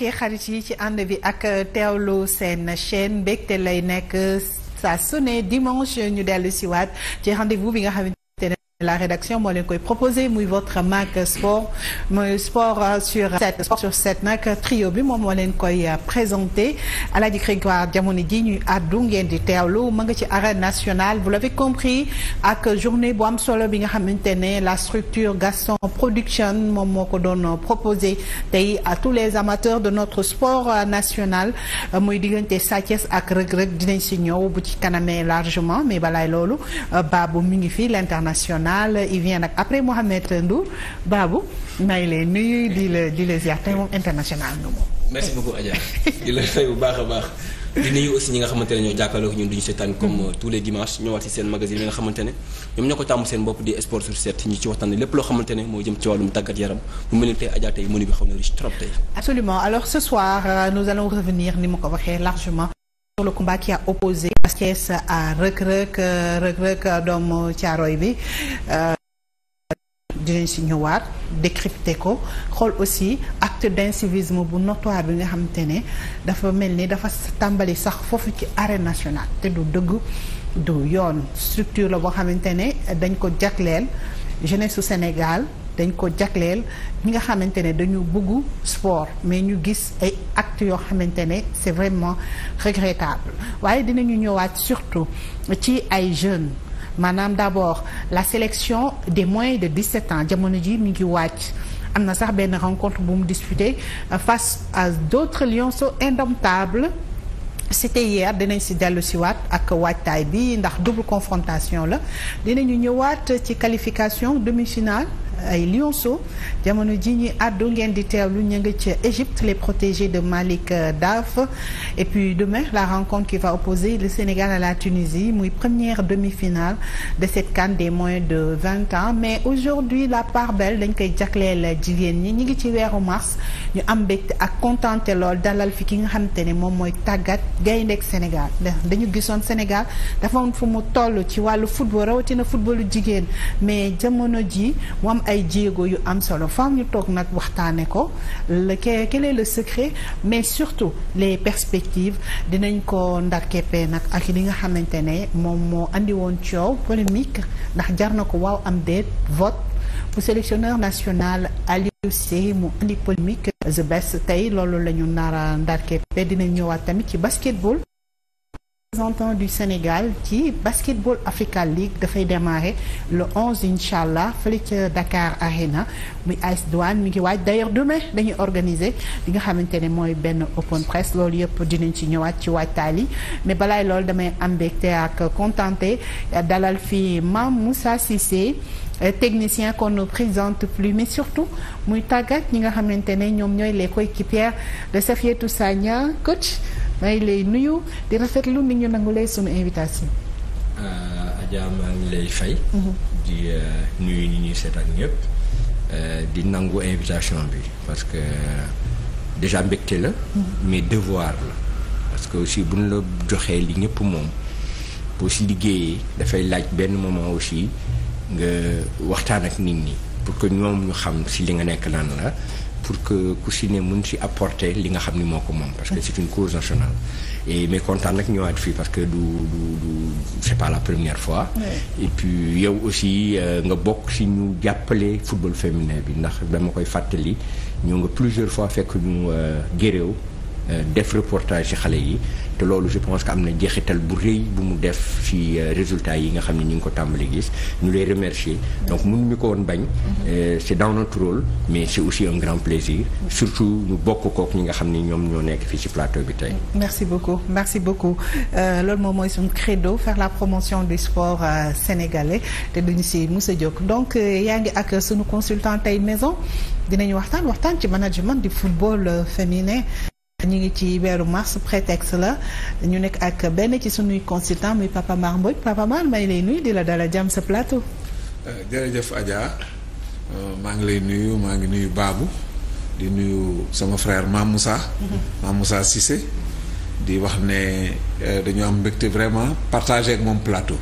mbokki xarit yi ci ànd bi ak euh, teewlu seen chaîne mbégte lay nekk saa su ne dimanche ñu dellu siwaat ci rendez-vous bi nga xam la rédaction moo leen koy proposé muy votre mag sport muy sport euh, sur 7 sport sur 7 nag trio bi moom moo leen koy euh, présenté Aladji Grégoire jamono ji ñuy àddu ngeen di teewlu ma nga ci arène nationale vous l'avez compris ak journée bu am solo bi nga xamante ne la structure Gaston Production moom moo ko doon proposé tey à tous les amateurs de notre sport euh, national muy diggante Sa Thiès ak Reug Reug dinañ si ñëw bu ci kanamee largement mais balaay loolu Babou mi ngi fi l'international nationale il vient nag après Mouhamed Ndour Babou may lay nuyu di di la di la fay bu baax a baax di nuyu aussi ñi nga xamante ne ñoo jàkkaarloo ñun duñu seetaan comme mm-hmm. euh, tous les dimanches ñëwaat ci seen magazine yi nga xamante ñoom ñoo ko tàmm seen bopp di sport sur 7 ñu ci waxtaan lépp loo xamante moo jëm ci wàllum tàggat yaram mu mel tey Adja tey mënu bi xaw na riche tey. absolument alors ce soir euh, nous allons revenir ni ma ko waxee largement. sur le combat qui a opposé Thiès à Reug Reug Reug doomu Thiaroye bi euh, dinañ si ñëwaat décrypter ko xool aussi acte d'incivisme bu notoire bi nga xamante ne dafa mel ni dafa tàmbali sax foofu ci arène national te du dëgg du yoon structure la boo xamante ne dañ ko jagleel jeunesse Sénégal dañ ko jagleel ñi nga xamante ne dañu bëgg sport mais ñu gis ay actes yoo xamante ne c'est vraiment regrettable waaye dinañu ñëwaat surtout ci ay jeunes maanaam d'abord la sélection des moins de 17 ans jamono ji mi ngi wàcc am na sax benn rencontre bu mu disputé euh, face à d'autres lionceaux indomptables c'était hier dinañ si dellu siwaat ak waajtaay bi ndax double confrontation la dinañu ñëwaat ci qualification demi-finale ay lionceaux jamono ji ñuy àddu ngeen di teewlu ñu ngi ca Égypte les protégés de Malik euh, Daf et puis demain la rencontre qui va opposer le Sénégal à la Tunisie muy première demi-finale de cette CAN des moins de vingt ans mais aujourd'hui la part belle dañ koy jagleel jigéen ñi ñi ngi ci weeru mars ñu am mbégte ak contenté lool dalal fi ki nga xamante ne moom mooy tàggat gayndeeg Sénégal dañu gisoon Sénégal dafa am fu mu toll ci wàllu football rawatina footballu ay jéego yu am solo faam ñu toog nag waxtaane ko le quel est le secret mais surtout les perspectives dinañ ko ndar keppee nag ak li nga xamante ne moom moo indi woon coow polémique ndax jar na ko waaw am déet vote bu sélectionneur national Aliou Cissé mu indi polémique the best tey loolu la ñu nar a ndar dinañ ñëwaat tamit ci basketball représentant du Sénégal ci Basketball Africa League dafay démarrer le 11 incha allah fële ca Dakar Arena muy AS Douane mi ngi waaj d'ailleurs demain dañuy organiser li nga xamante ne mooy benn open press loolu yëpp dinañ ci ñëwaat ci waajtaal yi mais balaay loolu damay am mbégte ak contenté dalal fi Mame Moussa Cissé euh, technicien qu'on ne présente plus mais surtout muy tàggat ñi nga xamante ne ñoom ñooy les coéquipières de Safiatou Sagna coach maa ngi lay nuyu di rafetlu ni ñu nangulee sunu invitation. Ah, Adja maa ngi lay fay. Mhm. di eh, nuyu ñi ñuy seet ak eh, di nangu invitation bi parce que déjà mbégte la. Mhm. mais devoir la. parce que aussi bu ñu la joxee li ñëpp moom boo si liggéeyee dafay laaj benn moment aussi nga waxtaan ak nit ñi pour que ñoom ñu xam si li nga nekk lan la. pour que ku si ne mun si apporter li nga xam ni moo ko moom parce que c'est une cause nationale et mais kontaan nag ñëwaat fii parce que du du du c'est première fois et puis yow aussi euh, nga bokk si ñu jàppale football féminin bi ndax dama koy fàttali ñoo nga plusieurs fois fekk ñu euh, géréew Euh, def reportage ci xale yi te loolu je pense que am na jeexital bu rëy bu mu def ci euh, résultat yi nga xam ne ñu ngi ko tàmbali gis ñu lay remercier donc mun ñu ko woon bañ euh, c'est dans notre rôle mais c'est aussi un grand plaisir surtout ñu bokk kook ñi nga xam ne ñoom ñoo nekk fii ci plateau bi tey merci beaucoup merci beaucoup loolu moom mooy suñu credo faire la promotion du sport sénégalais te duñu si Moussa Diop donc yaa ngi ak suñu consultant tey maison dinañu waxtaan waxtaan ci management du football féminin ñu ngi ci weeru mars prétexte la ñu nekk ak benn ci suñuy consultant muy Papa Mar Mbodj Papa Mar may lay nuyu di la dala jam sa plateau. Euh, jërëjëf Adja euh, maa ngi lay nuyu maa ngi nuyu baabu di nuyu sama frère Mame Moussa. Mhm. Mame di wax ne euh, dañu am mbégte vraiment partagé ak moom plateau.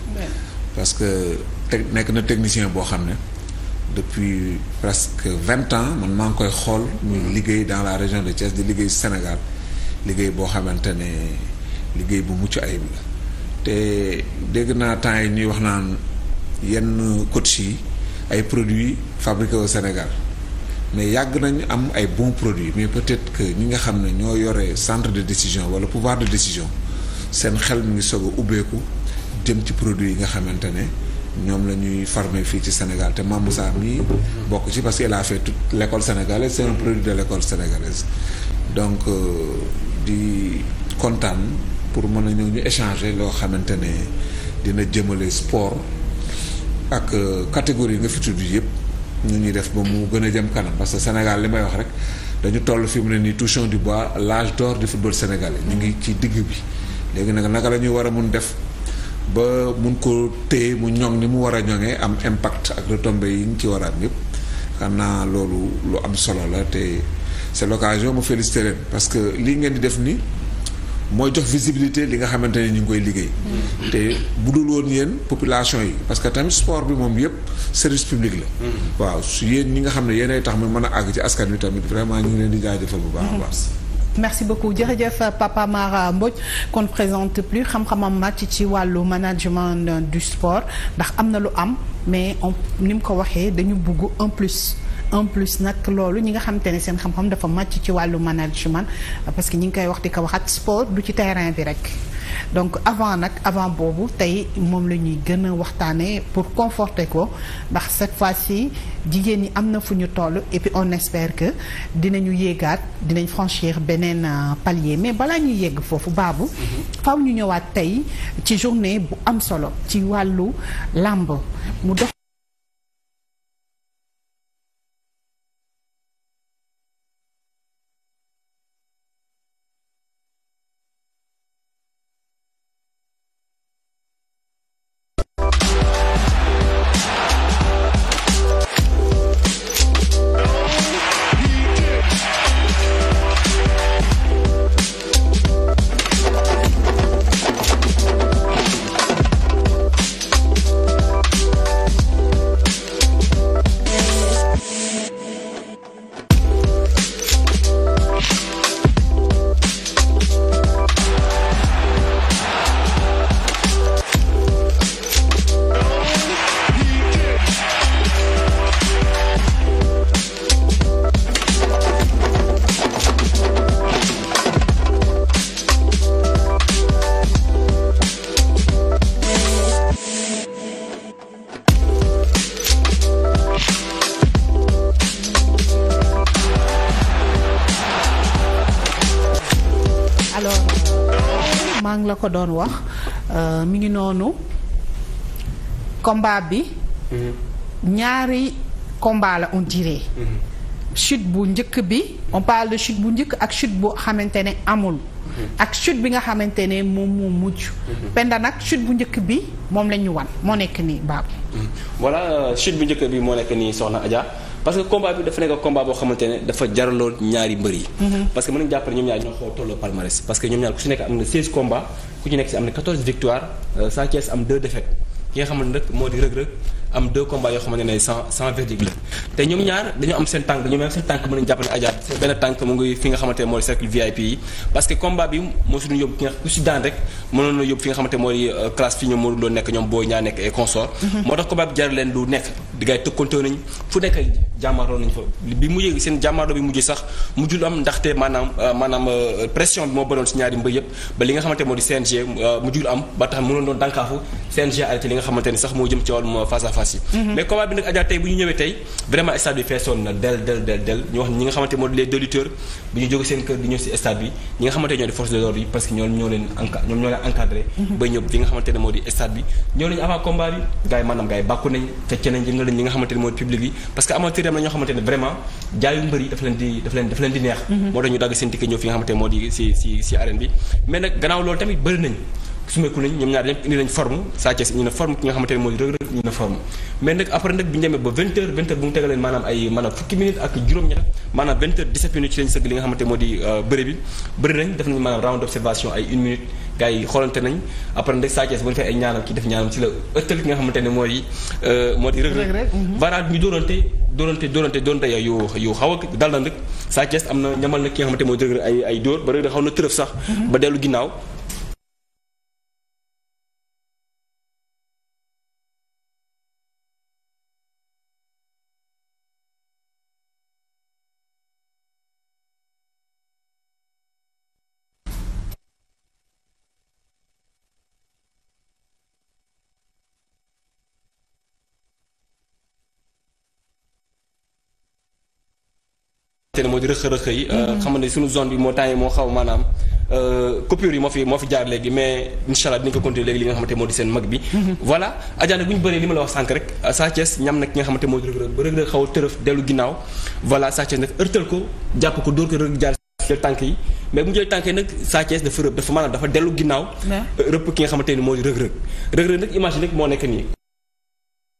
parce que te nekk na technicien boo xam ne. depuis presque vingt ans man maa ngi koy xool muy liggéey dans la région de Thiès di liggéey Sénégal liggéey boo xamante ne liggéey bu mucc ayib la te dégg naa temps yi ñuy wax naan yenn coach yi ay produits fabriqués au Sénégal mais yàgg nañu am ay bons produits mais peut-être que ñi nga xam ne ñoo yore centre de décision wala pouvoir de décision seen xel mi ngi soog a ubbeeku jëm ci produit yi nga xamante ne ñoom la ñuy former fii ci Sénégal te Mame Moussa mii bokk ci parce que il a fait toute l' école sénégalaise c' est un produit de l' école donc euh, di kontaan pour mën a ñëw ñu échanger loo xamante ne dina jëmale sport ak euh, catégorie nga fi tudd yëpp ñu ñuy def ba mu gën a jëm kanam parce que Sénégal li may wax rek dañu toll fii mu ne nii touchons du bois l'âge d'or du football sénégalais ñu ngi ci digg bi léegi nag naka lañuy ñuy war a mun def ba mun ko téye mu ñoŋ ni mu war a ñoŋee am impact ak retombées yi ñu ci waraat a am yëpp xam naa loolu lu am solo la te c'est l'occasion mu féliciter leen parce que lii ngeen di def nii mooy jox visibilité li nga xamante ne ñu ngi koy liggéey. Mm-hmm. te bu dul woon yéen population yi parce que tamit sport bi moom yëpp service public la. Mm-hmm. waaw su yéen ñi nga xam ne yéenay tax mu mën a àgg ci askan wi tamit vraiment ñu ngi leen di jaajëfal bu baax a baax. Mm-hmm. merci beaucoup jërëjëf Papa Mara Mbodj qu'on ne présente plus xam-xamam màcc ci wàllu management du sport ndax am na lu am mais on ni mu ko waxee dañu bugg en plus en plus nag loolu ñi nga xamante ne seen xam-xam dafa màcc ci wàllu management parce que ñi ngi koy wax di ko waxat sport du ci terrain bi rek donc avant nag avant boobu tey moom la ñuy gën a waxtaanee pour conforter ko ndax cette fois-ci jigéen ñi am na fu ñu toll et on espère que dinañu yéegaat dinañ franchir beneen euh, palier mais balaa ñuy yegg foofu baabu mhm. faw ñu ñëwaat tey ci journée bu am solo ci wàllu làmb mu dox ko doon wax euh, mi ngi noonu combat bi. Mhm. ñaari combat la on dirait. Mhm. chute bu njëkk bi on parle de chute bu njëkk ak chute boo xamante ne amul. Mhm. ak chute bi nga xamante ne moom mu mujj. penda nag chute bu njëkk bi moom la ñu moo nekk nii baabu. voilà euh, chute bu njëkk bi moo nekk nii soxna Adja parce que combat bi dafa nekk combat boo xamante ne dafa jaraloon ñaari mbër yi. parce que mën nañu jàpp ñoom ñaar ñoo xaw tolloo palmarès parce que ñoom ñaar ku si nekk am na 16 combats ku ci nekk si am na 14 victoires euh, Sa Thiès am 2 défaites ki nga xamante nag moo di rëg-rëg am 2 combats yoo xamante ne sans sans verdict la te ñoom ñaar dañoo am seen tànk dañoo même seen tànk mën nañu jàpp ne ajaat benn tànk mu ngi fi nga xamante mooy cercle VIP yi parce que combat bi moo suñu yóbbu ki nga ku si daan rek mënoon na yóbbu fi nga xamante mooy euh, classe mhm. moo am euh, euh, ba li nga xamante doon dànkaafu CNG arrêté li nga xamante ni sax moo jëm ci wàllum face à yi mhm. mais combat bi nag Adja tey bu ñu ñëwee tey vraiment stade feesoon na del del del ñu wax ñi nga xamante moo di les deux ñu jóge seen kër di ñëw si stade ñi nga xamante ñoo di force de l'ordre yi parce que ñoom ñoo leen a ba ñëpp fi nga xamante moo di stade bi ñëw nañu avant combat bi gars yi maanaam gars yi bàkku nañ fecce nañ fi nga xamante moo di si si ñu ne forme ki nga après nag bi ñu ba 20 heures 20 mu tegaleen maanaam ay maanaam fukki minutes ak juróom-ñett maanaam 20 heures 17 minutes ci lañ sëgg li nga xamante moo di euh, bëre bi bëri nañ def nañ maanaam round d'observation ay une minute gars yi xoolante nañ après nag Sa Thiès ba defee ay ñaanam ci def ñaanam ci la ëttali ki nga xamante ne mooy euh, moo di Reug Reug mhm. varaat ñu dóorante dóorante dóorante dóorante yu yu xaw a dal na nag Sa Thiès am na ñamal na ki nga xamante moo Reug Reug ay ay dóor ba Reug Reug xaw na tërëf sax mhm. ba dellu ginnaaw xamante ne moo di rëq-rëq yi. Euh, mhm. xam suñu zone bi moo temps moo xaw maanaam euh, coupure yi moo fi moo fi jaar léegi mais incha allah dinañ ko continuer léegi li nga xamante moo di seen mag bi. Mhm. voilà Adja bu ñu bëree li ma la wax sànq rek Sa ñam nag ki nga xamante moo di rëg-rëg ba a maanaam dafa dellu ginnaaw. rëpp ki nga xamante moo di rëg-rëg rëg-rëg nag image yi nag moo nekk nii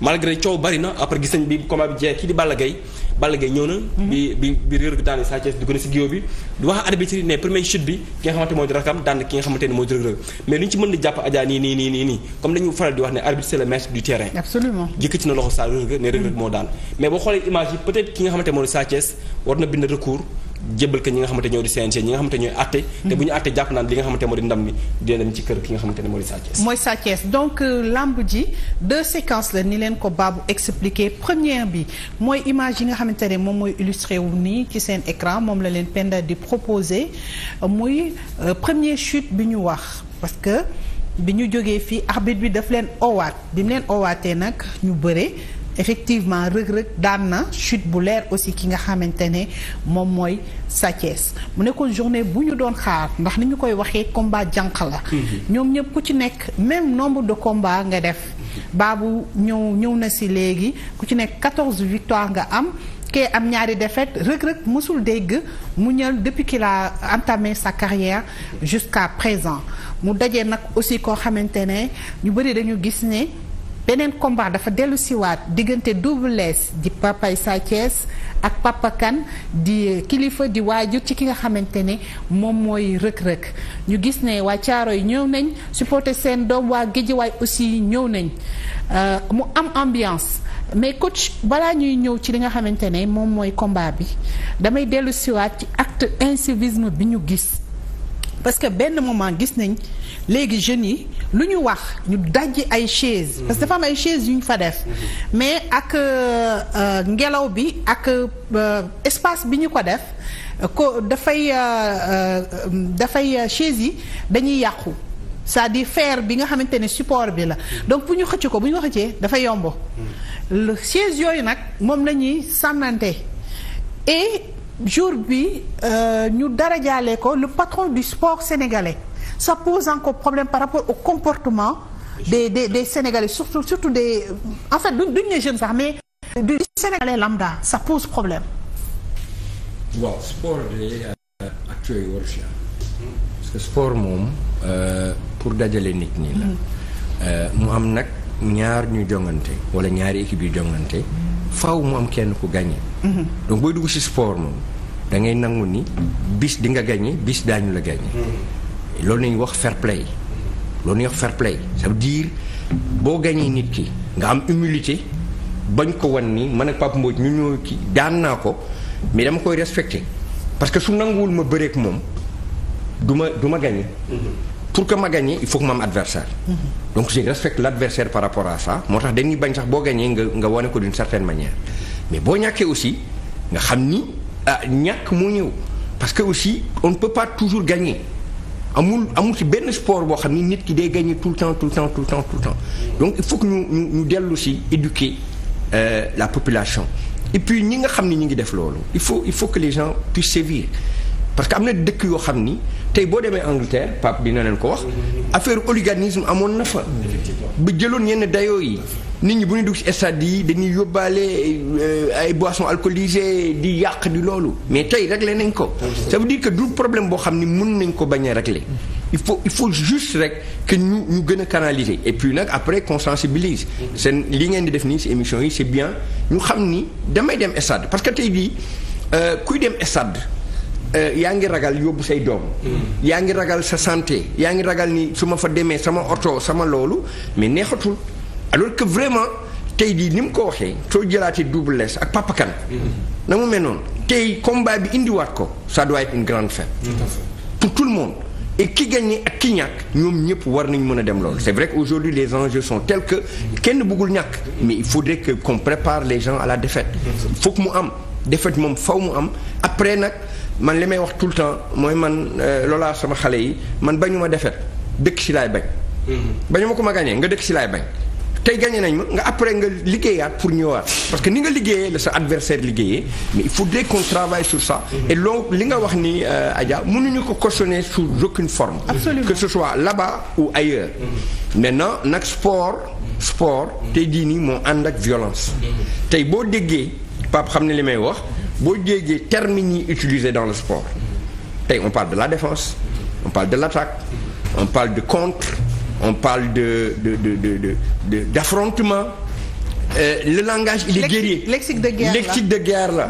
malgré coow bari na après gis bi combat bi jeex kii di Balla Gaye Balla Gaye ñëw na. Mhm. bi bi bi réer bi daanee Sa Thiès si géew bi. du wax arbitre ne premier chute bi ki nga xamante mooy rakam daan mais li ñu ci mën di jàpp Adja nii nii nii comme dañu faral di wax ne arbitre c'est le du terrain. absolument yëkkati na loxo saa Reug Reug moo daan mais boo xoolee image yi peut ki nga xamante mooy Sa Thiès war na bind recours jébbal ka ñi nga xamante ñoo di CNG ñi nga xamante ñooy àtte te bu ñu àtte jàpp naan li nga xamante moo di ndam ni dina dem ci kër ki nga xamante ne mooy Sa donc euh, lamb ji deux séquences la ni leen ko baabu expliqué première bi mooy image yi nga xamante ne moom mooy illustré wu nii ci seen écran moom la leen Penda di proposé muy euh, première chute bi ñu wax parce que bi ñu jógee fii arbitre bi daf leen owaat bi mu leen owaatee nag ñu bëre effectivement rëg-rëg daan na chute bu leer aussi ki nga xamante ne moom mooy Sa Thiès mu nekkoon journée bu ñu doon xaar ndax ni ñu koy waxee combat jànq la mhm. ñoom ñëpp ku ci nekk même nombre de combat nga def mhm. bu ñëw ñëw na si léegi ku ci nekk quatorze victoire nga am kee am ñaari défaite rëg-rëg mësul dégg mu ñal depuis qu'il a entamé sa carrière jusqu'à présent mu dajee nag aussi koo xamante ne ñu bëri dañu gis ne beneen combat dafa dellu siwaat diggante Double Less di papay Sa ak Papa di kilifa di waajur ci ki nga xamante ne moom mooy rëg-rëg ñu gis ne waa yi ñëw nañ supporter seen doom waa Géejawaay aussi ñëw nañ euh, mu am ambiance mais coach balaa ñuy ñëw ci li nga xamante ne moom mooy combat bi damay dellu siwaat ci acte incivisme bi ñu gis parce que benn moment gis nañ léegi jeunes yi lu ñu wax ñu dajji ay chaise parce que dafa am ay chaise yu ñu fa def mais ak euh, ngelaw bi ak euh, espace bi ñu ko def ko dafay euh, dafay chaise yi dañuy yàqu cest di dire bi nga xamante ne support bi la donc bu ñu xëcc ko bu ñu ko xëccee dafa yomb mm. chaise yooyu nag moom lañuy ñuy jour bi euh, ñu dara jaale ko le patron du sport sénégalais ça pose encore problème par rapport au comportement des de des sénégalais surtout surtout des en fait duñ ne jeunes sax mais du sénégalais lambda ça pose problème. waaw sport de euh, ak parce que sport moom euh, pour dajale nit ñi la. Mm. mu am nag ñaar ñu jongante wala ñaari équipe yu jongante. faw mu am kenn ku gagné. Mhm. donc booy dugg si sport moom da ngay nangu ni bis di nga gagné bis daañu la gagné. Mhm. loolu nañu wax fair play loolu nañu wax fair play ça veut boo gagné nit ki nga am humilité bañ ko wan ni man ak Pape Mbodj ñu ñoo ki daan naa ko mais dama koy respecté parce que su nanguwul ma bëreek moom du ma du ma gagné. Mhm. pour que ma gagné il faut que ma am adversaire mm -hmm. donc je respecte l'adversaire par rapport à ça moo tax dañuy bañ sax boo gagné nga nga wane ko d'une certaine manière mais boo ñàkkee aussi nga xam ni ah ñàkk moo ñëw parce que aussi on ne peut pas toujours gagner amul amul ci benn sport boo xam ni nit ki day gagner tout le temps tout le temps tout le temps tout donc il faut que ñu ñu dellu si éduquer euh, la population et puis ñi nga xam ni ñu ngi def loolu il faut il faut que les gens parce que am na dëkk yoo xam ni tey boo demee Angleterre Pape dina leen ko wax affaire hooliganisme amoon na fa. bu jëloon yenn dayoo yi. nit ñi bu ñu dugg ci stade yi dañuy yóbbaale euh, ay boison alcoolisées di yàq di loolu mais tey leen nañ ko. ça veut dire que du problème boo xam ni mën nañ ko bañ a réglé. il faut il faut juste rek que ñu ñu gën a canaliser et puis nag après qu'on seen li ngeen di def nii si émission yi c'est bien ñu xam ni damay dem stade parce que tey jii euh, kuy dem stade. Eh, yaa ngi ragal yóbbu say doom. Mm. yaa ngi ragal sa santé yaa ngi ragal ni su ma fa demee sama oto sama loolu mais neexatul alors que vraiment tey jii ni mu ko waxee soo jëlaatee double lees ak Papa mm-hmm. na mu mel noonu tey combat bi indiwaat ko ça doit être une grande fête. pour tout le monde. et ki gagné ak ki ñàkk ñoom ñëpp war nañ mën a dem loolu c'est vrai que aujourd'hui les enjeux sont tels que kenn bëggul ñàkk mais il faudrait que qu'on prépare les gens à la défaite mu am défaite moom faw mu am après nag man li may wax tout le temps mooy man euh, loolaa sama xale yi man bañu ma defet dëkk si laay bañ. Mm-hmm. bañu ma ko ma gagné nga dëkk si laay bañ. tey gagné nañ ma nga après nga liggéeyaat pour ñëwaat parce que ni nga liggéeyee la sa adversaire liggéeyee mais il faudrait qu'on travaille sur ça. Mm-hmm. et loolu li nga wax ni euh, Adja mënuñu ko cautionner sous aucune forme. Absolument. que ce soit là-bas ou ailleurs. Mm-hmm. na nag sport. sport tey jii nii moo ànd ak violence. tey boo déggee Pape xam ne li may wax. boo jéegee termes yi utilisés dans le sport tey on parle de la défense on parle de l'attaque on parle de contre on parle de de de de de d'affrontement euh, le langage il est guerrier lexique de guerre lexique de guerre là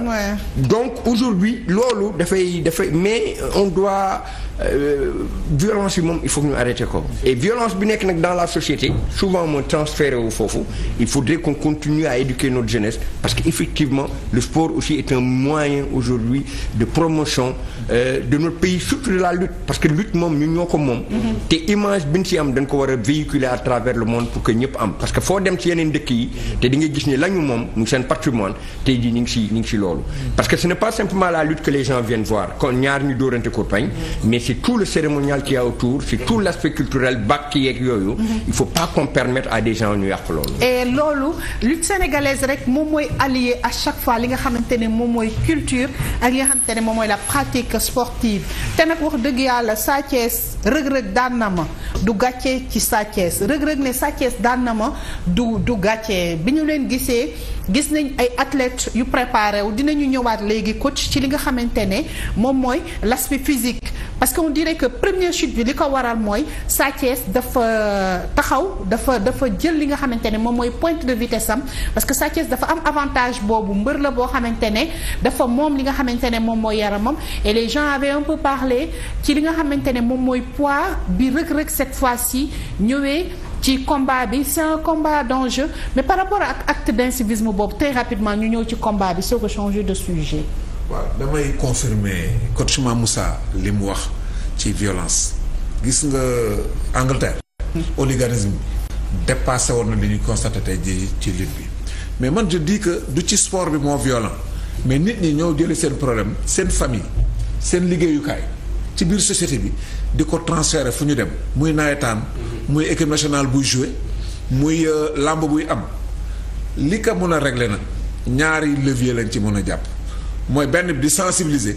donc aujourd'hui loolu dafay dafay mais on doit Euh, violence bi moom il faut que ñu ko et violence bi nekk nag dans la société souvent moo transféré wu foofu il faudrait qu'on continue à éduquer notre jeunesse parce que effectivement le sport aussi est un moyen aujourd'hui de promotion euh, de notre pays surtout de la lutte parce que lutte moom ñun ñoo ko moom te image bi ñu ci am dañ ko war a véhiculer à travers le monde pour que ñëpp am parce que foo dem ci yeneen dëkk yi te di nga gis ni lañu moom ñu ngi si ñu ngi c'est tout le cérémonial qu'il y a autour c'est tout l'aspect culturel bàkk yeeg yooyu mhm. il faut pas qu'on permette à des gens ñu yàq loolu et loolu lutte sénégalaise rek moom mooy allier à chaque fois li nga xamante ne moom mooy culture ak li xamante ne moom mooy la pratique sportive te nag wax dëgg yàlla Sa Thiès rëg-rëg daan na ma du gàccee ci Sa Thiès rëg-rëg ne Sa Thiès daan na ma du du gàccee bi ñu leen gisee gis nañ ay athlètes yu préparé wu dinañu ñëwaat léegi coach ci li nga xamante ne moom mooy l'aspect parce que on dirait que première chute bi li ko waral mooy Sa Thiès dafa euh, taxaw dafa dafa jël li nga xamante ne moom mooy pointe de vitesse am parce que Sa dafa am avantage boobu mbër la boo xamante ne dafa moom li nga xamante ne moom mooy yaramam et les gens avaient un peu parlé ci li nga xamante ne moom mooy poids bi Reug Reug cette fois si ñëwee ci combat bi c'est un combat d'enjeu mais par rapport ak acte d'incivisme boobu très rapidement ñu ñëw ci combat bi soo de sujet waaw damay confirmer coach Mamoussa li mu wax ci violence gis nga Angleterre oligarisme bi dépassé woon na li ñuy constaté tey ji ci lutte bi mais man je dis que du ci sport bi moo violent mais nit ñi ñëw jëlee seen problème seen famille seen liggéeyukaay ci biir société bi di ko transférer fu ñu dem muy nawetaan mhm. muy équipe nationale buy jouer muy euh, làmb buy am li ko mën a régler nag ñaari levier lañ ci mën a jàpp mooy benn bi di sensibiliser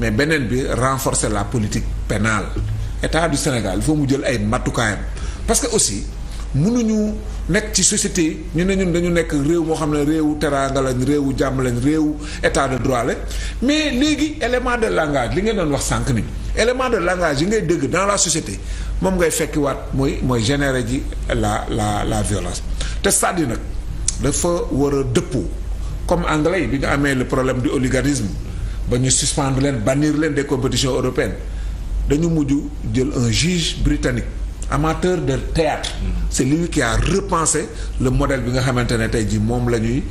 mais beneen bi renforcer la politique pénale état du Sénégal il mu jël ay matukaayam parce que aussi mënuñu nekk ci société ñu ne ñun dañu nekk réew moo xam ne réewu teraanga lañ réewu jàmm lañ réewu état de mais léegi élément de langage li ngeen doon wax sànq ni élément de langage yi ngay dégg dans la société moom ngay fekki mooy mooy générer ji la la la violence te c'est-à-dire nag dafa war a dëppoo comme anglais bi ñu amee le problème du oligarisme ba ñu suspendre leen bannir leen des compétitions européennes dañu mujj jël un juge britannique amateur de théâtre mm-hmm. c'est lui qui a repensé le modèle bi nga xamante ne tey jii moom la ñuy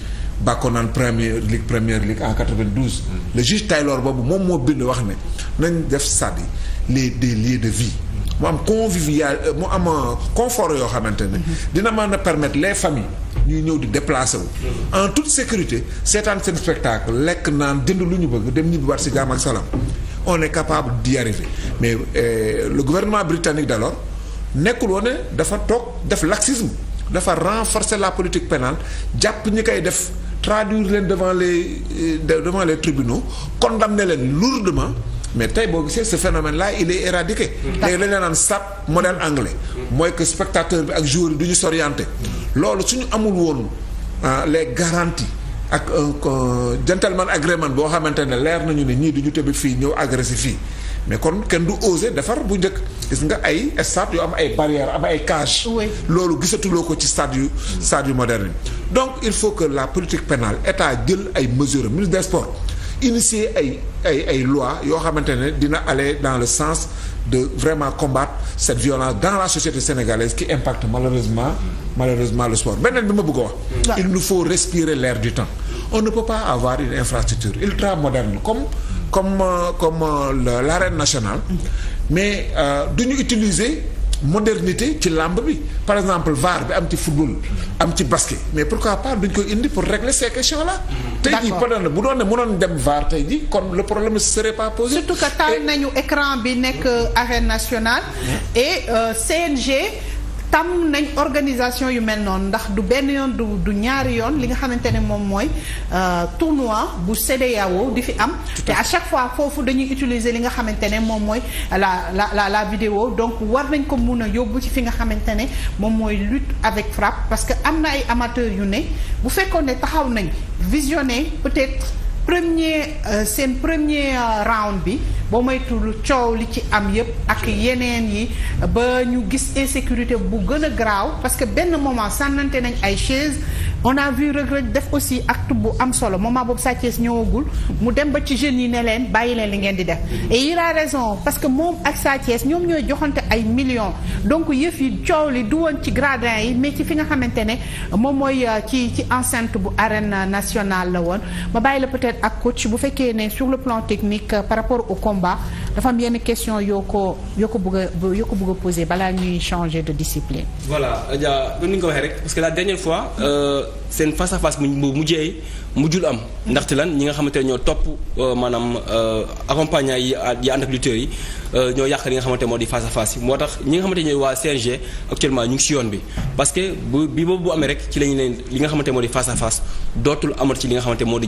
bàkkoon naan première ligue première ligue en 92 mm-hmm. le juge Taylor boobu moom moo bind wax ne nañ def stade yi les des lieux de vie mm-hmm. mu am convivial mu am confort yoo xamante ne dina mën a permettre les familles ñuy ñëw di déplacé wu. Mm-hmm. en toute sécurité seetaan seen spectacle lekk naan jënd lu ñu bëgg dem ñibbiwaat si jàmm ak salaam on est capable di arriver mais euh, le gouvernement britannique d'alors nekkul woon ne dafa toog def laxisme dafa renforcer la politique pénale jàpp ñi koy def traduire leen devant les euh, devant les tribunaux condamner leen lourdement mais tey boo gisee ce phénomène là il est éradiqué mm-hmm. léegi lañ la naan SAP modèle anglais mm-hmm. mooy que spectateur bi ak joueur yi du ñu loolu suñu amul woon ah, les garanties ak gentleman agreement boo xamante ne leer nañu ne ñii du ñu tëbi fii ñëw agressé fii mais kon kenn du osé defar bu njëkk gis nga ay stade yu am ay barrières am ay cage loolu gisatuloo ko ci stade yu stade yu moderne donc il faut que la politique pénale état jël ay mesures ministre des sports initier ay ay ay loi yoo xamante ne dina aller dans le sens de vraiment combattre cette violence dans la société sénégalaise qui impacte malheureusement malheureusement le sport beneen bi ma bëgg a wax il nous faut respirer l'air du temps on ne peut pas avoir une infrastructure ultra moderne comme comme euh, comme euh, l'arène nationale mais euh, duñu utiliser modernité ci làmb bi par exemple VAR bi am ci football am ci basket mais pourquoi pas duñ ko indi pour régler ces questions là. tey jii peut bu doon ne mënoon dem vaar tey jii kon le problème ne serait pas posé. surtout que taal nañu écran bi nekk arène nationale. et euh, CNG. tàmm nañ organisation yu mel noonu ndax du benn yoon du du ñaari yoon li nga xamante ne moom mooy euh, tournoi bu CEDEAO di fi am te à chaque fois foofu dañuy utiliser li nga xamante ne moom mooy la la la la vidéo donc war nañ ko mun a yóbbu ci fi nga xamante ne moom mooy lut avec frappe parce que am na ay amateur yu ne bu fekkoon ne taxaw nañ visionner peut-être premier euh, seen premier euh, round bi boo moytuwul coow li ci am yëpp ak yeneen yi ba ñu gis insécurité bu gën a garaaw parce que benn moment sànnante nañ ay chaise on a vu regret def aussi acte bu am solo moment boobu sàccees ñëwagul mu dem ba ci jeunes yi ne leen bàyyi leen li ngeen di def mm-hmm. et il a raison parce que moom ak Sa ñoom ñooy joxante ay millions donc yëf yi coow li du woon ci gradin yi mais ci fi nga xamante ne moom mooy euh, ci ci enceinte bu arène nationale la woon ma bàyyi la peut-être ak bu fekkee ne sur le plan euh, par rapport combat dafa am yenn question yoo ko yoo ko bëgg a yoo ko bëgg a balaa ñuy changer de discipline. voilà Adja ni nga ko waxee rek parce que la dernière fois euh, seen face à face mu mujjee mujjul am. ndaxte lan ñi nga xamante ne ñoo topp euh, maanaam euh, accompagnants yi yi ànd yi nga xamante moo di face à face moo tax ñi nga xamante ñooy waa CNG actuellement ñu ngi si yoon bi parce bi boobu amee rek ci lañu leen li nga xamante moo di face à face dootul amat ci li nga xamante moo di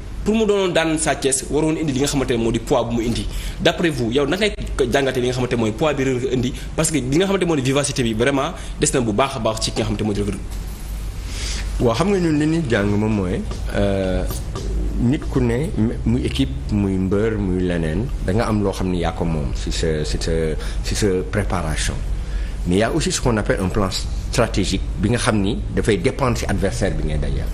pour mu doonoon daan Sa waroon indi li nga xamante ne moo di poids bu mu indi d' après vous yow naka ngay jàngate li nga xamante mooy poids bi Reug Reug indi parce que li nga xamante moo di vivacité bi vraiment des na baax a baax ci ki nga xamante moo di Reug Reug waaw xam nga ñun li ñuy jàng moom mooy euh, nit ku ne muy équipe muy mbër muy leneen da nga am loo xam ni yaa ko moom si sa si sa si sa préparation mais yaa aussi ce qu'on appelle un plan stratégique bi nga xam ni dafay dépendre si adversaire bi ngay dajal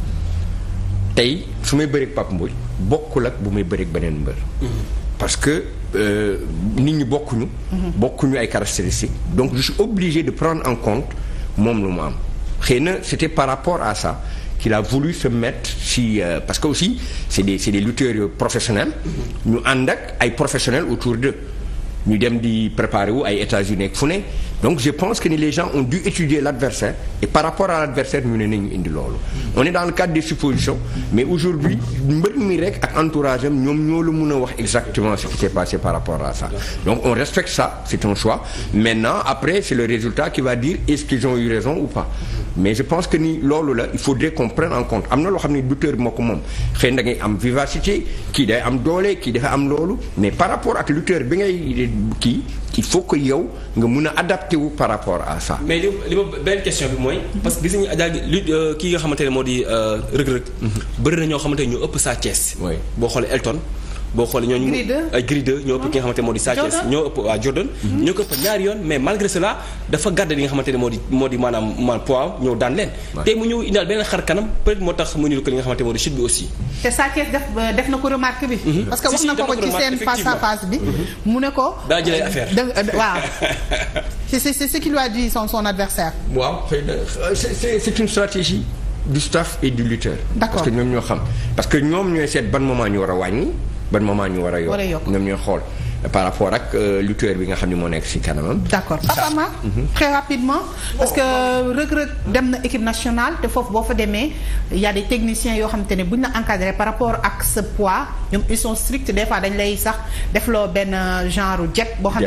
tey su may bëreeg Pape Mbodj bokkul ak bu may bëreeg beneen mbër. parce que euh, nit ñi bokkuñu. bokkuñu ay caractéristiques. donc je suis obligé de prendre en compte moom lu mu am xëy na c'était par rapport à ça qu'il a voulu se mettre si euh, parce que aussi c'est des c'est des lutteurs professionnels. ñu ànd ak ay professionnels autour d'eux ñu dem di préparer wu ay États-Unis ak fu ne. donc je pense que ni les gens ont dû étudier l'adversaire et par rapport à l'adversaire ñu ne nañu indi loolu on est dans le cadre des suppositions mais aujourd'hui mbër mi rek ak entourage am ñoom ñoo la mun a wax exactement ce qui s'est passé par rapport à ça donc on respecte ça c'est un choix maintenant après c'est le résultat qui va dire est-ce qu'ils ont eu raison ou pas mais je pense que ni loolu la il faudrait qu'on prenne en compte am na loo xam ne lutteur moo ko moom xëy na ngay am kii day am doole kii dafa am loolu mais par rapport ak lutteur bi ngay kii il faut yow adapté par rapport à ça. mais li li ma benn question bi mooy. parce que gis nañu daal li euh, kii nga xamante ne moo di euh, rëg-rëg. Mhm. bëri na ñoo xamante ni ñu ëpp saa Thiès. boo xoolee Elton. boo xoolee ñooñu. Gris 2 ñoo ëpp ki nga xamante moo di. Sa Thiès ñoo ëpp waa Jordan. Mhm. ñoo ko ëpp ñaari yoon mais malgré cela dafa gàdde li nga xamante moo di moo di maanaam man poids ñëw daan leen. tey mu ñëw indaal beneen xar kanam peut moo tax mu niru ko li nga xamante moo di chute bi aussi. te Sa def euh, def na ko remarque bi. Mhm. parce que wax na ko ko ci seen face à face bi. Mhm. mu ne ko. daa jëlee euh, affaire euh, waaw. c'est a dit son son adversaire. staff et du lutteur. D'accord. ñoom ñoo xam parce que ñoom ñooy seet ban moment ñu war a wàññi. ban moment ñu war a yokk ñoom ñooy xool par rapport ak euh, lutteur bi nga xam ne moo nekk ci kanamam. d'accord Papa Ma mhm. très rapidement parce que Reug Reug dem na équipe nationale te foofu boo fa demee y a des techniciens yoo xamante ne buñ la encadré par rapport ak sa poids ñoom ils sont stricts des fois dañ lay euh,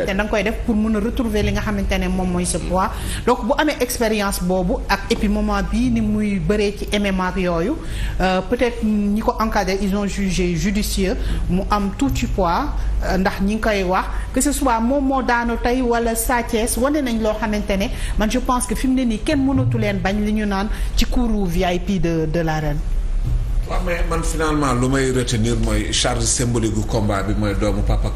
da nga koy def pour mën a retrouver li nga xamante ne moom mooy sa mhm. poids donc bu amee expérience boobu ak et puis moment bii ni muy bëree ci MMA ak yooyu euh, peut-être ñi ko encadré ils ont jugé judicieux mu am tuuti poids ndax ñi ngi koy wax que ce soit moom moo daanu tey wala Sa Thiès wane nañ loo xamante ne man je pense que fi mu ne nii kenn mënatu leen bañ li ñu naan ci kuuru VIP de de l'arène. waaw mais man finalement lu may retenir mooy charge symbolique gu combat bi mooy doomu Papa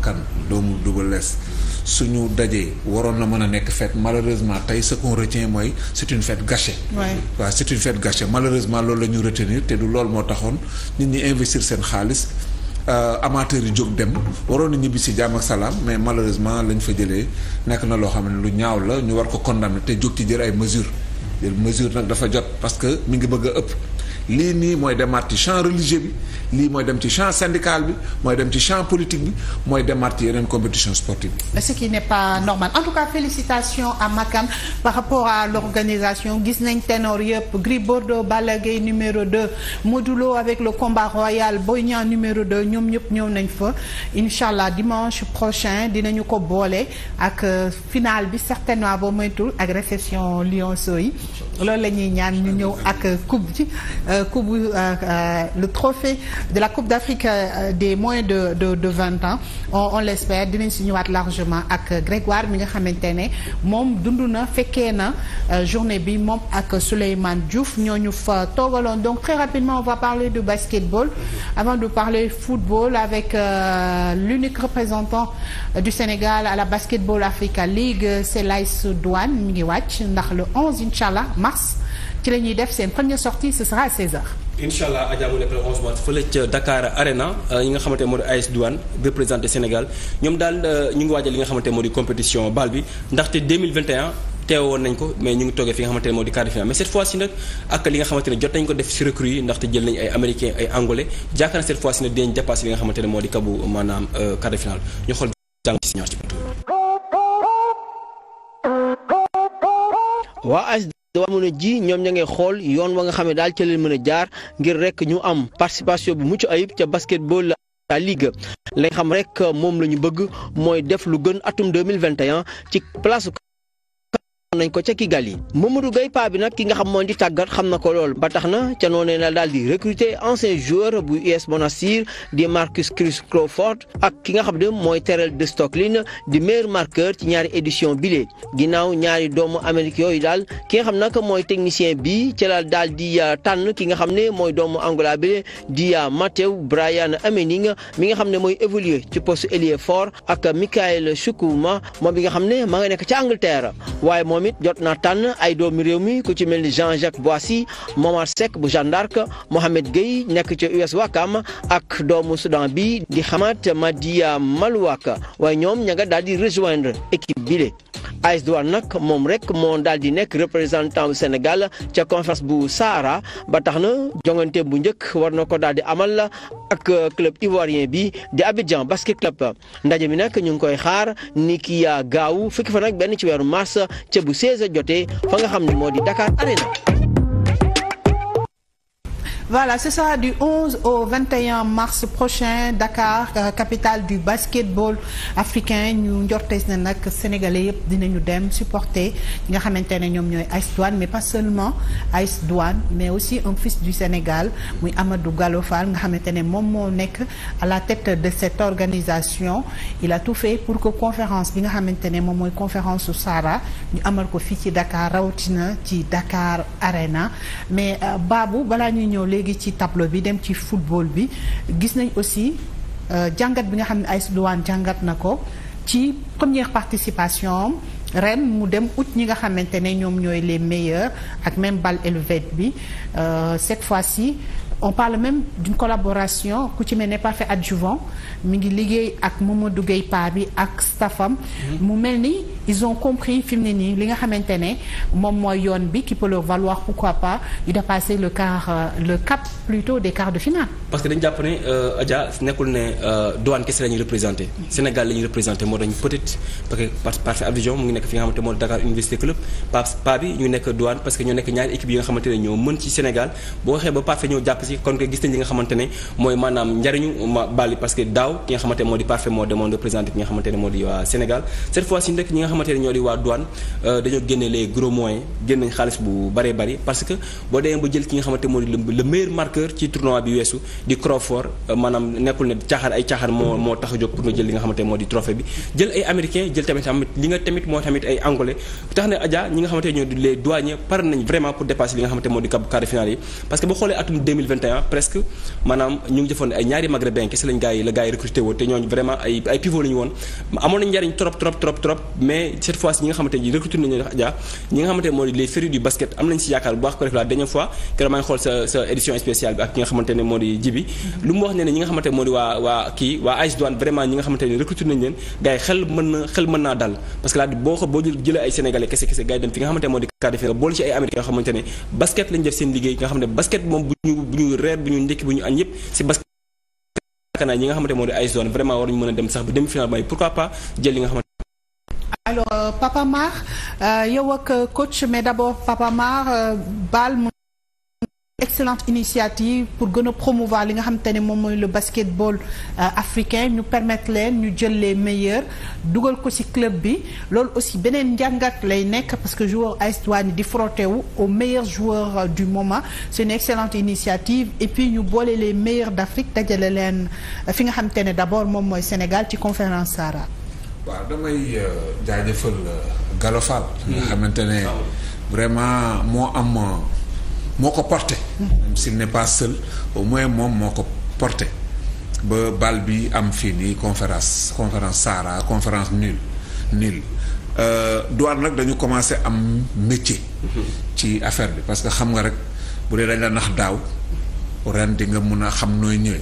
doomu Double Less suñu dajee waroon na mën a nekk fet malheureusement tey ce qu'on retient mooy c'est une fête gâchée. waaw c'est une fête gâchée malheureusement loolu la ñu retenir te du loolu moo taxoon nit ñi investir seen xaalis. Euh, amateurs yi jóg dem waroon na ñibbi si jàmm ak salaam mais malheureusement lañ fa jëlee nekk na loo xam ne lu ñaaw la ñu war ko kondam ne te jóg ci jël ay mesures jël mesure nag dafa jot parce que mi ngi bëgg a ëpp lii nii mooy demaat ci champ religieux bi lii mooy dem ci champ syndical bi mooy dem ci champ politique bi mooy dem arti yeneen compétition sportive bi. ce qui n'est pas normal en tout cas félicitations à Makan par rapport à l'organisation gis nañ ténor yëpp Gris Bordeaux Balla Gaye numéro 2 Modou Lo avec le combat royal Boy Niang numéro 2 ñoom ñëpp ñëw nañ fa incha allah dimanche prochain dinañu ko boole ak euh, finale bi certainement boo moytul ak réception Lionceaux yi. loolu la ñuy ñaan ñu ñëw ak coupe bi euh, coupe euh, euh, le trophée de la coupe d'Afrique des moins de de de vingt ans on l'espère dinañ si ñëwaat largement ak Grégoire mi nga xamante ne moom dund na fekkee na journée bi moom ak Souleymane Diouf ñooñu fa toogaloon donc très rapidement on va parler de basketball avant de parler football avec euh, l'unique représentant du Sénégal à la Basketball Africa League c'est l'AS Douanes mi ngi wàcc ndax le 11 inch'Allah mars ci la ñuy def seen première sortie ce sera à 16h. nekk le 11 mars fële ca Dakar Arena ñi euh, nga xamante moo di AS Douane représenté Sénégal ñoom daal euh, ñu ngi waajal li nga xamante moo di compétition bal bi ndaxte 2021 nañ ko mais ñu ngi toogee fi nga xamante moo di quart finale mais cette fois ci nag ak li nga xamante jot nañ ko def si yi ndaxte jël nañ ay angolais jaakaar na cette fois ci nag dinañ dépassé waa mën a ji ñoom ña ngay xool yoon wa nga xam ne daal ca leen mën a jaar ngir rek ñu am participation bu mucc ayib ca basketball la ligue lañ xam rek moom la ñu bëgg mooy def lu gën atum 2021 ci place nañ ko ca Kigali Mamadou Gueye paa bi nag ki nga xam moo di tàggat xam na ko lool ba tax na ca noonee la daal di recruter ancien joueur bu US Monastir di Marcus Chris Crawford ak ki nga xam ne mooy Terrell de Stocklin di meilleur marqueur ci ñaari édition bile ginnaaw ñaari doomu Amérique yooyu daal ki nga xam nag mooy technicien bi ca la daal di euh, tànn ki nga xam ne mooy doomu Angola bile di euh, Matthew Bryan Amening mi nga xam ne mooy évoluer ci poste ailier fort ak Michael Chukwuma moom bi nga xam ne ma nga nekk ca Angleterre jot na tànn ay doomi réew mi ku ci mel ni Jean-Jacques Boissy Momar Seck bu Jeanne d'Arc Mohamed Gueye nekk ca US Wakam ak doomu Soudan bi di xamaa Hamad Madia Malouak waaye ñoom ña nga daal di rejoindre équipe bile AS Douanes nag moom rek moo daal di nekk représentant bu Sénégal ca conférence bu saara ba tax na jongante bu njëkk war na ko daal di amal la ak club ivoirien bi di Abidjan Basket Club ndaje mi nag ñu ngi koy xaar ni ki gaaw fukki fa nag benn ci weeru mars ca bu 16 jotee fa nga xam ne moo di Dakar Arena. voilà ce sera du 11 au 21 mars prochain Dakar euh, capital du basketball africain ñu njortees na nag sénégalais yëpp dinañu dem supporter ñi nga xamante ne ñoom ñooy AS Douanes mais pas seulement AS Douanes mais aussi un fils du Sénégal muy Amadou Gallo Fall nga xamante ne moom moo nekk à la tête de cette organisation il a tout fait pour que conférence bi nga xamante ne moom mooy conférence su Sahara ñu amal ko fii ci Dakar rawatina ci Dakar Arena mais euh, Babou balaa ñuy ñëw léegi ci tableau bi dem ci football bi gis nañ aussi euh, jàngat bi nga xam ne AS Douanes jàngat na ko ci première participation ren mu dem ut ñi nga xamante ne ñoom ñooy les meilleurs ak même ball élevée bi euh, cette fois-ci on parle même d'une collaboration ku ci mel ne parfait adjuvant mi ngi liggéey ak Mamadou Gueye Pa bi ak staffam mu mel ni ils ont compris fi nii li nga xamante ne moom mooy yoon bi qui peut leur valoir pourquoi pas yu dépasser le euh, ne euh, Adja nekkul ne euh, douane kese moo Dakar Université Club Pa bi ñu nekk douane parce que nekk ñaari équipe yi nga xamante ne ñoo mën ci Sénégal boo waxee ba parfait ñoo jàpp si kon gis nañ li nga mooy maanaam njariñu ma parce que daaw ki nga xamante moo di parfait moo demoon représenté ki nga xamante moo di waa Sénégal cette fois ci ndekk ñi nga xamante euh, moo di le meilleur marqueur ci tournoi bi weesu di Crawford euh, maanaam nekkul ne caaxaan ay caaxaan moo moo tax a jóg pour nga jël li nga xamante moo di trophée bi jël ay américain jël tamit tamit li nga tamit moo tamit ay angolais tax na Adja ñi nga xamante ñoo di les douaniers 2021 presque maanaam ñu ngi jëfoon ay ñaari maghrébin kese lañ gars yi la gars yi recruté woon te ñooñu vraiment ay pivot la woon amoon nañ njariñ trop trop trop trop mais cette fois ñi nga xamante ni recruté nañu def Adja xel mën naa dal parce laa boo xa ay sénégalais kese kese gars yi dem fi nga xamante moo di Cardiff boole ci xamante ne basket lañ def seen liggéey nga xam basket moom bu ñu ñu reer bu ñu ndékki bu ñu añ yëpp si basket yaakaar naa ñi nga xamante moo di ay zone vraiment war ñu mën a dem sax ba dem final may pourquoi pas jël li nga xamante alors euh, Papa Mar euh, yow euh, coach mais d'abord Papa Mar baal excellente initiative pour gën a promouvoir li nga xamante ne moom mooy le basketball euh, africain ñu permettre leen ñu jëlee les dugal ko ci club bi loolu aussi beneen njàngat lay nekk parce que joueur AS Douanes di frotté wu aux meilleurs joueurs euh, du moment c'est une excellente initiative et puis ñu boole les meilleurs d'Afrique dajale leen euh, fi nga xamante ne d'abord moom mooy Sénégal ci conférence Sahara. waaw damay jaajëfal Gallo xamante ne vraiment moo am. moo ko porté même ne n'est pas seul au moins moom moo ko porté ba bal bi am fii nii conférence conférence Sahara conférence nul nul euh, douane nag dañu commencé am métier ci affaire bi parce que xam nga rek bu dee dañ nax daaw ren di nga mun a xam nooy ñëwee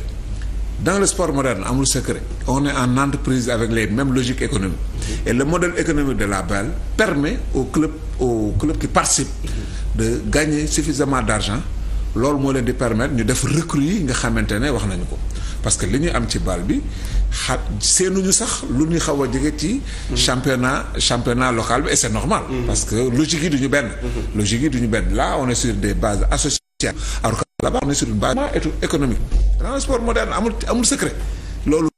dans le sport moderne amul secret on est en entreprise avec les même logique économiques et le modèle de la BAL permet aux clubs aux clubs qui participent de gagner suffisamment d'argent loolu moo leen di permettre ñu def recrues yi nga xamante ne wax nañu ko parce que li ñu am ci bal bi xa seenuñu sax lu ñu xaw a jege ci. championnat championnat local bi et c'est normal. Mm-hmm. parce que logique yi du ñu benn. Mm-hmm. logique yi du ñu benn là on est sur des bases associatives alors que là-bas on est sur une base économique. transport moderne amul amul secret. loolu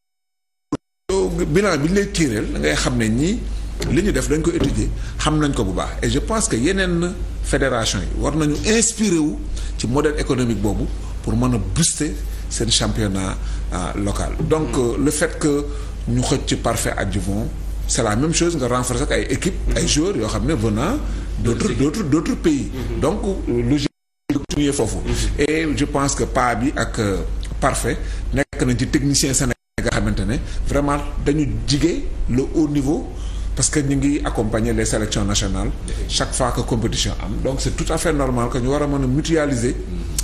bilan bi ñu lay tiireel da ngay xam ne ñii. li ñu def dañ ko étudier xam nañ ko bu baax et je pense que yeneen fédération yi war nañu inspiré wu ci modèle économique boobu pour mën a booster seen championnat euh, local donc euh, le fait que ñu xëcc parfait adjuvant c'est la même chose nga renforcer ak ay équipe ay joueurs yoo xam ne venant d'autres d'autres d'autres pays mm-hmm. donc logique continuer foofu mm-hmm. et je pense que pas bi ak euh, parfait nekk nañ ci technicien Sénégal nga xamante ne vraiment dañu jige le haut niveau parce que ñu ngi accompagner les sélections nationales chaque fois que compétition am donc c'est tout à fait normal que ñu war a mën a mutualiser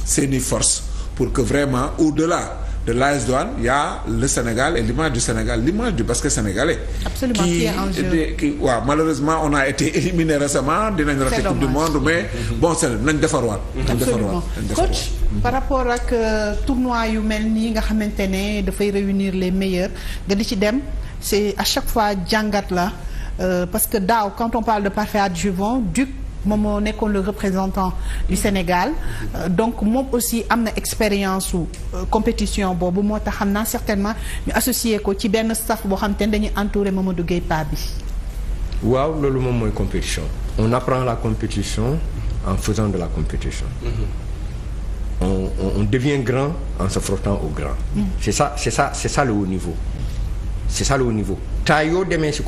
seeni forces pour que vraiment au-delà de l'AS Douanes y a le Sénégal et l'image du Sénégal l'image du basket sénégalais absolument qui est en jeu qui waaw malheureusement on a été éliminé récemment dinañ raté coupe du monde mais bon c'est nañ defarwaat nañ defarwaat coach par rapport ak euh, tournoi yu mel nii nga xamante ne dafay réunir les meilleurs di ci dem c'est à chaque fois jàngat la euh, parce que daaw quand on parle de parfait adjuvant DUC moom moo nekkoon le représentant du Sénégal euh, donc moom aussi am na expérience su euh, compétition boobu moo tax xam naa certainement ñu associé ko ci benn staff boo xam te ne dañuy entouré Mamadou Gueye Pa bi. waaw loolu moom mooy compétition. on apprend la compétition en faisant de la compétition. Mm-hmm. on, on on devient grand en se frottant au grand. Mm. c'est ça c'est ça le haut niveau. c'est ça le haut niveau. taa yoo demee ci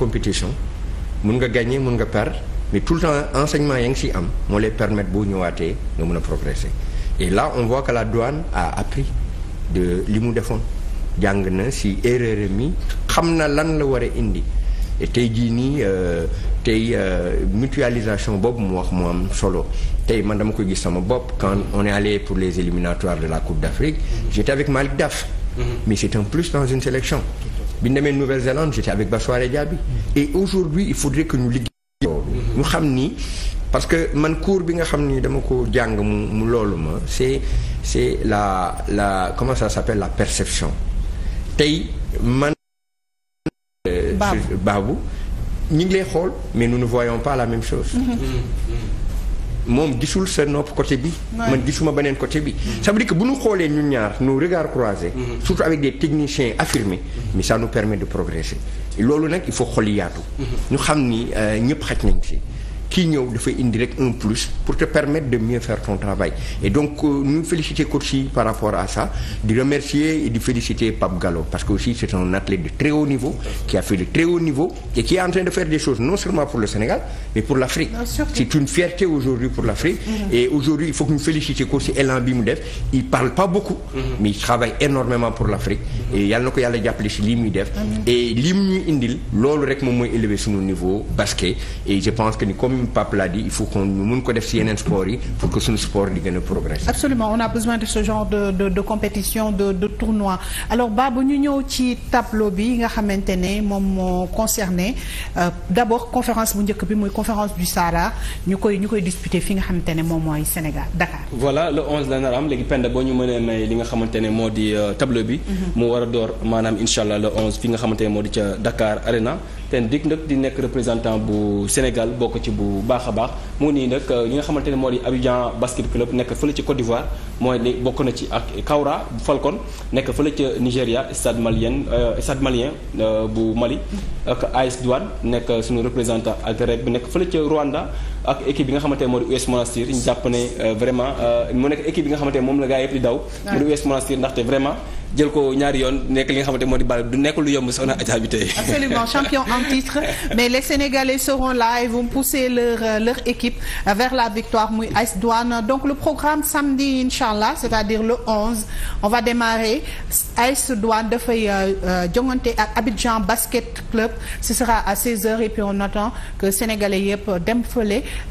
mun nga gagner mun nga perdre mais tout le temps enseignement ya ngi si am moo lay permettre boo waatee nga mun a progresser et là on voit que la douane a appris de li mu defoon jàng na si erreur mi xam na lan la war a indi tey jii nii euh, tey euh, mutualisation boobu mu wax mu am solo tey man dama ko gis sama bopp quand on est allé pour les éliminatoires de la Coupe d'Afrique j'étais avec Malick Daf mm-hmm. mais c'est un plus dans une sélection bi ñu demee Nouvelle-Zélande j'étais avec Bachoiré Diaby et aujourd'hui il faudrait que ñu liggéey ñu xam ni parce que man cours bi nga xam ni dama ko jàng mu mu loolu ma c'est c'est la la comment ça s'appelle la perception tey man euh, Babou ñu ngi lay xool mais nous ne voyons pas la même moom gisul sa nopp côté bi. man gisuma beneen côté bi. Mm-hmm. ça veut que bu ñu xoolee ñun ñaar nos regards croisés. Mm-hmm. surtout avec des techniciens affirmés. Mm-hmm. mais ça nous permet de progresser. loolu nag il faut xol yaatu. ñu xam ni euh, ñëpp xaj nañ si kii ñëw dafay indi rek un plus pour te permettre de mieux faire ton travail et donc euh, ñu féliciter coach par rapport à ça di remercier et di féliciter Pape Gallo parce que aussi c'est un athlète de très haut niveau qui a fait de très haut niveau et qui est en train de faire des choses non seulement pour le Sénégal mais pour l'Afrique c'est une fierté aujourd'hui pour l'Afrique mhm. et aujourd'hui il faut que ñu féliciter ko ci élan def il parle comme Pape l'a dit il mun ko def ci yeneen sport yi pour que suñu sport di gën a progresser. absolument on a besoin de ce genre de de de compétition de de tournoi alors Babou ñu ñëw ci tableau bi nga xamante ne moom moo concerné euh, d'abord conférence bu njëkk bi muy conférence du Sahara ñu koy ñu koy disputer fi nga xamante ne moom mooy Sénégal Dakar. voilà le 11 la nar am léegi Penda boo ñu mënee may li nga xamante ne moo di euh, tableau bi. Mhm. mu war a door maanaam incha allah le 11 fi nga Ten Dik nag di nekk représentant bu Sénégal bokk ci bu baax a baax mu nii nag euh, ñi nga xamante ne moo di Abidjan basket club nekk fële ci Côte d'Ivoire mooy li bokk na ci ak Kawra Falcon nekk fële ci Nigéria stade malien euh, stade malien euh, bu Mali ak AS Douane nekk suñu représentant ak Reg bi nekk fële ca Rwanda ak équipe bi nga xamante moo di US Monastir ñu jàpp ne euh, vraiment euh, mu nekk équipe bi nga xamante moom la gaa yëpp di daw moo di US Monastir ndaxte vraiment jël ko ñaari yoon nekk li nga xamante moo di bal du nekk lu yomb soxna Adja bi tey absolument champion en titre mais les Sénégalais seront là et vont pousser leur euh, leur équipe vers la victoire muy AS Douane donc le programme samedi inchallah c'est-à-dire le 11 on va démarrer AS Douane dafay jongante ak Abidjan Basket Club ce à 16h et puis on attend que Sénégalais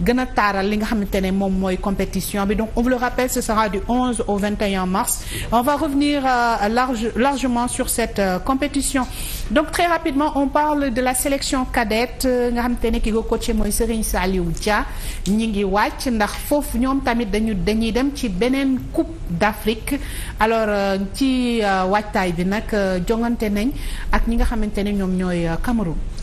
gën a taaral li nga xamante ne moom mooy compétition bi donc on vous le rappelle ce sera du 11 au mars on va revenir euh, large largement sur cette euh, compétition donc très rapidement on parle de la sélection cadette euh, nga xamante ne ki ko coté mooy Serigne Saliou ja ñi ngi wàcc ndax foofu ñoom tamit dañu dañuy dem ci beneen coupe d'Afrique alors euh, ci euh, waajtaay bi nag jongante nañ ak ñi nga xamante ne ñoom ñooy Cameroun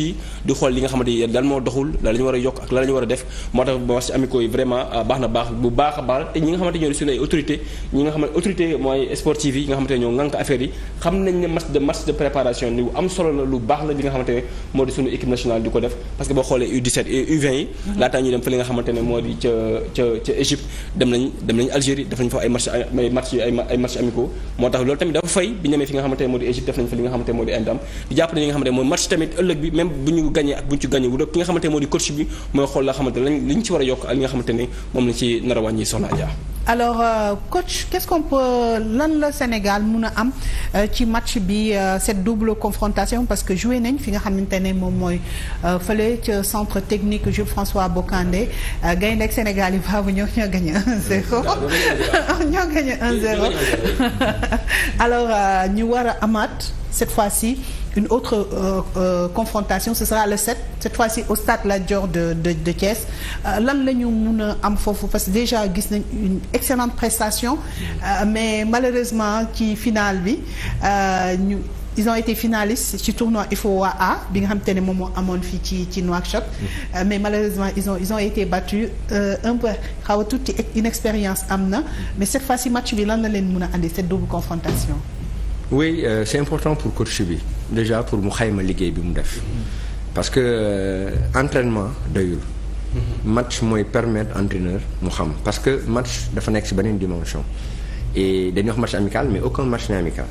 ci di xool li nga xamante ni lan moo doxul la ñu war a yokk ak la ñu war a def moo tax match mhm. amicaux moo tax loolu tamit dafa fay bi ñemee fi nga xamante moo di Égypte def li nga xamante moo di Inde am jàpp ne li nga xamante ne match tamit ëllëg bi même bu ñu gagné ak bu ñu ci gagné wu rek ki nga xamante moo di coach bi mooy xool la xamante lañ li ñu ci war a yokk ak li nga xamante ne moom lañ ci nar a wàññi soxna Adja alors euh, coach qu'est-ce qu'on peut lan la Sénégal mun a am euh, ci match bi euh, cette double confrontation parce que joué nañ fi nga xamante ne moom mooy euh, fële ca centre technique Jules François Bocandé gaynde ak Sénégal yi baabu ñoo ñoo gagné 1-0 ñoo gagné alors ñu war a amaat cette fois-ci une autre euh, euh, confrontation ce sera le 7 cette fois-ci au stade Lat Dior de de lan la ñu mun a am foofu parce que déjà gis nañ excellente prestation euh, mais malheureusement ci finale bi euh, ñu ils ont été finalistes ci tournoi IFOA A bi nga xam te ne moom moo amoon fii ci ci Nouakchott euh, mais malheureusement ils ont ils ont été battus euh, un peu xaw a tuuti inexpérience am na mais cette fois-ci match bi lan la leen mun a andi cette double confrontation oui euh, c'est important pour coach bi déjà pour mu xayma liggéey bi mu def parce que euh, entraînement doyul match mooy permettre entraîneur mu xam parce que match dafa nekk ci beneen dimension et dañuy wax match amical mais aucun match n'est amical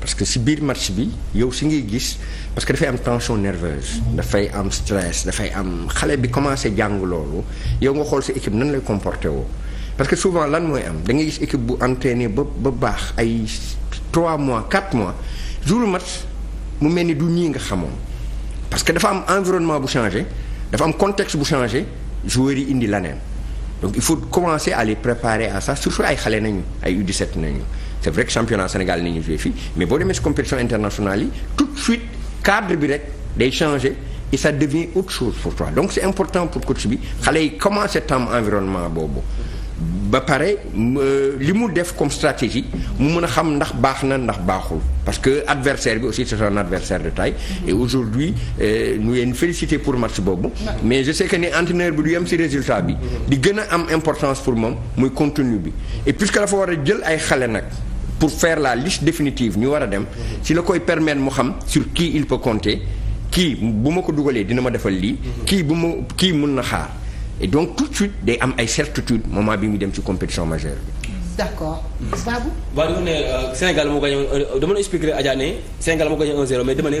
parce que si biir match bi yow si ngay gis parce que dafay am tension nerveuse dafay am stress dafay am xale bi commencé jàng loolu yow nga xool si équipe nan lay comporté woo parce que souvent lan mooy am da ngay gis équipe bu entraîné ba ba baax ay trois mois 4 mois jour match mu mel ni du ñii nga xamoon parce que dafa am environnement bu changé dafa am contexte bu changé joueurs yi indi laneen donc il faut commencer à les préparer à ça surtout ay xale nañu ay U17 nañu c'est vrai que championnat Sénégal nañu joué fii mais boo demee si compétition internationale yi tout de suite cadre bi rek day changer et ça devient autre chose pour toi donc c'est important pour coach bi xale yi commencer tam environnement boobu ba pare euh, li mu def comme stratégie mu mën a xam ndax baax na ndax baaxul parce que adversaire bi aussi c'est un adversaire de taille et aujourd'hui ñu euh, leen félicité pour match boobu mais je sais que ni entraîneur bi du yem ci résultat bi di gën a am importance pour moom muy contenu bi et puisque dafa war a jël ay xale nag pour faire la liste définitive ñu war a dem ci la koy permettre mu xam sur qui il peut compter kii bu ma ko dugalee dina ma defal lii kii bu et donc tout suite day am ay certitude moment bi muy dem ci compétition majeure bi. d'accord. Babou. waaw dama ne euh, Sénégal moo gagné euh, dama la expliquer Adja ne Sénégal moo gagné 1-0 mais dama ne.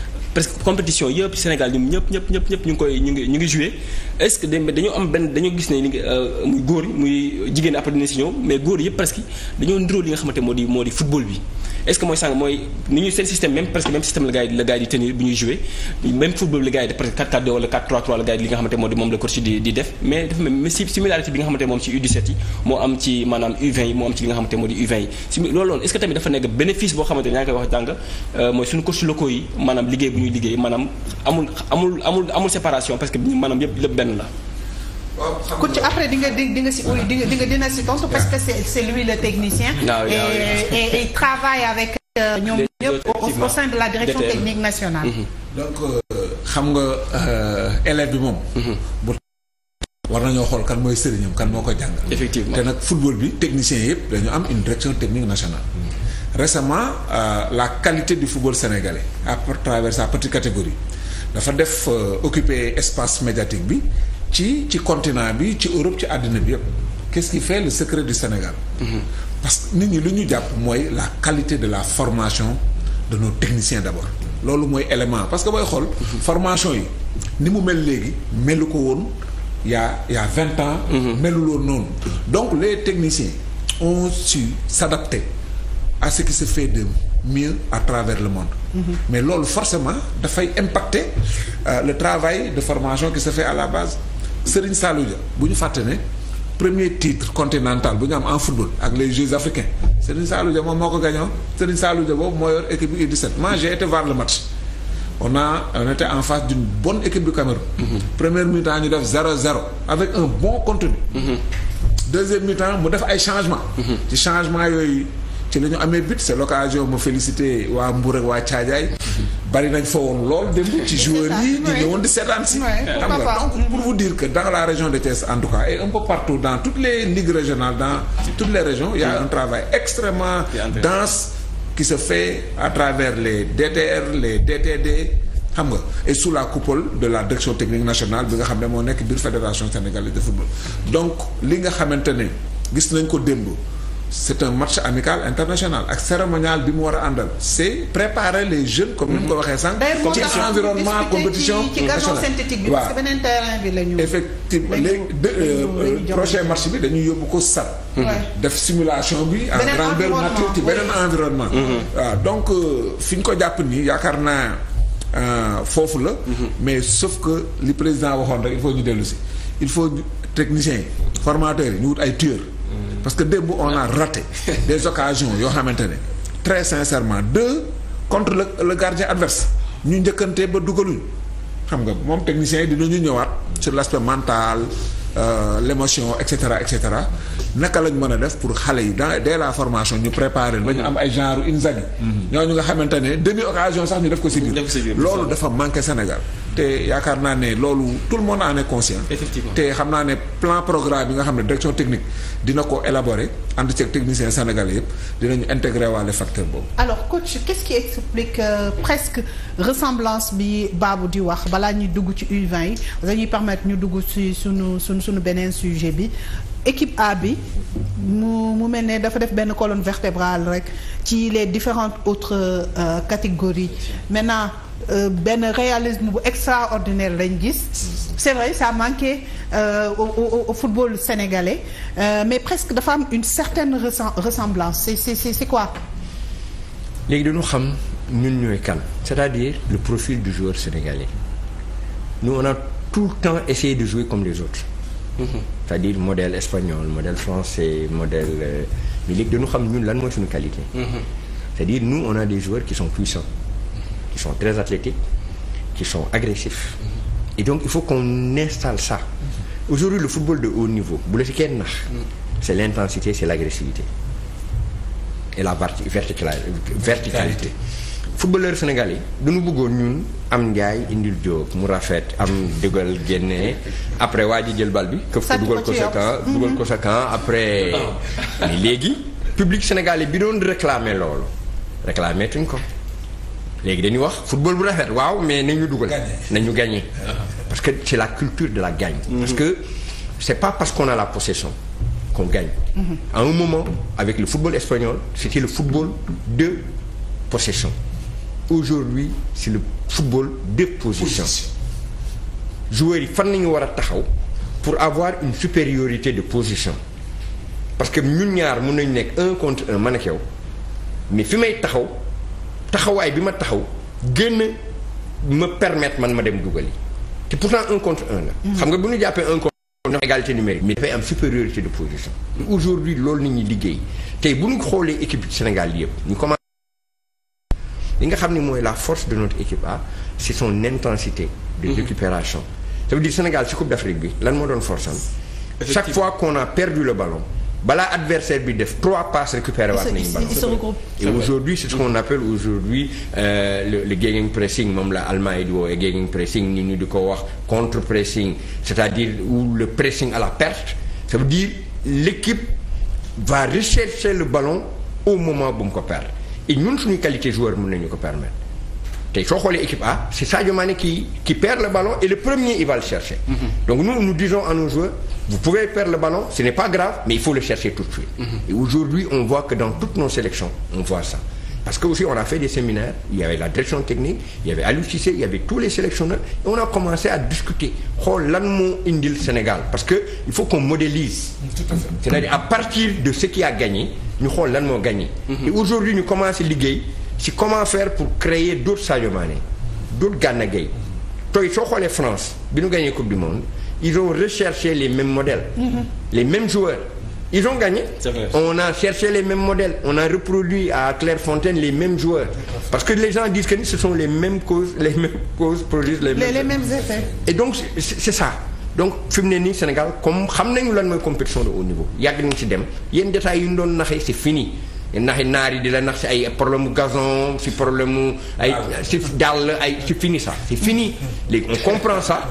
parce que compétition yëpp Sénégal ñoom ñëpp ñëpp ñëpp ñëpp ñu ngi koy est-ce que dañu am benn dañoo gis ne euh, li nga xamante moo di moo la gars yi di tenir bu def mais similarité bi nga xamante moom ci U17 yi moo am ci maanaam U20 yi moo am ci li nga xamante moo di U20 yi si loolu loolu est-ce que tamit dafa nekk bénéfice boo xamante ñaa koy wax jàng euh, mooy suñu coach locaux yi maanaam liggéey bu ñuy liggéey maanaam amul amul amul amul séparation parce que maanaam yëpp lépp benn la. ku ci après di nga si di nga dina si tontu parce que c'est c'est lui le technicien. et il travaille avec euh, ñoom ñëpp au sein de la direction technique nationale. Mm-hmm. donc euh, xam nga euh, élève bi moom. Mm-hmm. war nañoo xool kan mooy sëriñam kan moo ko jàngal. effectivement te nag football bi technicien yëpp dañu am une direction technique nationale. récemment euh, la qualité du football sénégalais à travers sa petite catégorie dafa def euh, occuper espace médiatique bi ci ci continent bi ci Europe ci àddina bi yëpp. qu'est-ce qui fait le secret du Sénégal. Mm-hmm. parce que nit ñi lu ñu jàpp mooy la qualité de la formation de technicien techniciens d'abord. loolu mooy élément parce que booy xool. Mm-hmm. formation yi ni mu mel léegi melu ko woon. yaa y a il y a vingt ans. Mhm. melul noonu. donc les techniciens ont su s'adapter à ce qui se fait de mieux à travers le monde. Mm mais loolu forcément dafay impacter euh, le travail de formation qui se fait à la base Serigne Saliou Dia bu ñu fàtte ne premier titre continental bu ñu am en football ak les Jeux africains Serigne Saliou Dia moom moo ko gagné woon Serigne Saliou boobu moo yor équipe bi U17 moi j'ai été le match. on a on était en face d'une bonne équipe bi Cameroun. Mhm. première mi-temps ñu def 0-0 avec un bon contenu. Mhm. deuxième mi mu def ay changement mhm. ci changement yooyu ci la ñu amee but c'est l'occasion ma féliciter waa Mbour ak waa Thiadiaye. bari nañ fa woon lool démb ci joueurs yi ñu ñëwoon di seetaan si. xam nga donc pour vous dire que dans la région de Thiès en tout cas et un peu partout dans toutes les ligues régionales dans toutes les régions il y a un travail extrêmement qui se fait à travers les DTR les DTD xam nga et sous la coupole de la direction technique nationale bi nga xam ne moo nekk biir fédération sénégalaise de football donc li nga xamante ne gis nañ ko démb c'est un match amical international ak cérémonial bi mu war a àndal c'est préparer les jeunes comme ni mu ko mm-hmm. waxee sànq comme ci environnement compétition ci gazon synthétique bi ñu effectivement léegi euh, euh, prochain match bi dañuy yóbbu ko sat mm-hmm. def simulation bi en grandeur nature ci beneen environnement mm-hmm. waaw donc euh, fi ñu ko jàpp nii yaakaar naa foofu la mais sauf ko li président waxoon rek il faut ñu dellu si il faut technicien formateur yi ñu wut ay tueur parce que démb on a raté des occasions yoo xamante ne très sincèrement deux contre le le gardien adverse ñu njëkkante ba dugaluñ xam nga moom technicien yi dinañu ñëwaat sur l' aspect mental euh, l' émotion et cetera et cetera naka lañ mën a def pour xale yi dans dès la formation ñu préparer ba ñu am ay genre mm-hmm. ñoo ñu nga xamante ne demi occasion sax ñu def ko si biir loolu dafa manqué Sénégal te yaakaar naa ne loolu tout le monde en est conscient te xam naa ne plan programme bi nga xam ne direction technique dina ko élaboré ànd ceeg technicien sénégalais yëpp dinañu intégrer waale facteur boobu. alors coach qu'est-ce qui explique euh, presque ressemblance bi baabu di wax balaa ñuy dugg ci U20 yi dañuy permettre ñu dugg ci sunu sunu sunu beneen sujet bi équipe A bi mu mu mel ne dafa def benn colonne vertébrale rek ci les différentes autres euh, catégories maintenant. Euh, benn réalisme bu extraordinaire lañ gis c'est vrai ça manquait euh, au, au, football sénégalais euh, mais presque dafa am une certaine ressemblance c'est c'est c'est quoi. léegi dañu xam ñun ñooy kan c'est-à-dire le profil du joueur sénégalais nous on a tout le temps essayé de jouer comme les autres. Mhm. c'est-à-dire modèle espagnol modèle français modèle euh, mais léegi dañu xam ñun lan mooy suñu qualité. Mhm. c'est-à-dire nous on a des joueurs qui sont puissants qui sont très athlétiques qui sont agressifs mhm. et donc il faut qu'on installe ça aujourd'hui le football de c'est l'intensité c'est l'agressivité et la verticalité footballeur sénégalais yi duñu bëggoon ñun am njaay indil jóob mu rafet am dugal génne après waa ji jël bal bi këf ko dugal ko sa camp dugal ko sa camp mhm. après mais léegi public sénégalais bi doon réclamer loolu réclamer tuñ ko léegi dañuy wax football bu rafet waaw mais nañu dugal nañu gagné ah. parce que c'est la culture de la gagne mhm. parce que c'est pas parce qu'on a la possession qu'on gagne. Mm -hmm. À un moment, avec le football espagnol, c'était le football de possession. Aujourd'hui, c'est le football de position. Jouer, war a taxaw pour avoir une supériorité de position. Parce que ñun ñaar nous avons un contre un mannequin. Mais si je suis taxaw, taxawaay bi ma taxaw génn me permettre man ma dem dugal yi te pourtant un contre un la. Mhm. xam nga bu ñu jàppee non égalité numérique mais dafay am supériorité de position aujourd'hui loolu nit ñi liggéey tey bu ñu xoolee équipe Sénégal yëpp ñu commencé li nga xam ne mooy la force de notre équipe A c'est son intensité de mhm. récupération ça dire Sénégal ci Coupe d'Afrique bi lan moo doon force am chaque fois qu'on a perdu le ballon balaa adversaire bi def trois passes récupéré waat nañu ballon et aujourd'hui c'est ce qu'on appelle aujourd'hui euh, le, le gegenpressing moom la allemand yi di woowee gegenpressing nit ñi du ko wax contre pressing c'est-à-dire ou le pressing à la perte ça veut dire l'équipe va rechercher le ballon au moment bu mu ko perdre et ñun suñuy qualité joueur mën nañu ko permettre tey soo xoolee équipe A c'est Sadio Mané qui qui perd le ballon et le premier il va le chercher. Mhm. donc nous disons à nos joueurs vous pouvez perdre le ballon ce n'est pas grave mais il faut le chercher tout de suite. Mhm. et aujourd'hui on voit que dans toutes nos sélections on voit ça. parce que on a fait des séminaires il y avait la direction technique il y avait Aliou Cissé il y avait tous les sélectionneurs et on a commencé à discuter Sénégal parce que il faut qu'on modélise c'est-à-dire à partir de ce qui ñu xool lan moo gagné mhm. et ñu commencé liggéey ci comment faire pour créer d'autres Sadio Mané d'autres Gana Gueye tey soo xoolee France bi ñu gagné coupe du monde ils ont recherché les mêmes modèles mhm. les mêmes joueurs ils ont gagné c'est vrai. on a cherché les mêmes modèles on a reproduit à Clairefontaine les mêmes joueurs parce que les gens disent que ce sont les mêmes causes les mêmes causes produisent les mêmes les mêmes effets et donc c'est ça donc fi mu ne nii Sénégal comme xam nañu lan mooy compétition de haut niveau yàgg nañ ci dem yenn yu ñu doon naxee c'est fini naxi naar yi di la nax si ay problème mu gazon problème mu ay si dàll ay si fini sax si fini on comprend ça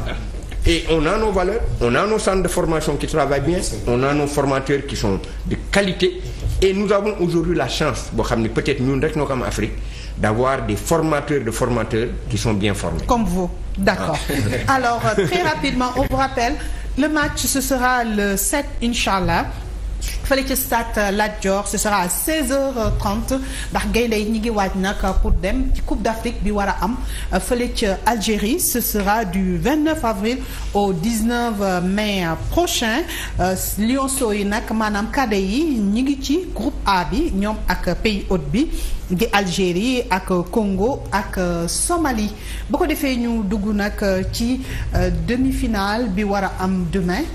et on a nos valeurs on a nos centres de formation qui travaillent bien on a nos formateurs qui sont de qualité et nous avons aujourd'hui la chance boo xam ne peut-être ñun rek noo ko am Afrique d'avoir des formateurs de formateurs qui sont bien formés comme vous d'accord ah. alors euh, très rapidement on vous rappelle le match ce sera le 7 inchallah fële ci stade Lat Dior ce sera à ndax gaynde yi ñi ngi waaj nag pour dem ci Coupe d'Afrique bi war a am fële ci Algérie ce sera du 29 avril au 19 mai prochain euh, lionceaux yi nag maanaam cadets yi ñi ngi ci groupe A bi ñoom ak pays hôte bi di Algérie ak euh, Congo ak euh, Somalie boo ko defee ñu dugg nag euh, ci demi-finale bi war a am demain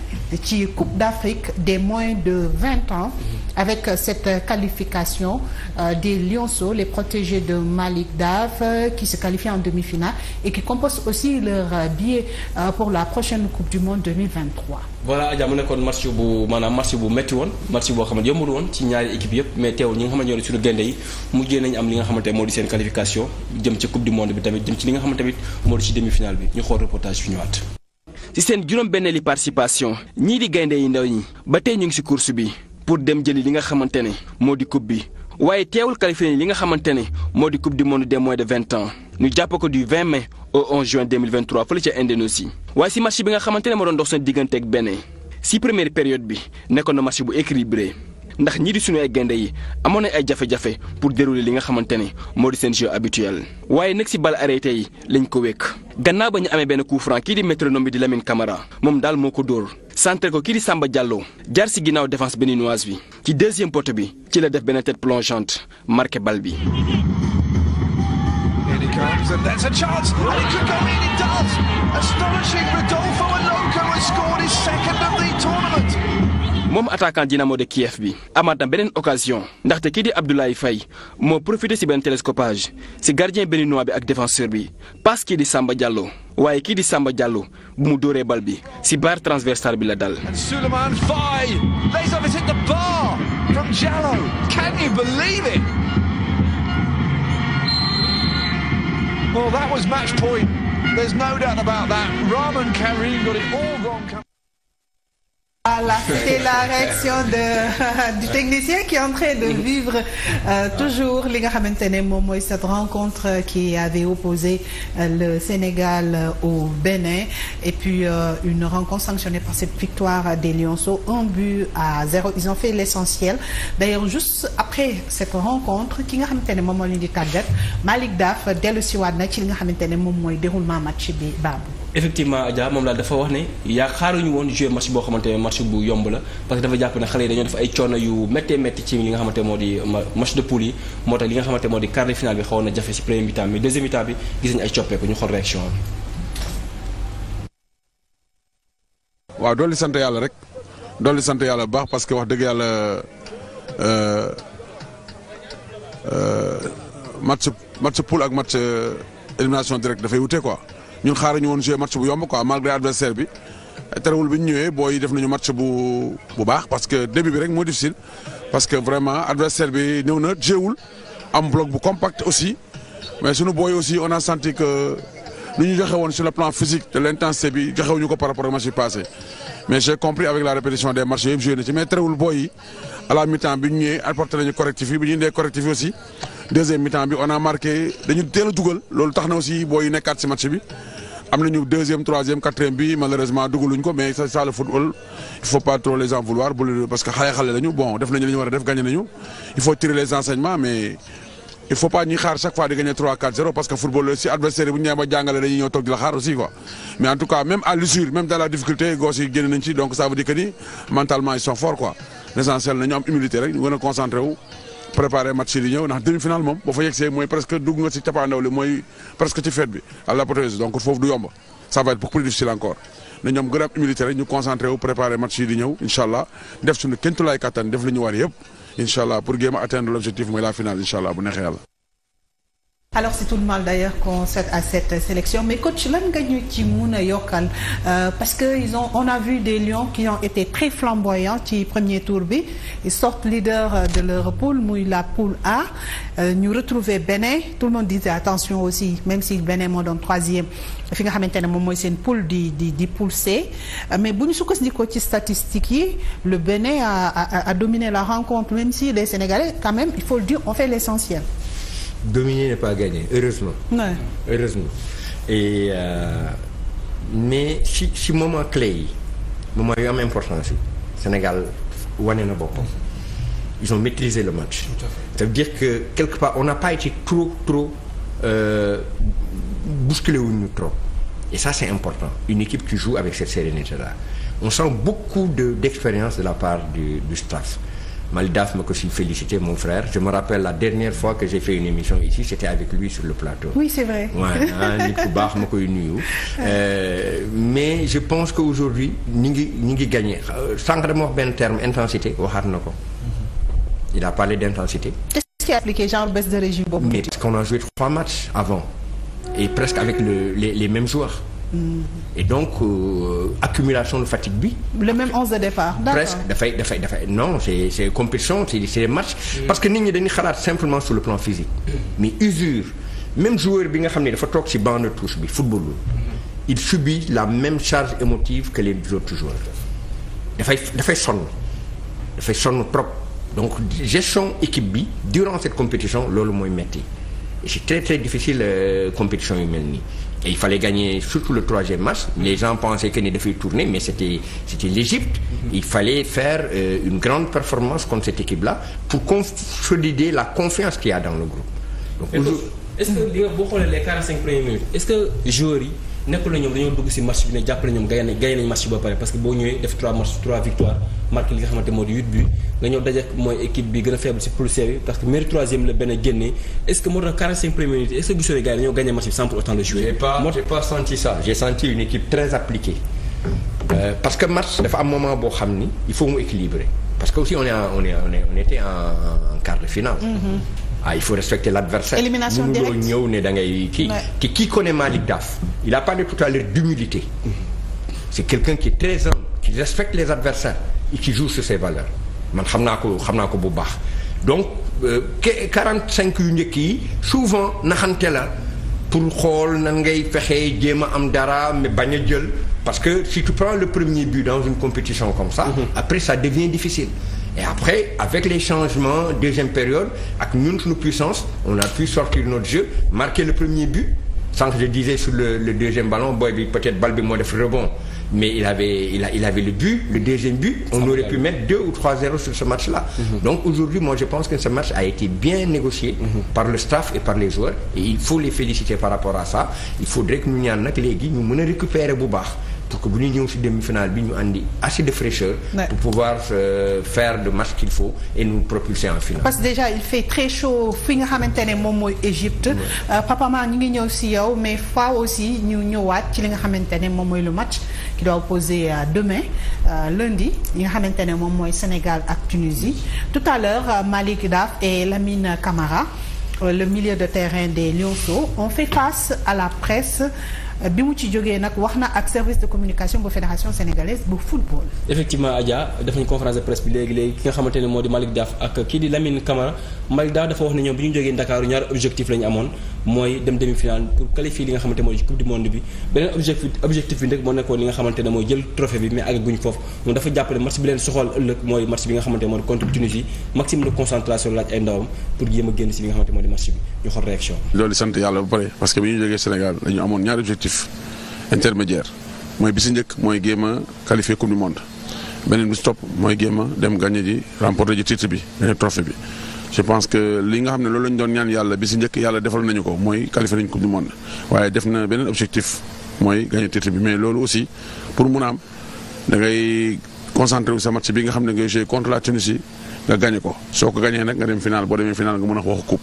ci Coupe d'Afrique des moins de vingt ans avec euh, cette qualification euh, des Lionceaux, les protégés de Malick Daaf, euh, qui se qualifient en demi-finale et qui composent aussi leur billet pour la prochaine Coupe du Monde 2023. voilà Adja mu nekkoon match bu maanaam match bu metti woon match boo xamante yombul woon ci ñaari équipe yëpp mais teew ñi nga xamante ñoo suñu gaynde yi mujjee nañu am li nga xamante moo di seen qualification jëm ci coupe du monde bi tamit jëm ci li nga xamante tamit moo di ci demi-finale bi ñu xool seen juróom-benneeli participation ñii di gaynde yi ndaw ñi ba tey ñu ngi ci course bi. pour dem jëli li nga xamante ne moo di coupe bi waaye teewul qualifié li nga xamante ne moo di coupe du monde des moins de vingt ans ñu jàpp ko du 20 mai au 11 juin 2023 fële ca Indonésie waaye si match bi nga xamante ne moo doon dox seen diggante ak Bénin si première période bi nekkoon na match bu équilibré ndax ñii di suñu ay gaynde yi amoon na ay jafe-jafe pour dérouler li nga xamante ne moo di seen jeu habituel waaye nag si balle arrêté yi lañ ko wékk gannaaw ba ñu amee benn coup kii di métronome bi di Lamine moom daal moo ko dóor sante ko kii di Samba Diallo jar si ginnaaw défense béninoise bi ci deuxième poteau bi ci la def benn tête plongeante marqué bal bi. moom attaquant Dynamo de Kiev bi amaat na beneen occasion ndaxte kii di Abdoulaye Faye moo profité si benn télescopage si gardien béninois bi ak défenseur bi passe kii di Samba Diallo. waaye kii di Samba Diallo bu mu dóoree bal bi ci barre transversale bi la dal. Souleymane Faye lays off it at the bar from Diallo. Can you believe it? Well, that was match point. There's no doubt about that. Rahman Karim Voilà, c'était la réaction de du technicien qui est en train de vivre euh, toujours li nga xamante ne moom mooy cette rencontre qui avait opposé euh, le Sénégal euh, au Bénin et puis euh, une rencontre sanctionnée par cette victoire des Lionceaux un but à zéro ils ont fait l'essentiel d'ailleurs juste après cette rencontre ki nga xamante ne moom moo leen di tàggat Malick Daf dellu siwaat na ci li nga xamante ne moom mooy déroulement match bi effectivement Adja moom daal dafa wax ne yaa xaaruñu woon jouer match boo xamante ne match bu yomb la parce que dafa jàpp ne xale yi dañoo def ay coono yu méttee métti ci li nga xamante moo di match de poule yi moo tax li nga xamante moo di quart de finale bi xawoon na jafe si premier mi-temps deuxième mi bi gis nañ ay coppeeku ñu xool dolli sant yàlla rek dolli sant yàlla bu baax parce que wax dëgg yàlla euh, euh, match match poule ak match euh, élimination directe dafay wute quoi. ñun ñu woon jouer match bu yomb quoi malgré adversaire bi terewul bi ñu ñëwee booy def nañu match bu bu baax parce que début bi rek moo difficile parce que vraiment adversaire bi ñëw na jéewul am bloc bu compact aussi mais nu booy aussi on a senti que lu ñu joxe woon sur le plan physique de l' intensité bi joxewuñu ko par rapport ak match bi mais j'ai compris avec la répétition des matchs yooyu joué na ci mais terewul booy yi à la mi-temps bi ñu ñëwee deuxième mi-temps bi on a marqué dañu teel dugal loolu tax na aussi booy nekkaat si match bi am nañu deuxième troisième quatrième bi malheureusement dugaluñ ko mais ça ça le football il faut pas trop les en vouloir parce que xale xale lañu bon def nañu li ñu def gagné nañu il faut tirer les enseignements mais. il faut pas ñuy xaar chaque fois di gagner 3 4 0 parce que football si adversaire bu ñu ba jàngale dañuy ñëw toog xaar préparer match yi di ñëw ndax demi-finale moom boo fa yegsee mooy presque dugg nga ci cappaandaw li mooy presque ci fête bi à l'apothéose donc foofu du yomb ça va être beaucoup plus difficile encore na ñoom gën a humilité rek ñu concentré wu préparer match yi di ñëw incha allah def suñu kéntulaay kattan def li ñu war yëpp incha allah pour géem a l'objectif mooy la finale incha allah bu neexee yàlla alors c'est tout le mal d'ailleurs qu'on souhaite à cette sélection mais coach lan nga ñu ci mun a yokkal euh, parce que ont on a vu des lions qui ont été très flamboyants ci premier tour bi ils sortent leader euh, de leur poule muy la poule A euh, ñu euh, retrouver Bénin tout le monde disait attention aussi même si Bénin moo doon troisième fi nga xamante ne moom mooy seen poule di di di poule C mais bu ñu sukkandikoo ci statistiques yi le Bénin a, a a dominé la rencontre même si les Sénégalais quand même il faut le dominer n'est pas gagner heureusement. Ouais. heureusement et euh, mais si moment clé yi moment yu am important yi Sénégal wane na boppam ils ont maîtrisé le match. ça veut dire que quelque part on n'a pas été trop trop euh, bousculé wuñu trop et ça c'est important une équipe qui joue avec cette sérénité là on sent beaucoup d'expérience de la part du du staff. Maldas me ko si félicité mon frère je me rappelle la dernière fois que j'ai fait une émission ici c'était avec lui sur le plateau. oui c'est vrai. waaw nit baax ma koy nuyu. Euh, mais je pense que aujourd'hui ñi ngi ñi ngi gagné euh, sànq dama wax benn terme intensité waxaat na ko. Mhm. il a parlé d'intensité. qu'est-ce qui a appliqué genre baisse de régime boobu. mais parce qu'on a joué trois matchs avant et presque avec le les mêmes joueurs. et donc euh, accumulation de fatigue bi. le même onze de départ. presque dafay dafay dafay non c'est c'est compétition c'est match. parce que nit ñi dañuy xalaat simplement sur le plan physique. mais usure même joueur bi nga xam ne dafa toog ci banc de touche bi footballul il subit la même charge émotive que les autres joueurs dafay dafay sonn dafay sonn trop donc gestion équipe bi durant cette compétition loolu mooy metti c'est très très difficile euh, compétition yu mel nii. Et il fallait gagner surtout le troisième match. Les gens pensaient que dafay tourner, mais c'était l'Égypte. Mhm. Il fallait faire euh, une grande performance contre cette équipe-là pour consolider la confiance qu'il y a dans le groupe. est-ce que boo nekkul la ñoom dañoo dugg si match bi ne jàppale ñoom gagné nañ match bi ba pare parce que boo ñëwee def 3 match 3 victoire marqué li nga ñëw daje mooy équipe bi gën a faible si ne gars yi dañoo gagné match bi sans pour autant le euh, parce que match dafa am moment boo xam ni il faut mu équilibrer parce que aussi on est on est on est on était en quart de finale. Mm-hmm. ah il faut respecter l'adversaire élimination directe mënuloo ñëw ne da ngay kii te kii connaît Malick Daf il a parlé tout à l'heure d'humilité c'est quelqu'un qui est très humble qui respecte les adversaires et qui joue sur ses valeurs man xam naa ko xam naa ko bu baax donc euh, quarante cinq yu njëkk yi souvent naxante la pour xool nan ngay fexe jéem a am dara mais bañ a jël parce que si tu prends le premier but dans une compétition comme ça mm-hmm. après ça devient difficile Et après, avec les changements, deuxième période, avec nous, nos puissances, on a pu sortir notre jeu, marquer le premier but, sans que je disais sur le, le deuxième ballon, boy, peut-être balle de moins de rebond. Mais il avait, il, a, il, avait le but, le deuxième but, on aurait pu mettre 2 ou 3-0 sur ce match-là. Mm -hmm. Donc aujourd'hui, moi je pense que ce match a été bien négocié mm -hmm. par le staff et par les joueurs. Et il faut les féliciter par rapport à ça. Il faudrait que nous, nous récupérions Boubar. pour que bu ñuy ñëw ci demi-finale bi ñu indi assez de fraîcheur. Ouais. pour pouvoir euh, faire le match qu'il faut et nous propulser en finale. parce que déjà il fait très chaud fi nga xamante ne moom mooy Égypte. Euh, Papa Ma ñu ngi ñëw ci yow mais fa aussi ñu ñëwaat ci li nga xamante ne moom mooy le match qui doit opposer euh, demain euh, lundi yi nga xamante ne moom mooy Sénégal ak Tunisie tout à l'heure Malick Daf et Lamine Camara le milieu de terrain des Lionceaux ont fait face à la presse. bi mu ci jógee nag wax na ak service de communication bu fédération sénégalaise bu football. effectivement Adja def nañ conférence de presse bi léegi léegi ki nga xamante ne moo di Malick Daaf ak kii di Lamine Camara Malick mooy dem demi-finale pour qualifier li nga xamante mooy coupe du monde bi beneen li nga xamante ne mooy jël trophée bi mais àgguñ foofu moom dafa jàppale match bi leen soxal ëllëg mooy match bi nga xamante moo di contre Tunisie a génn si li nga xamante objectif intermédiaire mooy bi si njëkk mooy géem a qualifié coupe du monde beneen bi si mooy géem a dem gagné ji remporté ji titre bi gagné trophée bi. je pense que li nga xam ne loolu lañ doon ñaan yàlla bi si njëkk yàlla defal nañu ko mooy qualifié nañu coupe du monde waaye def na beneen objectif mooy gagné titre bi mais loolu aussi pour mun am da ngay concentré wu sa match bi nga xam ne ngay joué contre la Tunisie. nga gagné ko soo ko gagné nag nga dem final boo demee final nga mën a wax coupe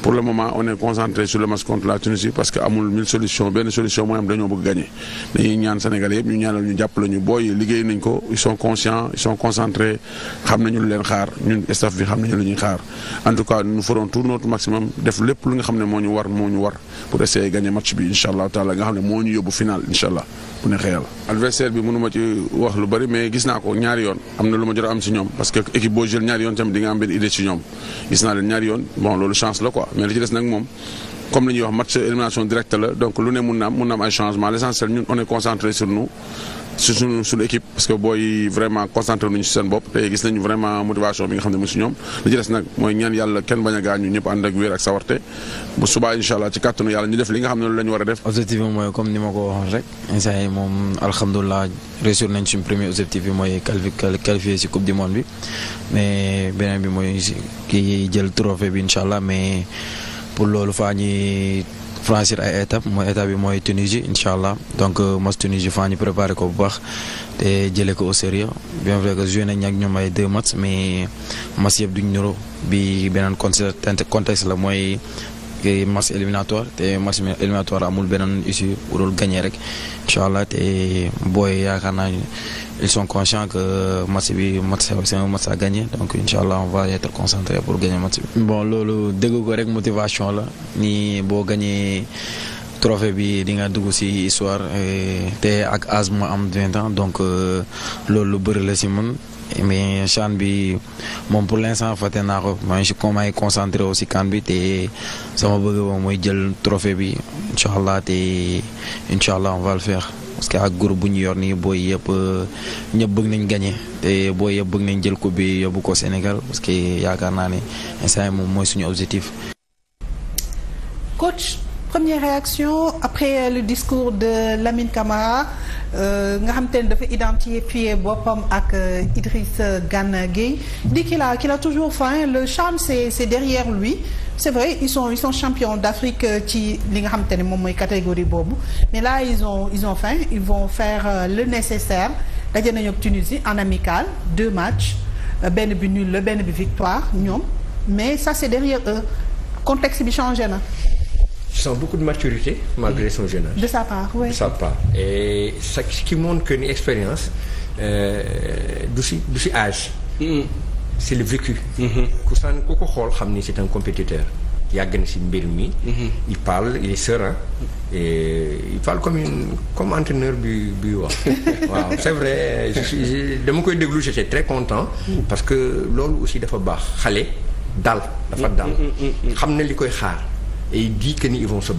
pour le moment on est concentré sur le match contre la Tunisie parce que amul mille solution benn solution mooy am dañoo bëgg gagné dañuy ñaan Sénégalais yëpp ñu ñaanal ñu jàppale ñu booy liggéey nañ ko ils sont conscients xam nañu leen xaar ñun staff bi xam nañu lu xaar en tout cas nous ferons tout maximum def lépp lu nga xam ne moo ñu war moo ñu war pour essayer gagné match bi incha ma ci naa ko ñaari yoon am na lu ma jot ñaari yoon tamit di nga am benn idée ñoom gis naa yoon bon loolu chance la quoi mais li ci nag moom comme li ñuy wax match élimination directe la donc lu ne mun na mun na ay changement l' ñun on est concentré sur nous su suñu suñu équipe parce que booy vraiment concentré nañu si seen bopp te gis nañu vraiment motivation bi nga xam ne mu si ñoom li ci des nag mooy ñaan yàlla kenn bañ a gaañu ñëpp ànd ak wér ak sawarte bu subaa incha allah ci kàttanu yàlla ñu def li nga xam ne loolu la ñu war a def. objectif bi mooy comme ni ma ko waxoon rek instant yi moom alhamdulilah réussir nañ suñu premier objectif bi mooy qualifier si coupe du monde bi mais beneen bi mooy kii jël trophée bi incha allah mais pour loolu franchir ay étape mooy étape bi mooy Tunisie incha allah donc match euh, Tunisie faa ñu préparé ko bu baax te jëlee ko au sérieux bien vrai que joué nañ ak ñoom ay deux matchs mais match yëpp duñ niroo bi beneen contexte la mooy. ak match éliminatoire te match éliminatoire amul beneen issue bu dul gagné rek incha allah te booy yaakaar naa ils sont conscients que match bi match c'est un match à gagner allah on va être concentré pour gagner match bi. bon loolu dégg ko rek motivation la nii boo gagné. trophée bi di nga dugg ci histoire eh, te ak âge mu am vingt ans donc euh, loolu lu bëri la si man mais chan bi moom pour l'instant fàtte naa ko maa ngi si ko may concentré aussi kan bi te sama bëgg moom mooy jël trophée bi incha allah te incha allah on va le faire parce que ak groupe bu ñu yor nii boo yëpp ñëpp bëgg nañ gagné te booy yëpp bëgg nañ jël coupe bi yóbbu ko Sénégal parce que yaakaar naa ne instant moom mooy suñu objectif. première réaction après le discours de Lamine Camara euh, nga xam te ne dafa identifier boppam ak euh, Idriss Gana Gueye dit qu'il a qu'il a toujours faim le charme c'est c'est derrière lui c'est vrai ils sont ils d'Afrique euh, ci li nga xam te ne moom mooy catégorie boobu mais là ils ont ils ont faim ils vont faire le nécessaire daje nañu ak Tunisie en amical deux matchs benn bi nul la benn bi victoire ñoom mais ça c'est derrière eux bi changé na tu sens beaucoup de maturité malgré son jeune âge. de sa part oui sa part et ça ce qui montre ni expérience euh, du si du si âge. Mm. c'est le vécu. Mm-hmm. ku saan ku ko xool xam ni c'est un yàgg na si mbir mi. Mm-hmm. il parle il serein. et parle comme une comme entraîneur bi bi wax waaw c'est vrai dama koy déglu j'étais très content. Mm. parce que loolu aussi dafa baax xale dal. dafa dal mm-hmm. xam na li koy xaar. et il dit que ni ils vont se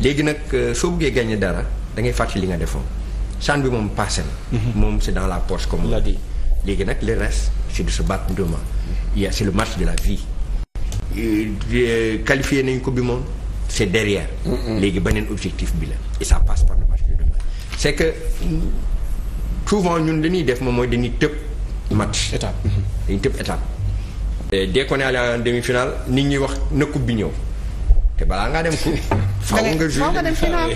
léegi nag euh, soo buggee gagné dara da ngay fàttali li nga defoon chan bi moom passé mhm. moom c' est dans la poche comme on léegi nag le reste c' est de se battre demain y a le match de la vie. Euh, euh, qualifié nañu ko bi moom c' est derrière. léegi beneen objectif bi la et ça passe par le match de demain c' est que souvent ñun li def moom mooy dañuy tëb match. étape dañuy tëb étape. dès qu'on est allé demi-finale nit ñi wax na coupe bi ñëw. balaa ngaa dem coupe faw nga nga dem final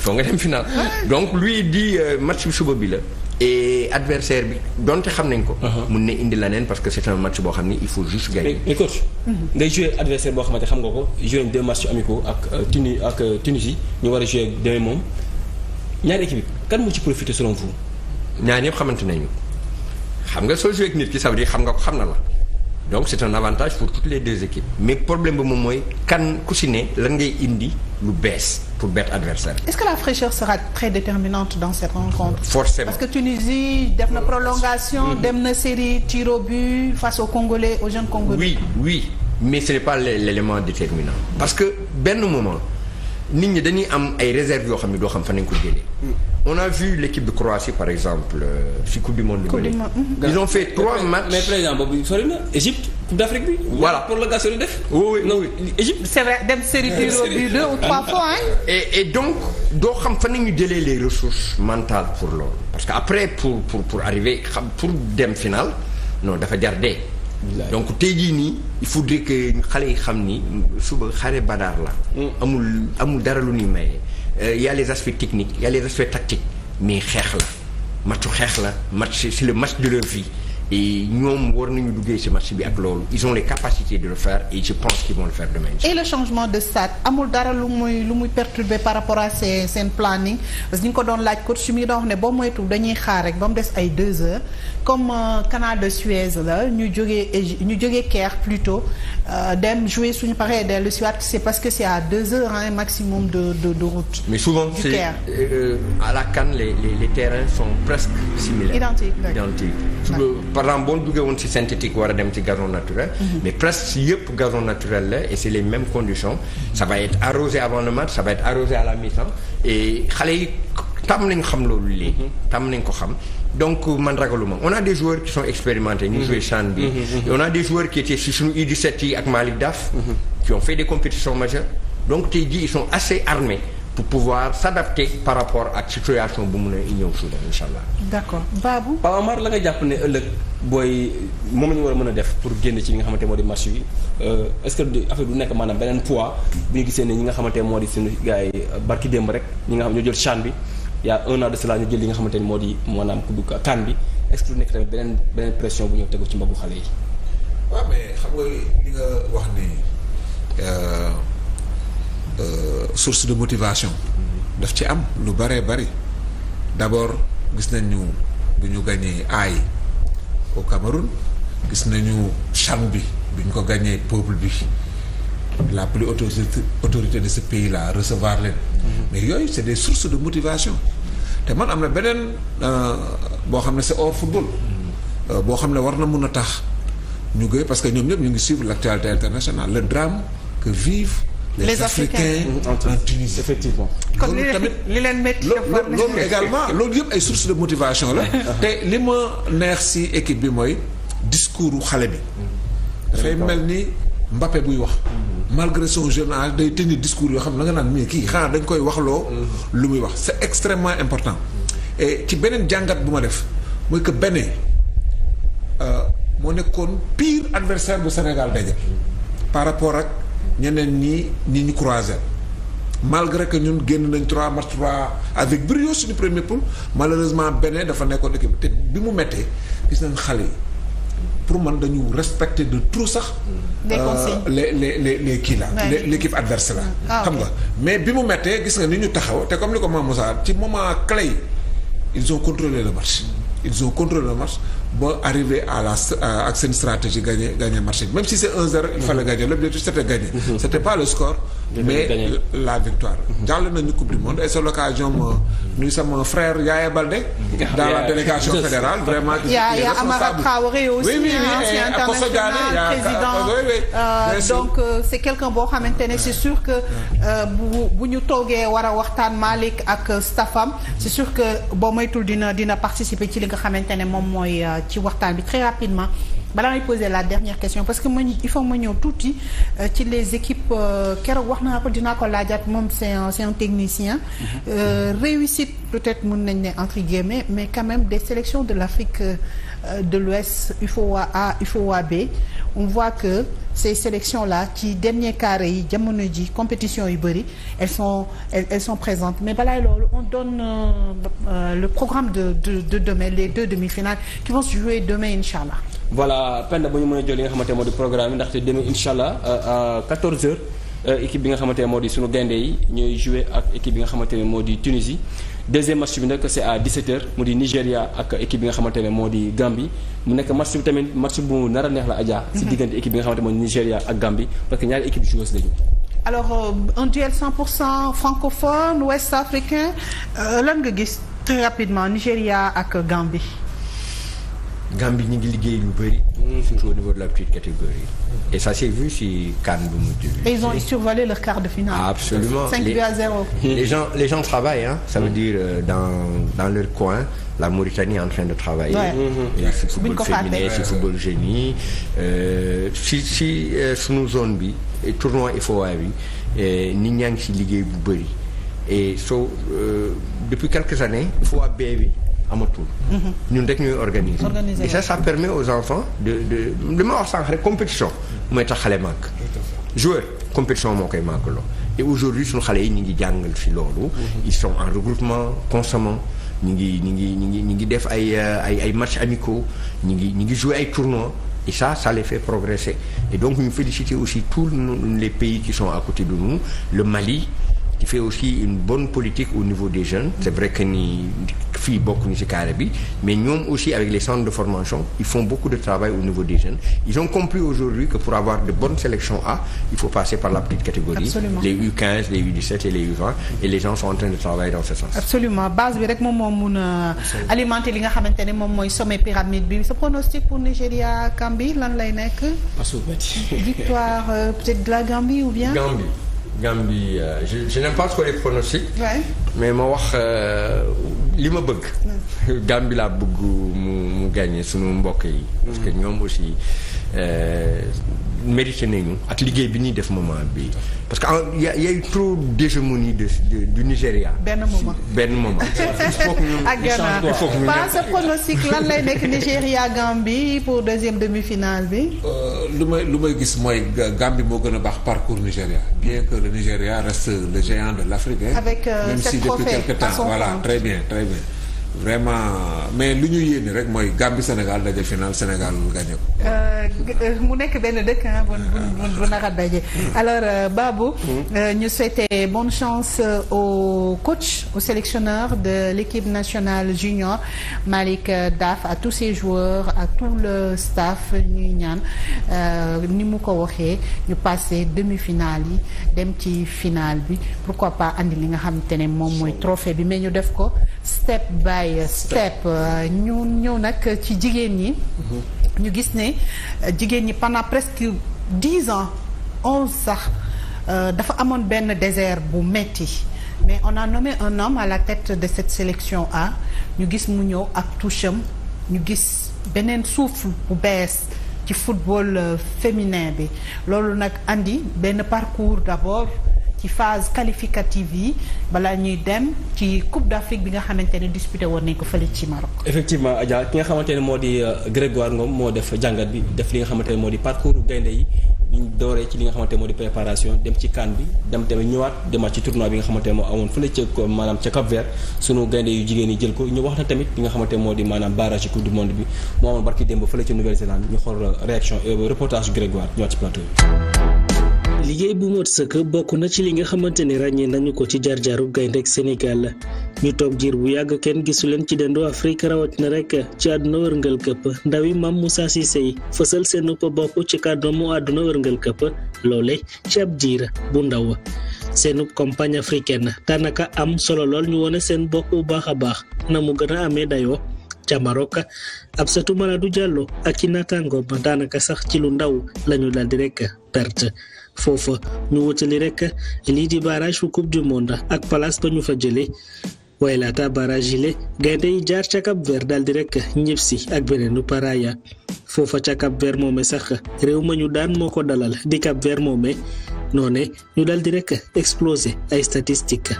faut nga dem final donc lui di euh, match bi suba bi la et adversaire bi donte xam nañ ko uh-huh. mun na indi leneen parce que c'est un match boo xam ni il faut juste gagner mais coach mm-hmm. ngay joué adversaire boo xamante xam nga ko joué deux matchs amicaux ak euh, Tuni ak euh, Tunisie ñu war a joué demee moom ñaari équipe kan moo ci profité selon foofu ñaar ñëpp xamante nañu xam nga soo joué ak nit ki ça veut xam nga ko xam na la donc c'est un avantage pour toutes les deux équipes mais problème bi moom kan ku si ngay indi lu bees pour bête adversaire. est-ce que la fraîcheur sera très déterminante dans cette rencontre. forcément parce que Tunisie def na prolongation. Mm-hmm. dem na série tiro au but face aux Congolais aux jeunes Congolais. oui oui mais ce n'est pas l'élément déterminant. parce que benn moment. nit ñi dañuy am ay réserves yoo xam ne doo xam fan nañu ko jëlee. on a vu l'équipe de Croatie par exemple ci euh, coupe du monde. coupe du monde mm. ils ont fait trois matchs. mais président boobu sori na Égypte coupe d'Afrique bi. voilà prolongation yi def. oui oui Égypte. c'est vrai dem série tir au but deux ou trois fois et et donc doo xam fan nañu jëlee les ressources mentales pour loolu parce que après pour pour pour arriver xam pour dem finale non dafa jar dee. donc tey jii nii il faudrait que xale yi xam ni suba xare badaar la. Mm. amul amul dara lu ñuy maye. Euh, y a les aspects techniques y a les aspects mais xeex la matchu xeex la match c'est le match de leur vie. et ñoom war nañu duggee ci marché bi ak loolu ils ont les capacités de le faire et je pense qu'ils vont le faire demain. et le changement de stade amul dara lu muy lu par rapport à seen seen planning parce que ñu ko doon laaj su mi doon wax ne boo moytu dañuy xaar rek ba mu des ay deux heures comme euh, canal de Suez la ñu joge ñu jógee Caire plutôt euh, dem jouer suñu paree dellu si waat parce que c'est à deux heures hein, maximum de de de route. mais souvent c'est euh, à la CAN les, les terrains sont presque similaires. identiques par exemple boo duggee woon ci synthétique war a dem ci gazon naturel. Mhm. mais presque yëpp gazon naturel la et c'est les mêmes conditions. ça va être arrosé avant le match ça va être arrosé à la mi et xale yi tam nañ xam loolu léegi. Mhm. tam nañ ko xam. donc man ragaluma on a des joueurs qui sont expérimentés. ñu mhm. joué chan on a des joueurs qui étaient ci suñu U17 ak Malick Daf. qui ont fait des compétitions majeures donc tey jii ils sont assez armés. pour pouvoir s'adapter par rapport ak situation bu mun a ñëw soudan incha allah. d'accord Babou. Paa Amar la nga jàpp ne ëllëg booy moom la war a mën a def pour génn ci li nga xamante moo di marché yi euh, est maanaam beneen poids bu ñu gisee ne ñi nga xamante moo di suñu gars yi euh, rek ñi nga xam ñoo jël bi y a un de cela ñu jël li nga xamante ni moo di maanaam kuddu kan bi est-ce que du nekk tamit beneen beneen pression bu ñëw tegu ci mbaggu xale yi. waaw mais xam nga li nga wax ni. Euh, Euh, source de motivation daf ci am lu bëree bëri d'abord gis nañu bu ñu gañee ay au Cameroun gis nañu CHAN bi bu ñu ko gañee peuple bi la plus haute autorité de ce pays là recevoir leen mais yooyu c'est des sources de motivation te man am na beneen euh, boo xam ne c'est hors football euh, boo xam ne war na mun a tax ñu gëy parce que ñoom ñëpp ñu ngi suivre l'actualité internationale le drame que vivent les africains en Tunisie effectivement kon li leen métti loolu également loolu yëpp ay source de motivation la te li ma neex si équipe bi mooy discours xale bi dafay mel ni Mbappé buy wax mm-hmm. malgré son jeune âge day tenir discours yoo xam ne da nga naan mii kii xanaa dañ koy waxloo mm-hmm. lu muy wax c'est extrêmement important mm-hmm. et ci beneen jàngat bu ma def mooy que Bénin euh, moo nekkoon pire adversaire bu Sénégal daje par rapport ak ñeneen ñi ñi ñu croisé malgré que ñun génn nañ trois match trois avec brio suñu premier poule malheureusement Bénin dafa nekkoon équipe te bi mu mettee gis nañ xale pour man dañu respecter de trop sax. Euh, les les les les kii la. l' équipe adverse la. Ah, xam nga mais bi mu méttee gis nga ni ñu taxaw te comme ni ko Mame Moussa ci moment clé yi ils ont contrôlé le marche ils ont contrôlé le match. boo arriver à la ak seen stratégie gagner gagner marché bi même si c'est 1-0 il fallait gagner l'objectif c'était gagner mhm. c'était pas le score mais la victoire mhm. jàll nañu coupe du monde et c'est l'occasion ma nuyu sama frère Yaya Baldé dans la délégation fédérale vraiment yaa yaa Amara Traoré aussi ancien international président euh, donc euh, c'est quelqu'un boo xamante ne c'est sûr que euh, bu bu ñu toogee war a waxtaan Malick ak staffam c'est sûr que boo moytul dina dina participer ci li nga xamante ne moom mooy ci waxtaan bi très rapidement balaa may poser la dernière question parce que ma il faut ma ñëw euh, ci les équipes euh, keroog wax naa ko dina ko laajaat moom c'est un technicien. Mm-hmm. Euh, réussite peut-être mun nañ ne entre guillemets mais quand même des sélections de l'Afrique euh, de l'Ouest UFOA A UFOA B on voit que ces sélections là ci dernier carré yi jamono ji compétition yu bëri elles sont elles, elles sont présentes mais balaay loolu on donne euh, le programme de de de demain les deux demi-finales qui vont se jouer demain voilà pend bu ñu mën a jël li nga xamante moo di programme yi ndaxte demain incha allah euh, à euh, équipe bi nga xamante moo di suñu gaynde yi ñooy jouer ak équipe bi nga xamante ne moo di Tunisie deuxième match bi nag c'est à 17h mu di Nigéria ak équipe bi nga xamante ne moo di Gambie mu nekk match bi tamit match bu nar a neex la Adja. si mhm. diggante équipe bi nga xamante moo di Nigéria ak Gambie parce que ñaari équipe joueuses lañu. alors euh, un duel nga gis très Nigéria ak Gambie. Gambie ñu ngi liggéey lu bëri. surtout au niveau de la petite catégorie. et ça s'est vu si CAN bu mujj bi. et ils ont survolé leur quart de finale. Ah, absolument les gens travaillent hein. ça mm. euh, dans dans leur coin. la Mauritanie est en train de travailler. waaw mm-hmm. si football féminin si football génie euh, si si euh, sunu zone bi tournoi FOA bi nit ñaa ngi si liggéey bu bëri et soo depuis quelques années. FOA B bi. amatul. Mhm. ñun rek ñuy organiser. organiser et ça ça permet aux enfants de de li ma wax sànq rek compétition. mooy tax xale màgg. joueur compétition moo koy màgg loo et aujourd'hui suñu xale yi ñu ngi jàngal fi loolu. Mhm. ils sont en regroupement constamment. ñu ngi ñu ngi ñu ngi ñu ngi def ay euh, ay ay matchs amicaux ñu ngi ñu ngi jouer ay tournois et ça ça les fait progresser et donc ñu féliciter aussi tous les pays qui sont à côté de nous le Mali. qui fait aussi une bonne politique au niveau des jeunes c'est vrai que ni fii bokkuñu ci carré bi mais ñoom aussi avec les centres de formation ils font beaucoup de travail au niveau des jeunes ils ont compris aujourd'hui que pour avoir de bonnes sélections A il faut passer par la petite catégorie les u les u et les u et les gens sont en train de travailler moo mun a alimenter li nga pour Nigéria Gambie lan lay victoire euh, peut-être de la Gambie ou bien Gambie euh, je je n'aime pas les pronostics. mais ma wax euh, li ma bëgg. Gambie laa bëgg mu mu gagné sunu mbokk yi. parce ñoom aussi. Euh, mérité nañu ak liggéey bi ñuy def moment bi parce que y a y a eu trop de du Nigéria. benn moment benn moment. ak Ghana pas sa pronostic lan lay nekk Nigéria Gambie pour deuxième demi-finale bi. Euh, lu may lu may gis mooy Gambie moo gën a baax parcours Nigéria bien que le Nigéria reste le géant de l'Afrique. avec ses euh, trophées même si depuis très bien très bien. vraiment mais li ñu yéene rek mooy Gambie Sénégal daje final Sénégal gagné ko. Euh, euh, mu nekk benn dëkk ah bu bu a daje. Mm. alors euh, Babou. Mm. ñu souhaiter bonne chance au coach au sélectionneur de l'équipe nationale junior Malick Daf à tous ses joueurs à tout le staff ñuy ñaan ni mu ko waxee ñu passé demi-finale yi dem ci finale bi pourquoi pas andi li nga xamante ne moom mooy trophée bi mais ñu def ko step by. ay step ñu ñëw nag ci jigéen ñi mhm. ñu gis ne jigéen ñi pendant presque dix ans onze sax euh, dafa amoon benn désert bu metti mais on a nommé un homme à la tête de cette sélection A ñu gis mu ñëw ak toucham ñu gis beneen suuf bu bees ci football euh, féminin bi loolu nag indi benn parcours d'abord ci phase qualificative yi balaa ñuy dem ci Coupe d'Afrique bi nga xamante ne disputé woon nañ ko fële ci Maroc. effectivement Adja ki nga xamante ne moo di euh, Grégoire Ngom moo def jàngat bi def li nga xamante ne moo di parcours gaynde yi ñu dooree ci li nga xamante moo di préparation dem ci CAN bi dem tamit ñëwaat demaat ci tournoi bi nga xamante ne moo amoon fële ca maanaam ca Cap Vert sunu gaynde yu jigéen jël ko ñu wax na tamit li nga xamante ne di maanaam barrage coupe du monde bi moo amoon barki démb fële liggéey bu mot sëkk bokk na ci li nga xamante ni ràññee nañu ko ci jaar-jaaru gaynde Sénégal ñu toog jiir bu yàgg kenn gisu leen ci dendu Afrique rawatina rek ci àdduna wërngal këpp ndawi Mame Moussa Cissé fësal seen bopp ci kàddoom mu àdduna wërngal këpp loole ci ab jiir bu ndaw seen campagne africaine daanaka am solo lool ñu wone seen bopp bu baax a baax na mu gën a amee dayoo ca Maroc ab satu Mamadou Diallo ak ci naataangoom daanaka sax ci lu ndaw lañu daldi rek foofa ñu wutali rek lii di barrage fu coupe du monde ak place ba ñu fa jëlee waaye laata barrage yi gaynde yi jaar ca Cap Vert daal di rek ñëpp si ak beneenu paraya foofa ca Cap Vert moome sax réew ma ñu daan moo ko dalal di Cap Vert moome noone ñu daal di rek explosé ay statistik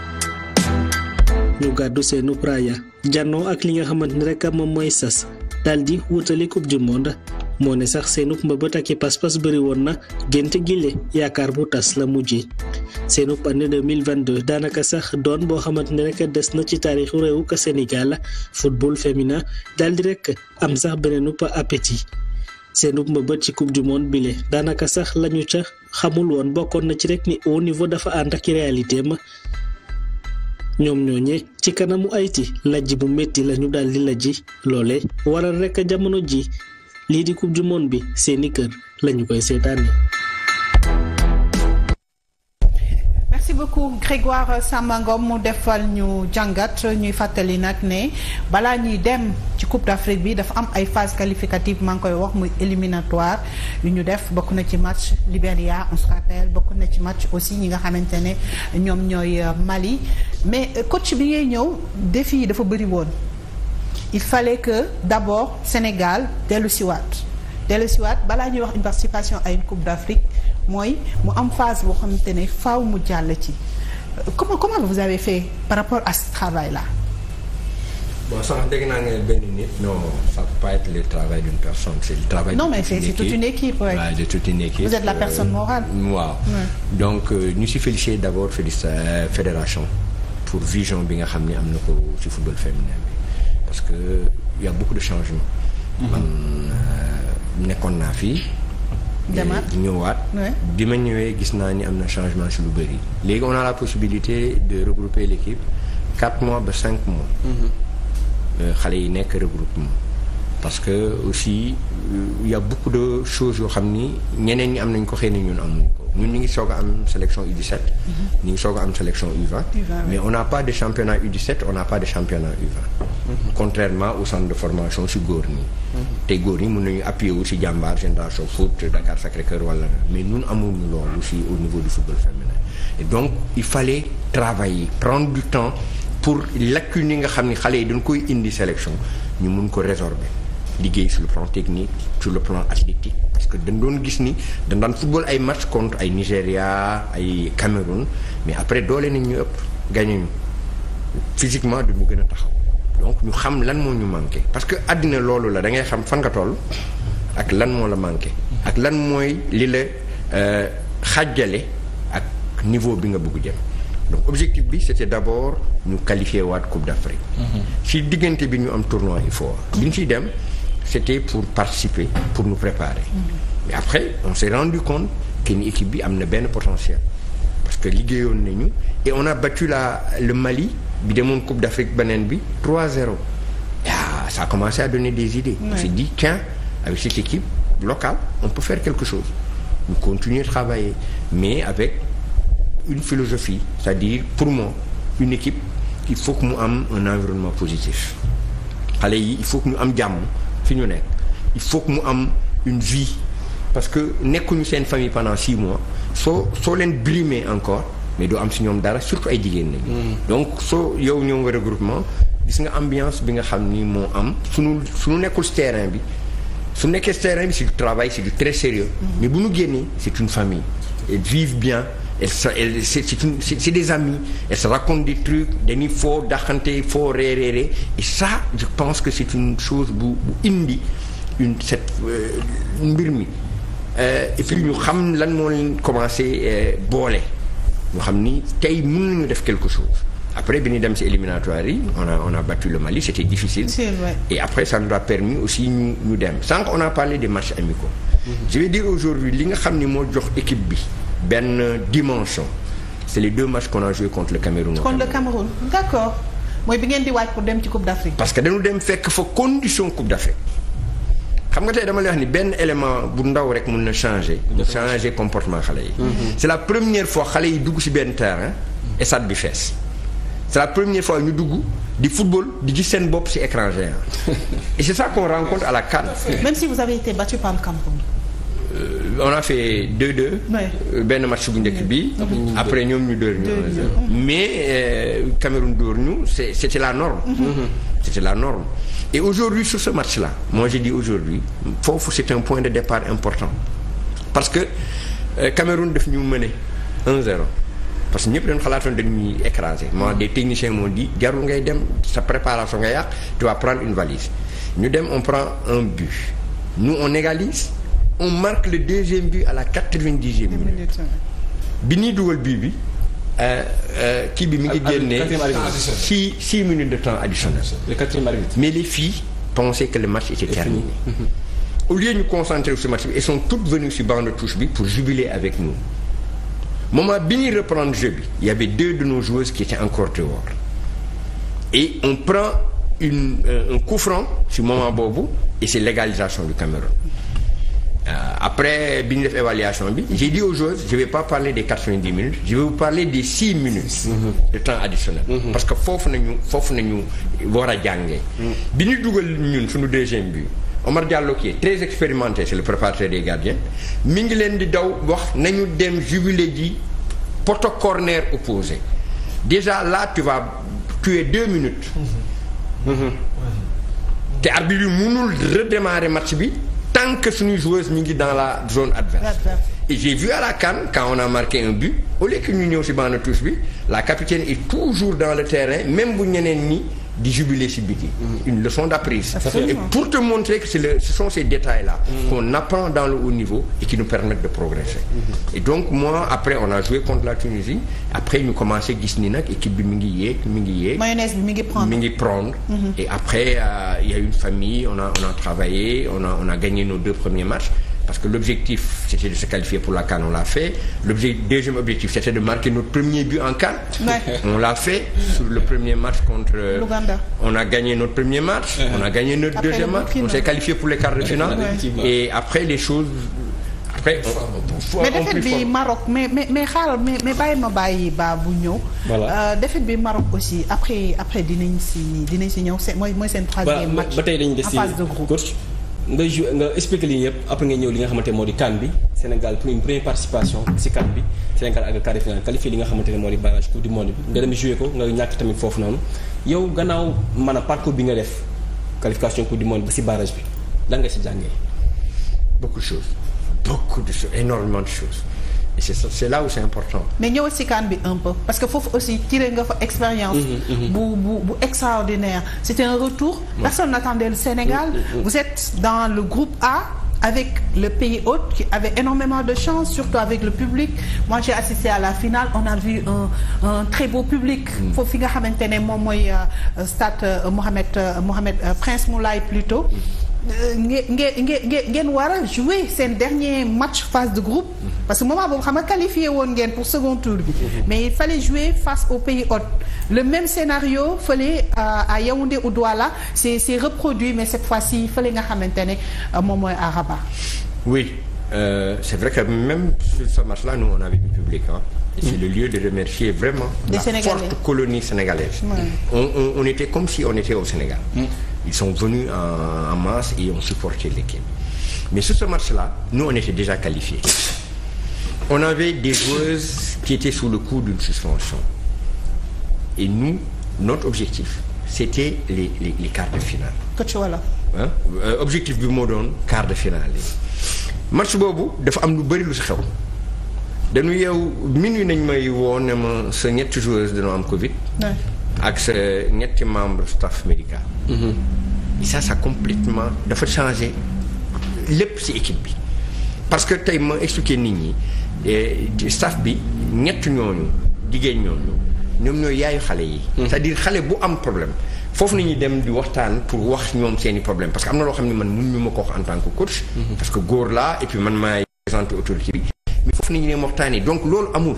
ñu gàddu seenu paraya jànnoo ak li nga xamante ni rek moom mooy sas daal di wutali coupe du monde moo ne sax seenuk mbëbët ak i pas-pas bëri woon na génte gile yaakaar bu tas la mujje seenuk année 2022 daanaka sax doon boo xamante ne rek des na ci taarixu réewu ka Sénégal football féminin daal rek am sax beneenub appétit seenub mbëbët ci coupe du monde bile daanaka sax lañu ca xamul woon bokkoon na ci rek ni au niveau dafa ànd ak réalité ma ñoom ñooñee ci kanamu Haïti lajj bu métti lañu daldi lajji loole waral rekk jamono ji lii di coupe du monde bi seeni kër lañu koy seetaanee. merci beaucoup Grégoire Samba mu defal ñu jàngat ñuy fàttali nag ne balaa ñuy dem ci Coupe d'Afrique bi dafa am ay phase qualificative maa ngi koy wax muy éliminatoire yu ñu def bokk na ci match Libéria on se rappelle bokk na ci match aussi ñi nga xamante ne ñoom ñooy Mali mais euh, coach bi ngay ñëw défi yi dafa bëri woon. il fallait que d'abord Sénégal dellu siwaat dellu siwaat balaa ñuy wax une participation à une coupe d'Afrique mooy mu am phase boo xamante ne faw mu jàll ci euh, comment comment vous avez fait par rapport à ce travail là. bon sax dégg naa nga benn nit. non ça peut pas être le travail d'une personne c'est le travail. non mais de toute une équipe. vous êtes la euh, personne morale. waaw donc euh, ñu si féliciter d'abord félicité fédération pour vision bi nga xam ni am na ko ci football féminin. parce que y a de changements. Mhm. man euh, nekkoon naa fii. damaat ñëwaat. bi ma ñëwee gis naa ni am na changement si lu bëri. léegi on a la possibilité de regrouper l' quatre mois ba cinq mois. Mhm. Euh, xale yi nekk regroupement. parce que aussi il euh, y a de choses yoo xam ni ñeneen ñi am nañ ko xëy na ñun amuñ ñun ñu ngi soog a am sélection U17. ñu ngi soog a am sélection U20. mais on n'a pas de championnat U17 on n'a pas de championnat U20. Mhm. contrairement au centre de formation si góor ñi. te góor ñi mun nañu appuyer wu si jàmbaar génération foot Dakar Sacré-Cœur wala mais ñun amuñu loolu aussi au niveau du football féminin. et donc il fallait travailler prendre du temps pour lacune yi nga xam ni xale yi dañ koy indi sélection ñu mun ko résorber. liggéey sur le plan technique sur le plan athlétique parce que dañ doon gis ni dañ daan football ay match contre ay Nigéria ay Cameroun mais après doole nañ ñu ëpp gagné ñu physiquement mu gën a taxaw donc ñu xam lan moo ñu manqué parce que àddina loolu la da ngay xam fan nga toll ak lan moo la manqué ak lan mooy li la euh, xàjjale ak niveau bi nga bëgg jëm donc objectif bi c'était d'abord ñu qualifier waat Coupe d'Afrique ci mm-hmm. diggante bi ñu am tournoi UFOA bi ñu ciy dem c'était pour participer pour nous préparer mm-hmm. mais après on s'est rendu compte que équipe bi am na benn potentiel parce que liggéeyoon nañu et on a battu la le Mali bi demoon Coupe d'Afrique beneen bi 3-0 ah ça a commencé à donner des idées on dit tiens avec cette équipe locale on peut faire quelque chose ñu continuer travailler mais avec une philosophie c'est-à-dire pour moi une équipe il faut que mu am un environnement positif xale yi il ñu am jàmm fi ñu nekk il faut que mu am une vie parce que nekkuñu seen famille pendant six mois soo soo leen brimer encore mais doo am si ñoom dara surtout ay jigéen lañu. Mm. donc soo yow ñëw nga regroupement gis nga ambiance bi nga xam ni moo am suñu suñu nekkul si terrain bi su nekkee si terrain bi c'est du travail c'est du très sérieux mm. mais bu ñu génnee si une famille et vivent bien c'est des amis elles se racontent des trucs dañuy foo daxante foo reereere et ça je pense que c'est une chose bu indi une cette euh, mbir mi euh, et puis ñu xam lan moo leen commencé euh, boole ñu xam ni tey mun nañu def quelque chose après bi ñu dem ci éliminatoire yi on a on a battu le Mali c'était difficile c'est et après ça nous a permis aussi ñu ñu dem sànq on a parlé des matchs amicaux mm-hmm. je vais dire aujourd'hui li nga xam ni moo jox équipe bi benn dimension c'est les deux matchs qu'on a joué contre le Cameroun. contre le Cameroun d'accord mooy bi ngeen di waaj pour dem ci Coupe d'Afrique. parce que dañu dem fekk fa condition Coupe d'Afrique xam nga tey dama lay ni benn élément bu ndaw rek mun na changer. changer comportement xale yi. Mhm. c'est la première fois xale yi dugg ci benn terrain. stade bi fees. c'est la première fois ñu dugg di football di gis seen bopp ci écran géant et c'est ça qu'on rencontre la CAN. même si vous avez Euh, on a fait 2-2. Euh, benn match bu njëkk bi. après ñoom ñu dóor ñu. mais euh, Cameroun dóor ñu c' est c' était la norme. Mm la norme et aujourd'hui sur ce match là. moi je aujourd'hui foofu c' est un point de départ important parce que euh, def ñu mener un 0 parce que ñëpp dañu xalaatoon dañuy écraser moi mhm. des techniciens moo dit jarul ngay dem sa préparation nga yàq tu vas une valise ñu dem on prend un but nous on égalise. on marque le deuxième but à la quatre-vingt-dixième minute bi ñuy dugal bii bi euh, euh, kii bi mu ngi génnee six six minutes de temps additionnel mais les filles pensaient que le match était terminé mm-hmm. au lieu ñu concentrer sur match bi elles sont toutes venues sur banc de touche bi pour jubiler avec nous moment bi ñuy reprendre jeu bi il y avait deux de nos joueuses qui étaient encore dehors et on prend une euh, un sur moment boobu et c'est l'égalisation du Cameroun Euh, après bi ñu def évaluation bi j'ai dit aux joueurs je vais pas parler des quatre-vingt-dix minutes je vais parler des six minutes de temps additionnel mhm. parce que foofu nañu foofu nañu war a jànge mhm. bi ñu dugal ñun suñu deuxième but Omar Diallo qui est très expérimenté c'est le préparateur des gardiens mi ngi leen di daw wax nañu dem jubilé ji poto corner opposé déjà là tu vas tuer deux minutes mhm. te arbitre bi munul redémarrer match bi tant que suñuy joueuse ñu ngi dans la zone adverse et j'ai vu à la CAN quand on a marqué un but au lieu que ñëw si banc de touche bi la capitaine est toujours dans le terrain même bu ñeneen ñi di jubiler si biti mm. une leçon d'apprise et pour te montrer que ce sont ces détails là mm. qu'on apprend dans le haut niveau et qui nous permettent de progresser mm-hmm. et donc moi après on a joué contre la Tunisie après ñu commencé gis ni nag équipe bi mi ngi yéeg mi ngi yéeg mayonnaise prendre mm-hmm. et après euh, il y a une famille on a on a travaillé a on a gagné nos deux premiers matchs parce que l'objectif c'était de se qualifier pour la CAN, on l'a fait. Le deuxième objectif c'était de marquer notre premier but en CAN. On l'a fait sur le premier match contre euh, l'Ouganda. On a gagné notre premier match, uh -huh. on a gagné notre deuxième match, on s'est qualifié pour les quarts de finale et après les choses après mais défaite bi Maroc mais mais mais xaaral mais ba bu ñëw. voilà euh, défaite bi Maroc aussi après après dinañ si dinañ si ñëw seen mooy mooy seen troisième match. en phase de nga ju nga expliqué lii yëpp après nga ñëw li nga xamante moo di CAN bi Sénégal pour une première participation si CAN bi Sénégal ak quart de finale qualifié li nga xamante ne moo di barrage coupe du monde bi nga dem joué ko nga ñàkk tamit foofu noonu yow gannaaw maanaam parcours bi nga def qualification coupe du monde ba si barage bi lan nga si jàngee. beaucoup de choses beaucoup de choses énormément de choses. et c'est c'est là où c'est important. mais ñëw si kan bi un peu parce que foofu aussi tiré nga fa expérience. Mm-hmm, mm-hmm. bu bu bu extraordinaire. c'était un retour. personne n'attendait le Sénégal. Mm-hmm, vous êtes dans le groupe A. avec le pays hôte qui avait énormément de chance surtout avec le public moi j'ai assisté à la finale on a vu un un très beau public foofu fi nga xamante ne moom mooy euh, stade euh, Mohamed euh, Mohamed Prince Moulay plutôt ngeen ngeen ngeen war a jouer seen dernier match phase de groupe parce que moment boobu xam nga qualifié woon ngeen pour second tour bi mais il fallait jouer face aux pays hôtes le même scénario fële euh, à Yaoundé ou Douala c'est c'est reproduit mais cette fois-ci fële nga xamante ne euh, moom mooy à Rabat oui euh, c'est vrai que même sur ce match-là nous on avait du public hein et c'est le lieu de remercier vraiment Des la Sénégalais. forte colonie sénégalaise ouais. on, on on était comme si on était au Sénégal mm. Ils sont venus en, en masse et ont supporté l'équipe. Mais sur ce match-là, nous, on était déjà qualifiés. On avait des joueuses qui étaient sous le coup d'une suspension. Et nous, notre objectif, c'était les, les, les quarts euh, objectif bi moo doon quart de match boobu dafa am lu bëri lu si xew dañu yeew minuit nañ may woon ne ma sa ñetti joueuse dañoo am Covid. ak sa ñetti membre staff médical mhm. et ça ça complètement dafa changé lépp ci équipe bi parce que tey ma expliqué nit ñi eh, staff bi ñett ñooñu jigéen ñooñu ñoom ñooy yaayu xale yi mhm. c'est-à-dire xale bu am problème foofu nañuy dem di waxtaan pour wax ñoom seeni problème parce que am na loo xam ne man mun ñu ma ko wax en tant que coach mhm. parce que góor laa et puis man maay présenté autorité bi foofu nañu dem waxtaanee donc loolu amul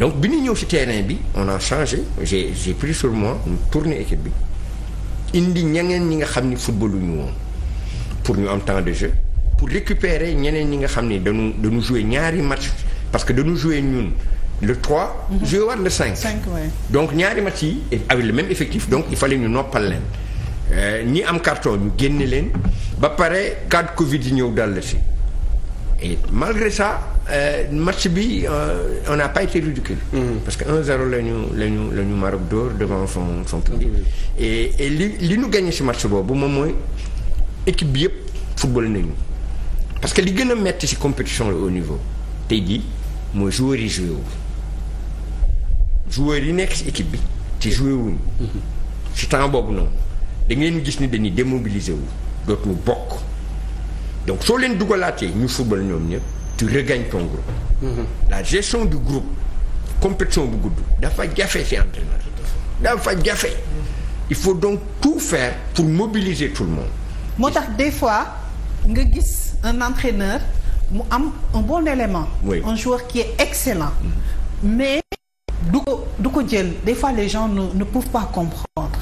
donc bi ñu ñëw ci terrain bi on a changé j'ai j'ai pris sur moi ñu tourné équipe bi indi ñeneen ñi nga xam ni football ñu woon pour ñu am temps de jeu pour récupérer ñeneen ñi nga xam ni dañu dañu jouer ñaari match parce que dañu jouer ñun le trois mm -hmm. waat le cinq 5 ouais. donc ñaari match yi avec le effectif donc il fallait ñu noppal leen euh, ñi am carton ñu génne leen ba pare cadre Covid yi ñëw dal la si et malgré ça Euh, match bi euh, on n'a pas été ridicule mm-hmm. parce que 1-0 la ñu la ñu la ñu Maroc dóor devant son son public. Mm-hmm. et li li ñu gagné ci match boobu moom mooy équipe bi yëpp football nañu. parce que li gën a metti ci compétition la au niveau tey jii mooy joueurs yi joué yi nekk ci équipe bi te joué wuñu mm-hmm. ci temps boobu noonu da ngeen gis ni dañuy démobiliser wu dootuñu bokk donc soo leen dugalaatee ñu football ñoom ñëpp. tu regagnes ton groupe. Mhm. la gestion du groupe compétition bu gudd dafa jafe ci entraîneur dafa jafe il faut donc tout faire pour mobiliser tout le monde. moo tax des fois nga gis un entraîneur mu am un bon élément. un joueur qui est excellent. Mmh. mais du ko du ko jël des fois les gens ne ne pas comprendre.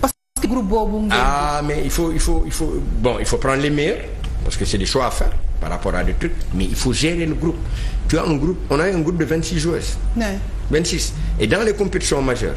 parce que groupe boobu. Ah, mais il faut il faut il faut bon il faut prendre les meilleurs. parce que c'est des choix à faire par rapport à des trucs mais il faut gérer le groupe tu as un groupe on a un groupe de 26 joueuses ouais. et dans les compétitions majeures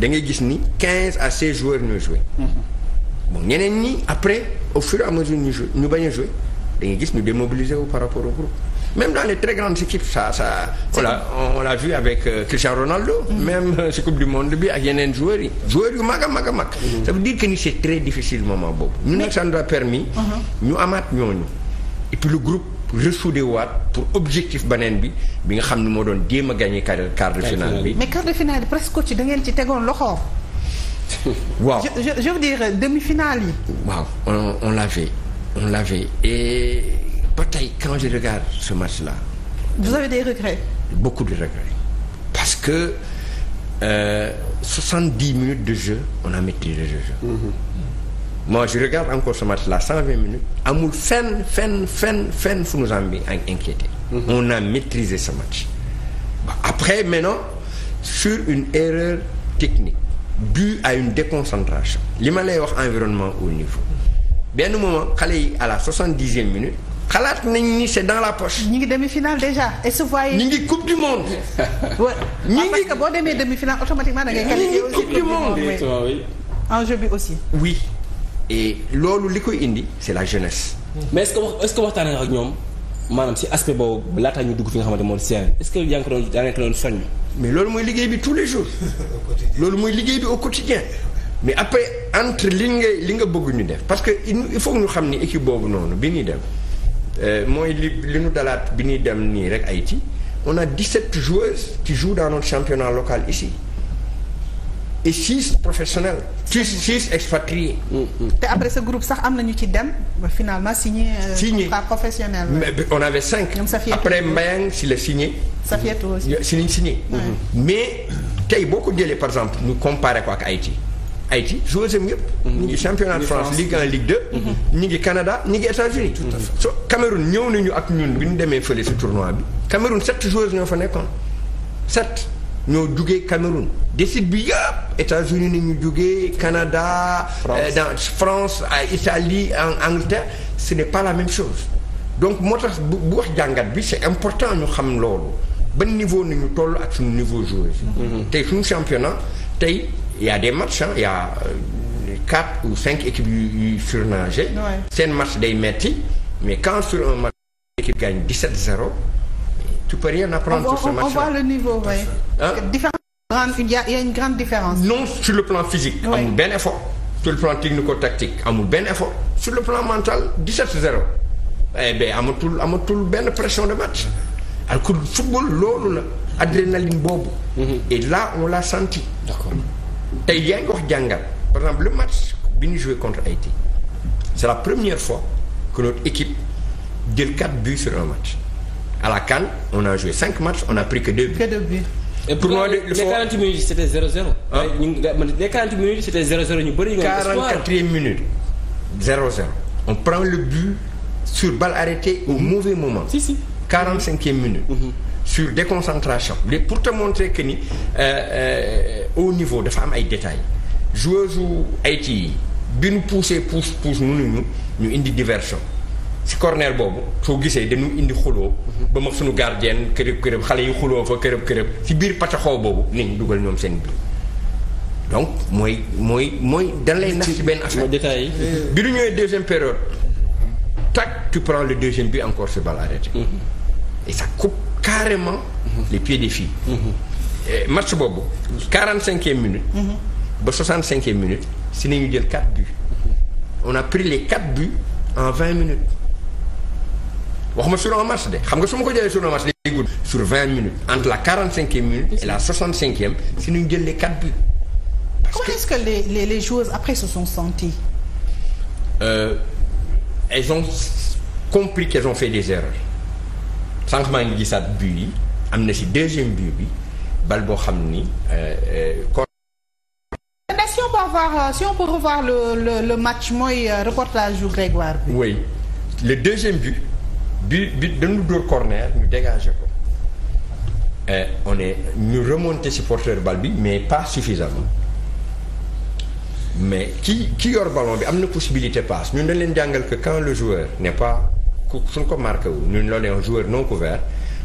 da ngay gis ni 15 à 16 joueurs ñooy joué mm-hmm. bon ñeneen ñi après au fur et à mesure ñu joué ñu bañ a da ngay gis ñu démobiliser wu par rapport au groupe même dans les très grandes équipes ça ça on l'a on l'a vu avec euh, Cristiano Ronaldo mm. même euh, si coupe du monde bi ak yeneen joueurs yi joueurs yu mag a mag a mag mm. ça veut dire que ni c'est très difficile moment boobu ñu nekk ça nous permis uh-huh. ñu amaat ñooñu et puis le groupe ressoudé waat pour objectif beneen bi bi nga xam ne moo doon jéem a gagné quart de finale bi. mais quart de finale presque coach da ngeen ci tegoon loxo. waaw je je je veux dire demi-finale yi. waaw ba tey quand je regarde ce match là. vous avez des regrets. beaucoup de regrets parce que soixante euh, dix minutes de jeu on a maîtrisé le jeu. Mhm. moi je regarde encore ce match là cent vingt minutes amul fenn fen fen fen fu nous en inquiété. Mm -hmm. on a maîtrisé ce match. après maintenant sur une erreur technique due à une déconcentration li ma lay wax environnement au niveau benn moment xale yi à la soixante dixième minute. xalaat nañ ni c'est dans la poche. ñu ngi demi-finale déjà et se voyez. ñi ngi coupe du monde. ñi ah, ngi parce boo demee demi-finale automatiquement da ngay qualifié aussi coupe du monde oui. enjeu bi aussi. oui et loolu li koy indi c'est la jeunesse. mais est-ce que wax est-ce que waxtaan nga ak ñoom maanaam ci aspect boobu laataa ñu dugg fi nga xamante moom si est-ce que ko doon yaa ngi mais loolu mooy liggéey bi tous les jours. loolu mooy liggéey bi au quotidien mais après entre li nga li bëgg ñu def parce que il faut xam ni équipe boobu noonu bi ñuy dem. Euh, mooy li li nu dalaat bi ñuy dem nii rek Haïti on a 17 joueuses qui jouent dans notre championnat local ici et 6 professionnels. 6 6 expatriés. te après ce groupe sax am na ñu ci dem ba finalement signé. Euh, signé mais on avait 5. ñoom après Mbayang si la signé. Safietou aussi si la signé. mais tey boo ko jëlee par exemple ñu comparé ko ak Haïti. Haïti joueurs am yëpp. ñu ngi championnat de France Ligue 1 Ligue 2. ñu ngi Canada ñu ngi États-Unis tout so Cameroun ñëw nañu ak ñun bi ñu demee fële si tournoi bi Cameroun sept joueurs ñoo fa nekkoon sept ñoo jugee Cameroun décide bi yëpp États-Unis ni ñu jugee Canada. France euh, dans France Italie en Angleterre ce n'est pas la même chose. donc moo tax bu bu wax jàngat bi c'est important ñu xam loolu ban niveau nañu toll ak suñu niveau joueur. Mm-hmm. tey suñu championnat tey. il y a des matchs ah a euh, quatre ou cinq équipes yu yu surnagé. seen match day metti mais quand sur un match équipe gagne 17-0 tu peux rien apprendre on, sur ce a une grande différence. non sur le plan physique. amul benn effort. sur le plan technico-tactique amul benn effort. sur le plan mental 17-0. eh bien amatul amatul benn pression de match. alors que football loolu la. adrénaline boobu. Mm-hmm. et là on l'a senti. tey yaa ngi wax jàngat par exemple le match bi ñu joué contre Haïti c'est la première fois que notre équipe jël quatre buts sur un match à la CAN on a joué cinq matchs on a pris que deux buts. que deux buts. et pourquoi minutes c'était 0-0. ah ñu bëri ñu. 44e minute 0-0. on prend le but sur balle arrêtée au mauvais moment. si si 45e minute. Mm-hmm. sur concentration lépp pour te montrer que ni euh, euh, au niveau dafa am ay détails joueurs yu Haïti yi bi nu poussé pousse pousse mënuñu ñu indi diversion ci corner boobu soo gisee dañu indi xuloo ba mag suñu gardien kërëb kërëb xale yi xuloo fa kërëb kërëb ci biir pataxoo boobu nañ dugal ñoom seen biir donc mooy mooy mooy dañ lay nax ci benn affaire bi ñu ñëwee deuxième période tac tu prends le deuxième but encore ce bal arrêté mhm. et ça coupe carrément les pieds des filles. match boobu. 45e minute. ba 65e minute si nañu jël 4 buts. on a pris les 4 buts en 20 minutes. waxuma sur un match de xam nga su ma ko jëlee sur un match day gudd. sur 20 minutes entre la 45e minute et la 65e si nañu jël les 4 buts. parce que ce que les les les après se sont senties. Euh, elles ont compris qu'elles ont fait des erreurs. sànq maa ngi gisaat but yi am na si deuxième but bi bal boo xam ni. si euh, euh, on si on peut euh, le le match mooy reportage yu Grégoire bi. oui le deuxième but bi bi dañu dóor corner ñu dégager ko. Euh, on est ñu remonté si porteur bal bi mais pas suffisamment mais ki ki yor ballon bi am na possibilité passe ñun dañ leen jàngal que quand le joueur n'est pas. suñ ko marqué wu ñun loolu un joueur non couvert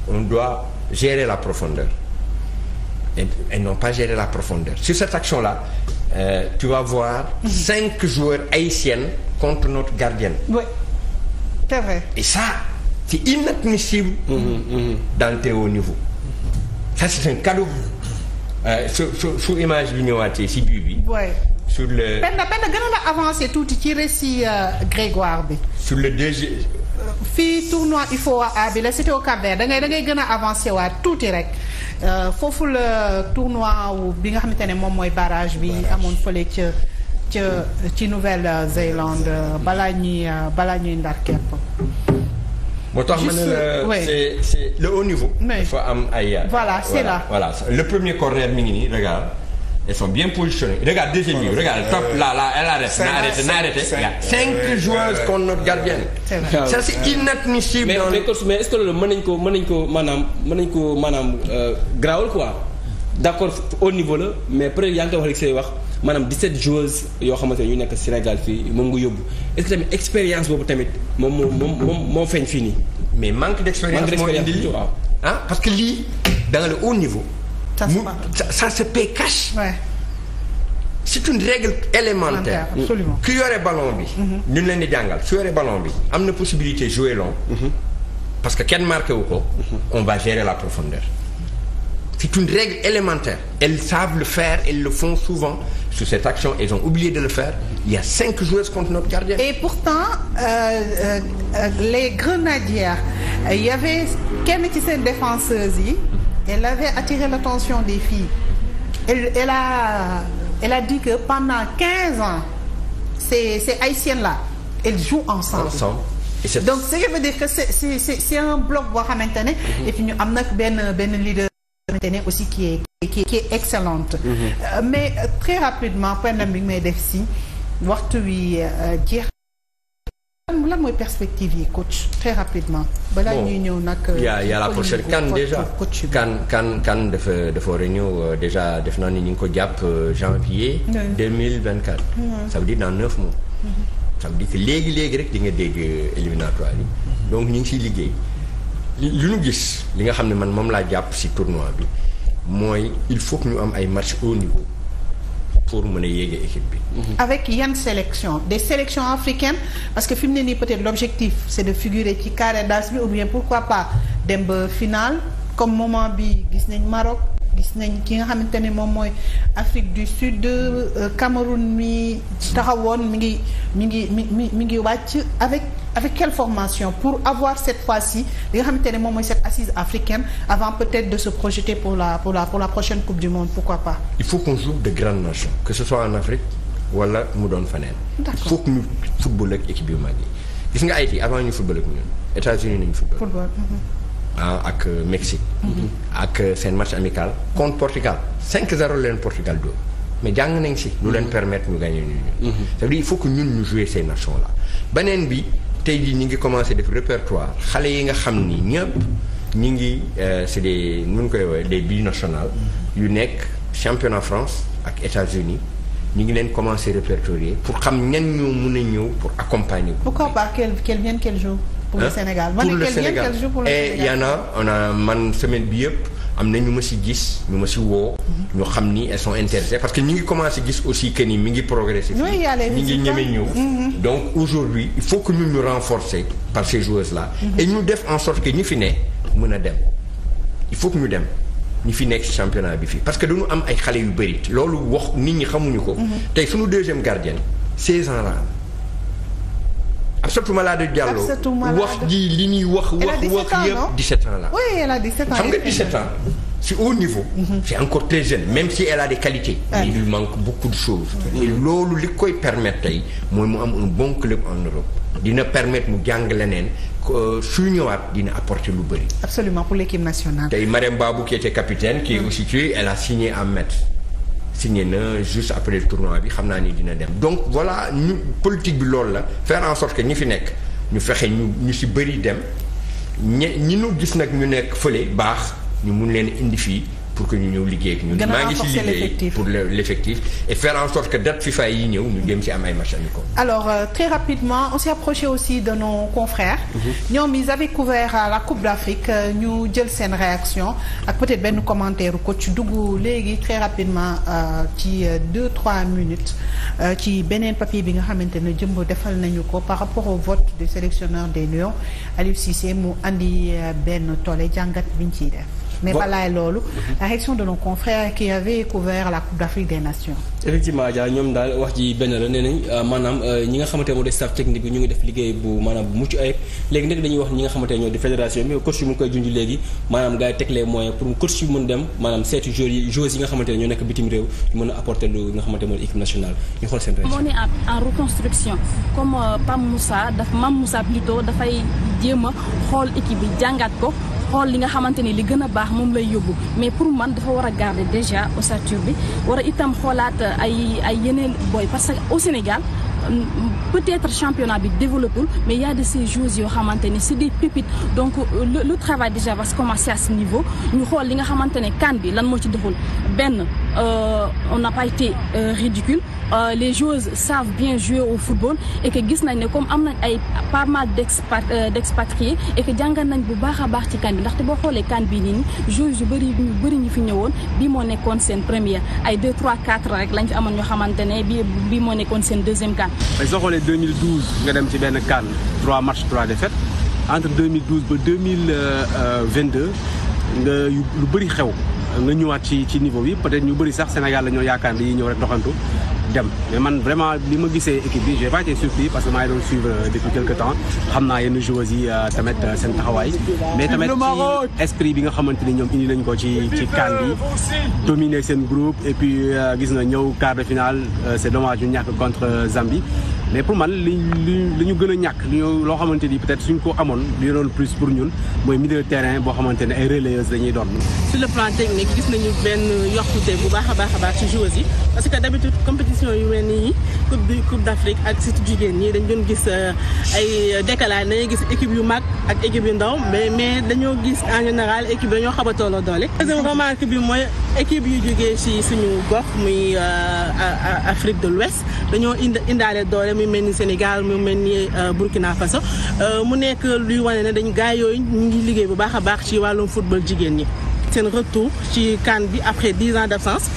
on doit gérer la profondeur et, et non pas gérer la profondeur sur cette action là euh, tu vas voir mhm. cinq joueurs haïtiennes contre notre gardienne oui c'est vrai et c'est inadmissible mhm, mhm. dans tes hauts niveaux ça c'est un cadeau euh, su su su image bi ñëwaatee si bii bi sur le. benn benn gën a la avancé tuuti ci récit euh, Grégoire bi. sur le deuxième fii tournoi UFOA A bi la c'était au Cap Vert da ngay da ngay gën a avancé waa tuuti rek euh, foofu la tournoi bi nga xamante ne moom mooy barage bi amoon fële ca ca ci Nouvelle-Zélande euh, balaa ñuy euh, balaa ñuy ndar moo tax ma ne la c'est c'est le haut niveau. dafa am ay. voilà c'est là voilà le premier corner mi ngi nii regarde Elles sont bien positionnées. Regarde, deuxième but. Regarde, top, là, là, elle arrête. Cinq, arrêté, cinq, arrêté. Cinq, cinq joueuses contre notre gardienne. Ça, c'est inadmissible. Mais, mais, mais est-ce que loolu mën nañ ko mën nañ ko maanaam mën nañ ko maanaam euh, grawul quoi d'accord au niveau la mais peut-être yaa ngi koy wax rek say wax maanaam 17 joueuses yoo xamante ne ñu nekk Sénégal fii moom nga yóbbu est-ce que tamit expérience boobu tamit moom moo moom moo feeñ fii nii. mais manque d'expérience moo indi lii ah parce que lii dans le haut niveau. ça se paie ça, ça se c'est une règle élémentaire. absolument yore ballon bi. Mhm. ñu leen di jàngal su yore ballon bi. am na possibilité jouer long. Mhm. parce que kenn marqué wu ko. Mhm. on va gérer la profondeur. c'est une règle élémentaire. elles savent le faire elles le font souvent sur cette action elles ont oublié de le faire il y a cinq joueuses contre notre gardien. et pourtant euh, euh, euh les grenadières il y avait kenn ci seen défenseuses elle avait attiré l'attention des filles. Elle, elle, a, elle a dit que pendant 15 ans, ces, ces haïtiennes-là, elles jouent ensemble. Donc, ce qui veut dire que c'est un bloc voir à maintenir. Mm -hmm. Et puis, nous avons ben, ben leader maintenir aussi qui est, qui, qui est excellente. Mm -hmm. euh, mais euh, très rapidement, problème de déficit, voir lan lan mooy perspective yi coach très rapidement. balaa ñuy ñëw nag. yaa yaa la prochaine CAN déjà CAN CAN CAN dafa dafa war a ñëw déjà def naa ni ñu ngi ko jàpp euh, janvier. 2024. ça veut dire dans neuf mois. Mhm. ça veut dire que léegi léegi rek di nga dégg euh, éliminatoire yi. Mhm. donc ñu ngi siy liggéey. li ñu gis li nga xam ne man moom laa jàpp si tournoi bi mooy il faut ñu am ay match au niveau. pour mën a yéege bi. Mhm. avec yan sélection des sélections africaines parce que fi mu ne nii peut-être l'objectif c'est de figurer ci carré d'as bi ou bien pourquoi pas dem ba finale comme moment bi gis nañ Maroc. gis nañ ki nga xamante ne moom mooy Afrique du Sud euh, Cameroun mi taxawoon mi ngi mi ngi mi mi ngi wàcc avec avec quelle formation pour avoir cette fois-ci li nga xamante ne moom mooy cette assise africaine avant peut-être de se projeter pour la pour la pour la prochaine coupe du monde pourquoi pas. il faut qu'on de grandes nations. que ce soit en Afrique wala mu doon feneen d'accord il faut que ñu football ak équipe yu mag yi gis nga Haïti avant ñu football ak ñun ah ak euh, Mexique. Mhm. ak euh, seen match amical contre Portugal 5-0 leen Portugal dóor mais jàng nañ si. lu leen mhm. permettre ñu gagner ñu. Mhm. c'est-à-dire il faut que ñun ñu jouer ces nations la beneen bi tey jii ñu ngi commencé def répertoire xale yi nga xam ni ñëpp ñu ngi euh, c'est des nu ñu koy woowee des national yu nekk championnat France ak États-Unis ñu ngi leen commencé répertorier pour xam ñan ñoo mën a ñëw pour accompagner. ko pas quel quel bien quel jour. pour le Sénégal pour le Sénégal et y en a on man semaine bi yëpp am na ñu ma si gis ñu ma si woo. Mhm. ñu xam ni elles sont intéressées parce que ñu ngi commencé gis aussi que ni mi ngi progresser. ñu ngi ñeme ñëw. Mhm. donc aujourd'hui il faut que ñun ñu renforcer par ces joueuses la mhm. et ñu def en sorte que ñu fi ne mën a dem il faut que ñu dem. ñu fi nekk ci championnat bi fii parce que dañu am ay xale yu bëri loolu wax nit ñi xamuñu ko. tey suñu deuxième gardien 16 ans la am. Absatou Malade Diallo wax ji li ñuy wax wax wax yëpp 17 ans la. xam nga 17 ans si haut niveau. Mm-hmm. c'est encore très jeune même si elle a des qualités. mais il lui manque de choses. Mm-hmm. loolu li koy permettre tey mooy mu am un bon club en Europe. dina permettre mu jàng leneen euh, su ñëwaat dina apporter lu bëri. absolument pour l'équipe nationale. tey Marème Babou qui était capitaine. qui est mm. aussi tuée elle a signé à Metz. signé na juste après le tournoi bi xam naa ni dina dem donc voilà ñu politique bi loolu la faire en sorte que ñi fi nekk ñu fexe ñu ñu si bëri dem ñe ñi nu gis nag ñu nekk fële baax ñu mun leen indi fii pour que ñu ñëw liggéey ak ñun. maa ngi ci liggéey pour l' effectif et faire en sorte que date FIFA yi ñëw ñu jëm ci am ay match amicaux. alors euh, très rapidement on s' est approché aussi de nos confrères. Mhm. ñoom ils avaient couvert euh, la Coupe d' euh, ñu jël seen réaction ak peut-être benn commentaire coach dugg léegi très rapidement ci deux trois minutes ci beneen papier bi nga xamante ne jëmb defal nañu ko par rapport au vote du sélectionneur des Lions Aliou Cissé mu andi benn tool jàngat biñ ciy mais balaay loolu la réaction de nos confrères qui avaient couvert la Coupe d'Afrique des Nations effectivement Dia ñoom daal wax ji benn la nee euh, maanaam euh, ñi nga xamante moo de staff technique bi ñu ngi def liggéey bu maanaam bu mucc ayib léegi nag dañuy wax ñi nga xamante ñoo di fédération bi coach yi mu ngi koy nga xamante ñoo nekk bitim réew ñu mën a apporter lu nga xamante moo di équipe ñu xool seen moo ne en reconstruction comme euh, Pam bi jàngat ko xool li nga xamante ni li gën a baax moom lay yóbbu mais pour man dafa war a garder déjà ossature bi war a itam xoolaat ay ay yeneen booy parce que au Sénégal peut-être championnat bi développul mais y a de yoo xamante ne c'est des pépites donc euh, le, le travail déjà va se commencer à niveau ñu xool li nga xamante ne kan bi lan moo ci doxul benn euh, on n'a pas été euh, ridicule euh, les joueuses savent bien jouer au football et que gis nañ ne comme am nañ ay par mal d'expat euh, d'expatriés e que jàngal nañ bu baax a baax ci kan bi ndaxte boo xoolee kan bii nii ni joueuses yu bëri ñu bëri ñu fi ñëwoon bi moo nekkoon seen première ay 2 3 4 lañ fi amoon ñoo xamante ne bi bi moo nekkoon seen deuxième kan tey soo xoolee 2012 nga dem ci benn CAN 3 matchs 3 défaites entre 2012 ba 2022 nga lu bëri xew nga ñëwaat ci ci niveau bi peut-être ñu bari sax Sénégal la ñoo yaakaar dañuy ñëw rek doxantu. dem mais man vraiment li ma gisee équipe bi j'ai pas été surpris parce que maa ngi doon suivre euh, depuis quelque temps xam naa yenn joueurs yi euh, tamit euh, seen taxawaay mais tamit ci esprit bi nga xamante ni ñoom indi nañ ko ci ci CAN bi dominer seen groupe et puis gis nga ñëw quart de finale c'est dommage ñu ñàkk contre Zambie mais pour man li ñu gën a ñàkk loo xamante ni peut-être suñ ko amoon li doon plus pour ñun mooy milieu terrain boo xamante ne ay relayeuse dañuy doon. sur le plan technique gis nañu benn yokkute bu baax a baax a baax ci joueurs yi parce que d'habitude compétition yu mel nii coupe d'Afrique ak surtout jigéen ñi dañ doon gis euh, ay décalage dañuy gis équipe yu mag ak équipe yu ndaw mais mais dañoo gis en général équipe dañoo xaw a tolloo doole. deuxième remarque bi mooy équipe yu jógee ci suñu gox muy euh, Afrique de l'Ouest dañoo ind indaale doole. mu mel ni Sénégal mu mel ni euh, Burkina Faso euh, mu nekk luy wane ne dañ gaay yooyu ñu ngi liggéey bu baax a baax ci wàllum football jigéen ñi. ten retour ci CAN bi après dix ans d' absence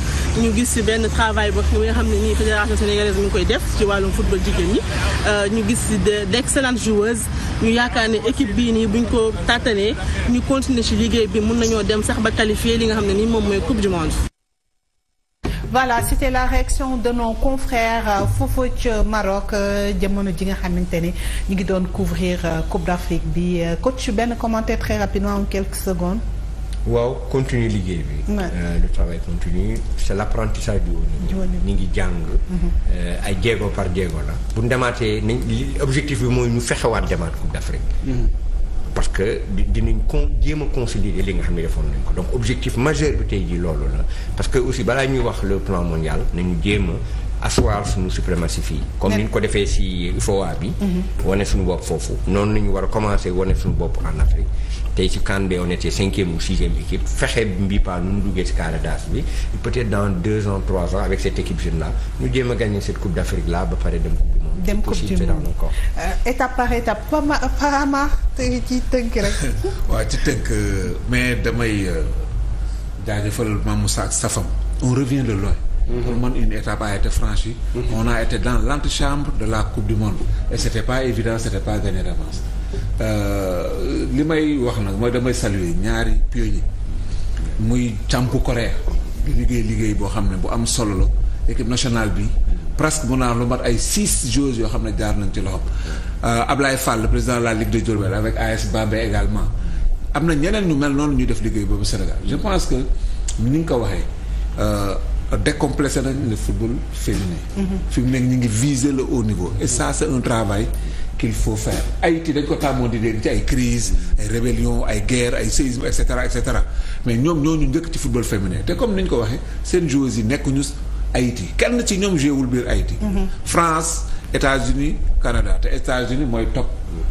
ñu gis si benn travail boo xam nga xam ne nii fédération sénégalaise mi ngi koy def ci wàllum football jigéen ñi euh, ñu gis si d' excellentes joueuses ñu yaakaar ne équipe bi nii buñ ko tàttanee ñu continuer ci liggéey bi mun nañoo dem sax ba qualifier li nga xam ne nii moom mooy coupe du monde. voilà c'était la réaction de nos confrères euh, foofu euh, ca Maroc euh, jamono ji nga xamante ni ñu ngi doon couvrir Coupe d'Afrique bi coach benn commentaire très rapidement en quelques secondes. waaw continue liggéey bi. le travail continue c'est l'apprentissage du haut ngi jàng. Mhm. ay jéego par jéego la. bu ñu demaatee nañ li objectif bi mooy ñu fexewaat demaat Coupe d'Afrique. Mhm. parce que dinañ con jéem a consolider li nga xam ne defoon nañ ko donc objectif majeur bi tey jii loolu la parce que aussi balaa ñuy wax le plan mondial nañu jéem a asseoir suñu suprématie fii comme ni ñu ko defee si FOA bi mhm. wane suñu bopp foofu noonu la ñu war a commencé wane suñu bopp en Afrique tey ci CAN bi on était cinquième ou sixième équipe fexe mbii nu mu duggee si carré bi peut-être dans deux ans trois ans avec cette équipe jeune là ñu jéem a gagné cette coupe d'Afrique là ba pare dem coupe du monde dem coupe du monde euh, étape par étape pama tey ci tënk rek waaw ci tënk euh, mais damay euh, jaajëfal Mamoussa ak safam on revient pour man une étape a été franchie. Mhm. on a été dans l'antichambre de la coupe du monde et c'était pas évident c'était pas gagné euh, li may wax nag mooy damay saluer ñaari pionniers muy càmpu Corée di liggéey liggéey boo xam ne bu am solo la équipe nationale bi presque mun naa lu mat ay six joueurs yoo xam ne jaar nañ ci loxoom. Euh, Ablaye Fall le président de la Ligue de Diourbel avec AS Bambey également am na ñeneen ñu mel noonu ñu def liggéey boobu Sénégal je pense que ni ko waxee. Euh, décomplexé nañ le féminin fi mu nekk ñu ngi viser le haut niveau et ça c'est un travail qu'il faut faire Haïti dañ ko tàmmoon di dégg ci ay crise ay rébellion ay guerre ay séisme et cetera mais ñoom ñooñu njëkk ci football féminin te comme ñu ko waxee seen joueurs yi nekkuñu Haïti kenn ci ñoom joué wul biir Haïti France États-Unis Canada te États-Unis mooy top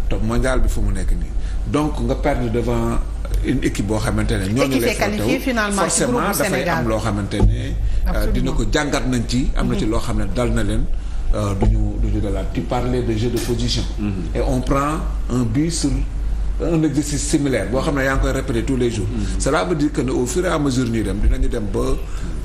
top mondial bi fu mu nekk nii donc nga perdre devant une équipe boo xamante ne ñooñu lay forcément dafay am loo xamante ne Euh, dina ko jàngat nañ ci am na ci mhm. loo xam ne dal na leen euh, duñu duñu dalaat tu parlais de jeu de position mhm. et on prend un but sur un exercice similaire boo xam ne yaa ngi koy répéter tous les jours mhm. cela ba dire que ne au fur et à mesure ñuy dem dinañu dem ba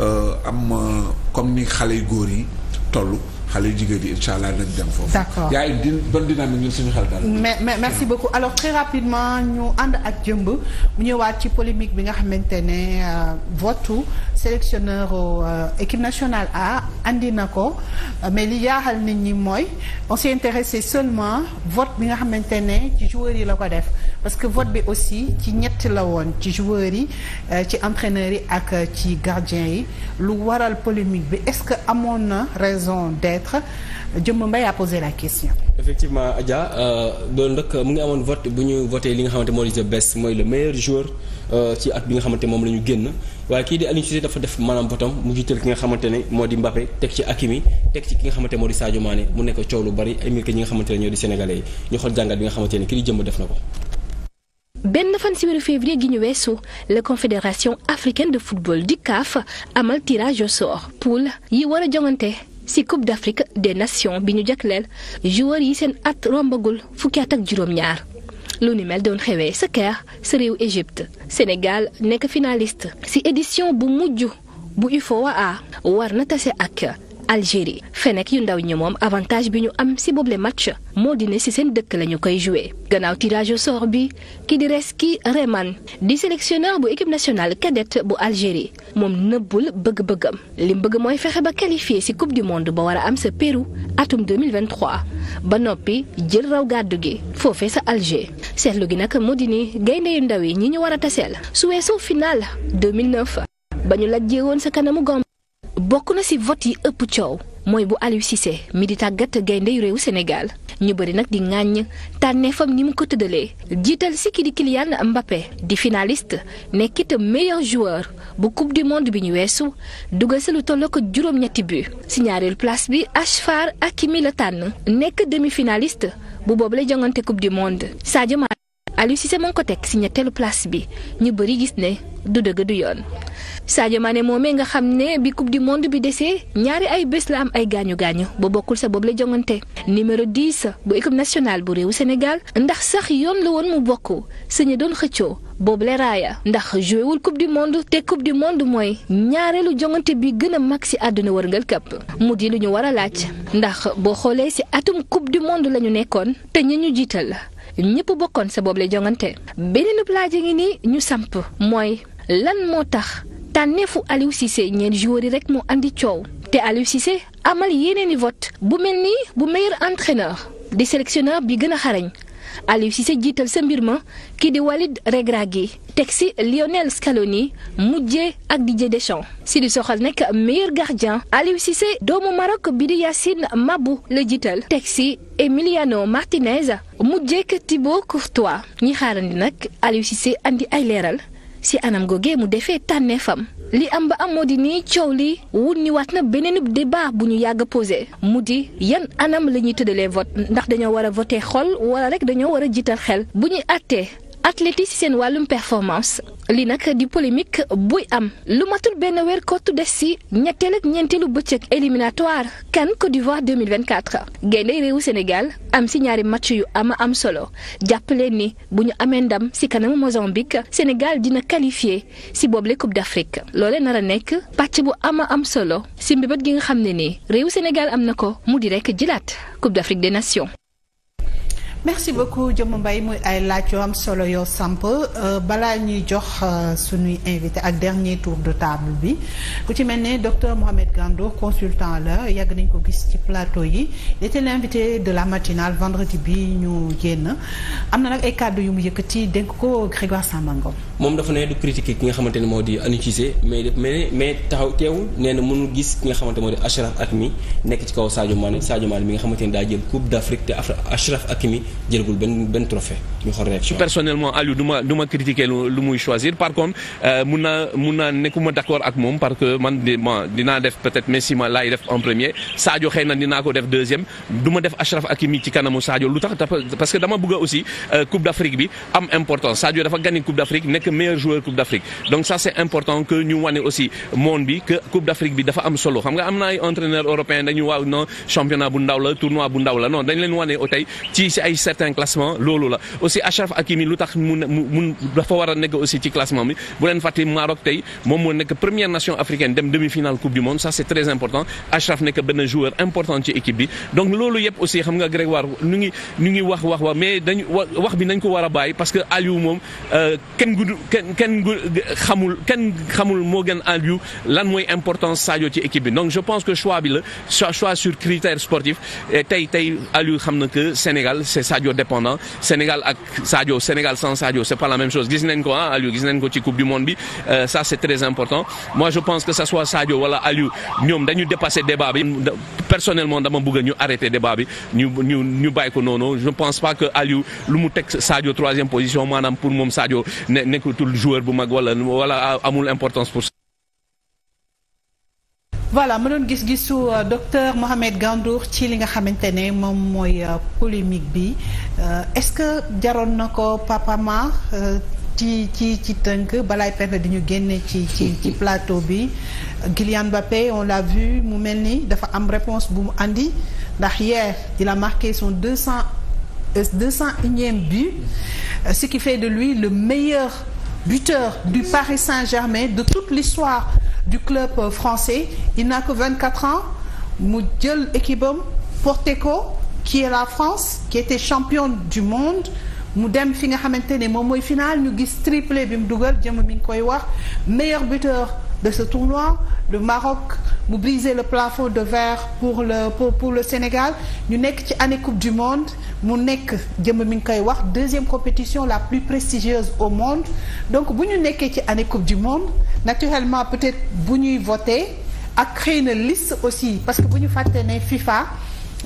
euh, am comme ni xale yu góor yi toll xale yu jigéen yi incha allah nañ dem foofu. d'accord yaa une bonne dynamique ñun suñu xel daal. mais merci beaucoup alors très rapidement ñu ànd ak jëmb mu ñëwaat ci polémique bi nga xamante ne euh, votu sélectionneur euh, équipe nationale A andi na ko mais li jaaxal nit ñi mooy on s'est intéressé seulement vote bi nga xamante ne ci joueurs yi la ko def. parce que vote bi aussi ci ñett la woon ci joueurs yi euh, ci entraîneurs yi ak euh, ci gardiens yi lu waral polémique bi est-ce que amoon na raison d'être Jëmm Mbaye a posé la question. effectivement Adja euh, loolu nag mu ngi amoon vote bu ñu voté li nga xamante moo di the best mooy xamante moom la ñu génn waaye kii di Aliou Cissé dafa def maanaam votam mu jiital ki nga xamante ne moo di Mbappé teg ci Hakimi teg ci ki nga xamante moo di Sadio mu nekk coow lu bari ay ñi nga xamante ne ñoo di sénégalais yi jàngat bi nga xamante ne kii di jëmm def benn fan si weeru février gi ñu weesu la confédération africaine de football di CAF amal tirage au sort poule yi war a jongante ci coupe d'Afrique des nations bi ñu jagleel joueurs yi seen at rombagul fukki at ak juróom-ñaar lu ni mel doon xewee sa Caire sa réew Égypte Sénégal nekk finaliste ci édition bu mujj bu UFOA war na tase ak. Algérie fenek yu ndaw ñi moom avantage bi ñu am si boobule match moo di ne si seen dëkk la ñu koy joué gannaaw tirage au sort bi ki di Reski Rehman di sélectionneur bu équipe nationale cadette bu Algérie moom nëbbul bëgg-bëggam lim bëgg mooy fexe ba qualifié si coupe du monde ba war am sa Pérou atum 2023 ba noppi jël raw gàddu gi foofe sa Alger seetlu gi nag moo di ni gaynde yu ndaw yi ñi ñu war a taseel su ba ñu lajjee woon sa kanamu Gambie bokk na ci vote yi ëpp coow mooy bu Aliou Cissé mi di tàggat gayndeyu réewu Sénégal ñu bëri nag di ŋàññ tànneefam ni mu ko tëddalee jiital si ki di Kylian Mbappé di finaliste nekkit meilleur joueur bu coupe du monde bi ñu weesu dugal si lu tolloo ko juróom-ñetti but si ñaareelu place bi Achraf Hakimi la tànn nekk demi finaliste bu boobu la jongante coupe du monde Sadio Aliou Cissé moo ngi ko si ñetteelu place bi ñu bëri gis ne du dëgg du yoon Sadio Mané moomee nga xam ne bi coupe du monde bi desee ñaari ay bés la am ay gaañu gaañu ba bokkul sa boobu la jongante numéro 10 bu équipe nationale bu réewu Sénégal ndax sax yoon la woon mu bokk su doon xëccoo boobu la raaya ndax joué wul coupe du monde te coupe du monde mooy ñaareelu jongante bi gën a mag si àdduna wërngal këpp mu di lu ñu war a laaj ndax boo xoolee si atum coupe du monde la ñu nekkoon te ñi ñu jiital ñëpp bokkoon sa boobu la jongante beneen laaj ngi nii ñu samp mooy lan moo tax tànneefu Aliou Cissé ñeent joueur yi rek moo indi coow te Aliou Cissé amal yeneen i vote bu mel ni bu meilleur entraîneur di sélectionneur bi gën a xarañ. Aliou Cissé jiital sa mbir ma kii di Walid Regragui teg si Lionel Scaloni mujjee ak Didier Deschamps si di soxal nekk meilleur gardien Aliou Cissé doomu Maroc bi di Yacine Mabou la jiital teg si Emiliano Martinez mujjee ak Thibaut Courtois ñi xaarandi nag Aliou Cissé andi ay leeral. si anam googee mu defee tànneefam li am ba am moo di nii coow li wunniwaat na beneen di baax bu ñu yàgg posé mu di yan anam la ñuy tëddalee vote ndax dañoo war a voté xol wala rek dañoo war a jiital xel bu ñuy àttee athlètes si seen wàllum performance li nag di polémique buy am lu matul benn weer kottu des si ñetteel ak ñeenteelu bëccëg éliminatoire CAN Côte d'Ivoire 2024. gaynde réewu Sénégal am si ñaari match yu ama am solo jàpp leen ni bu ñu amee ndam si kanamu Mozambique Sénégal dina qualifié si boobule Coupe d'Afrique loole nar a nekk pàcc bu ama am solo si mbébét gi nga xam ne ni réewu Sénégal am na ko mu di rek jëlaat Coupe d'Afrique des Nations. merci beaucoup Diome mbay muy ay laaj yoo am solo yoo samp euh, balaa ñuy jox euh, suñuy invité ak dernier tour de table bi ku ci mel ne docteur Mohamed Gando consultant la yàgg nañ ko gis ci plateau yi il était l'invité de la matinale vendredi bi ñu génn am na nag ay kàddu yu mu yëkkati dénk ko Grégoire Sambangom moom dafa ne du ki nga xamante ne moo di Aliou Cissé mais mais mais taxaw teewul nee na mënul gis ki nga xamante moo di Achraf Hakimi nekk ci kaw Sadio Mané Sadio Mané mi nga xamante ne daa jël Coupe d'Afrique te Achraf jëlagul benn benn trophée ñu xool réaction personnellement Aliou du du ma critiquer lu muy choisir par contre euh, mun naa nekkuma d'accord ak moom parce que man ma dinaa def peut-être Messi ma laay def en premier Sadio xëy na dinaa ko def deuxième du ma def Achraf Hakimi ci kanamu Sadio lu tax parce que dama bëgg aussi euh, Coupe d'Afrique bi am importance Sadio dafa gagné Coupe d'Afrique nekk meilleur joueur Coupe d'Afrique donc ça c'est important que ñu wane aussi monde bi que Coupe d'Afrique am na ay entraîneurs européens certains classements loolu la aussi Achraf Hakimi lu tax mu mu dafa war a nekk aussi ci classement bi bu leen fàtte Maroc tey moom moo nekk première nation africaine demi-finale coupe du monde ça ci équipe bi donc xam euh, kenn gudd kenn moo gën Aliou lan mooy importance Sadio ci équipe bi donc je pense que choix bi la choix sur critère sportif tey tey Aliou xam na que Sénégal Sadio dépendant Sénégal ak Sadio Sénégal sans Sadio c'est pas la même chose gis nañ ko ah, nañ ci coupe du monde bi euh, ça c'est très important moi je pense que ça soit Sadio wala Aliou ñoom dañu dépasser débat bi personnellement dama bëgg ñu arrêter débat bi ñu ñu ñu bàyyi ko noonu je pense pas que Aliou lu mu teg Sadio troisième position maanaam pour moom Sadio ne nekkatul joueur bu mag wala wala amul importance pour voilà ma doon gis-gisu euh, docteur Mohamed Gandour ci li nga xamante ne moom mooy euh, polémique bi euh, est-ce que jaroon na ko papama ci ci ci tënk balaay pexe di ñu génne ci ci ci plateau bi Kylian Mbappé on l'a vu mu mel ni dafa am réponse bu mu indi ndax hier il a marqué son deux cent deux cent unième but ce qui fait de lui le meilleur buteur du Paris Saint-Germain de toute l'histoire du club français il n'a que 24 ans mu jël équipe am porté ko qui est la France qui était championne du monde mu dem fi nga xamante ne moom mooy final ñu gis triplé bi mu dugal jëm mi ngi koy wax meilleur buteur de ce tournoi le Maroc mu briser le plafond de verre pour le pour, pour le Sénégal ñu nekk ci année coupe du monde mu nekk jëm mi ngi koy wax deuxième compétition la plus prestigieuse au monde donc bu ñu nekkee ci année coupe du monde naturellement peut-être bu ñuy voter ak xëy na liste aussi parce que bu ñu fàtte ne FIFA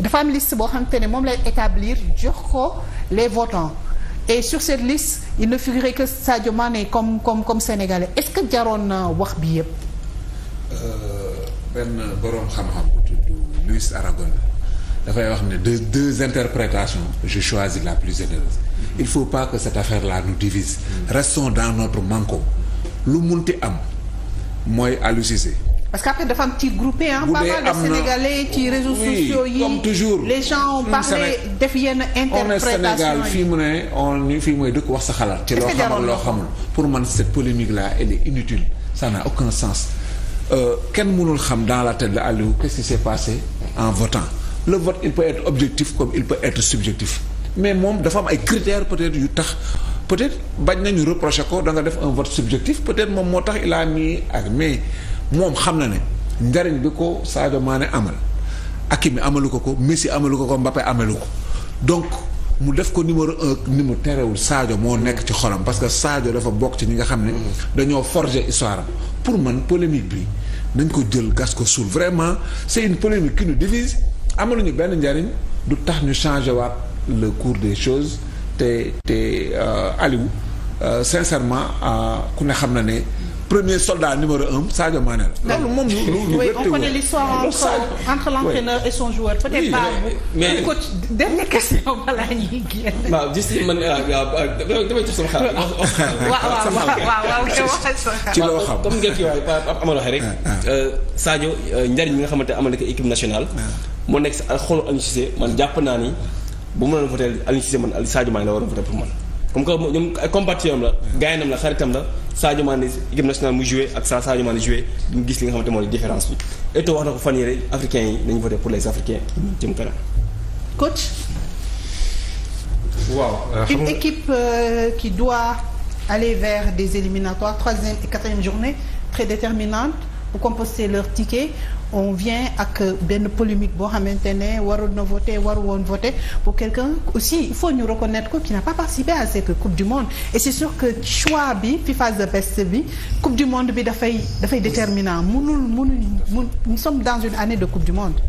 dafa am liste boo xamante ne moom lay établir jox ko les votants. et sur cette liste il ne figurait que Sadio Mané comme comme comme sénégalais est-ce que jaroon na wax bi yëpp. Euh, benn boroom xam-xam bu tudd Luis Aragon dafay wax ne deux deux interprétations je choisis la plus généreuse il faut pas que cette affaire là nous divise mm. restons dans notre manko lu munti am mooy Aliou parce que après dafa am ci groupé ah. groupé am na pas mal de ci oh, réseaux sociaux yi. comme toujours les gens ont parlé def yenn interprétation yi fii mu ne on fii mooy dëkk wax sa xalaat. ci loo xamal loo xamul pour man cette polémique la elle est inutile ça n'a aucun sens. Euh, kenn mënul xam dans la tête de Aliou qu'est-ce qui s'est passé en votant le vote il peut être objectif comme il peut être subjectif mais moom dafa am ay critère peut-être yu tax. peut-être bañ nañu reprocher ko da nga def un vote subjectif peut-être moom moo tax il a mis ak ah, mais moom xam na ne njariñ bi ko Sadio Mané amal mi amalu ko ko Messi amalu ko ko Mbappé amalu ko donc mu def ko numéro un mu terewul saajo moo nekk ci xolam parce que Sadio dafa bokk ci ñi nga xam ne dañoo forger histoire am pour man polémique bi nañ ko jël gas ko suur vraiment c'est une polémique qui nous divise amaluñu benn njariñ du tax ñu changer waat le cours des choses te te euh, Aliou Euh, sincèrement euh, ku ne xam na ne premier soldat numéro un Sadio Mané la. loolu moom lu lu on connaît l'histoire entre entre l'entraîneur et mais coach dernière question balaa ñuy génn. waaw gis nga man euh, damay jox sama xalaat. waaw waaw ci loo xam comme ngeen kii waxee Pape Amal waxee rek. Ah, ah. njariñ bi nga xamante amal na ko équipe nationale. Ah. moo nekk si xolu Aliou Cissé man jàpp naa ni bu ma doon voté Aliou Cissé man Aliou Sadio Mané la war a voté man. comme que ñoom ay compatriotes la. gaynam la xaritam la Sadio Mané équipe nationale mu joué ak saa Sadio Mané joué ñu gis li nga xamante moo di différence bi Eto'o wax na ko fan yii rek yi dañu voté pour les africains coach. waaw euh, une équipe euh, qui doit aller vers des éliminatoires troisième et quatrième journée très déterminante pour composter leur ticket on vient ak benn polémique boo xamante ne warul na voté waru woon voté pour quelqu'un aussi il faut ñu reconnaître ko qui n'a pas participé à cette coupe du monde et c'est sûr que choix bi FIFA The bi coupe du monde bi dafay dafay déterminant mënul mënul mun nous sommes dans une année de coupe du monde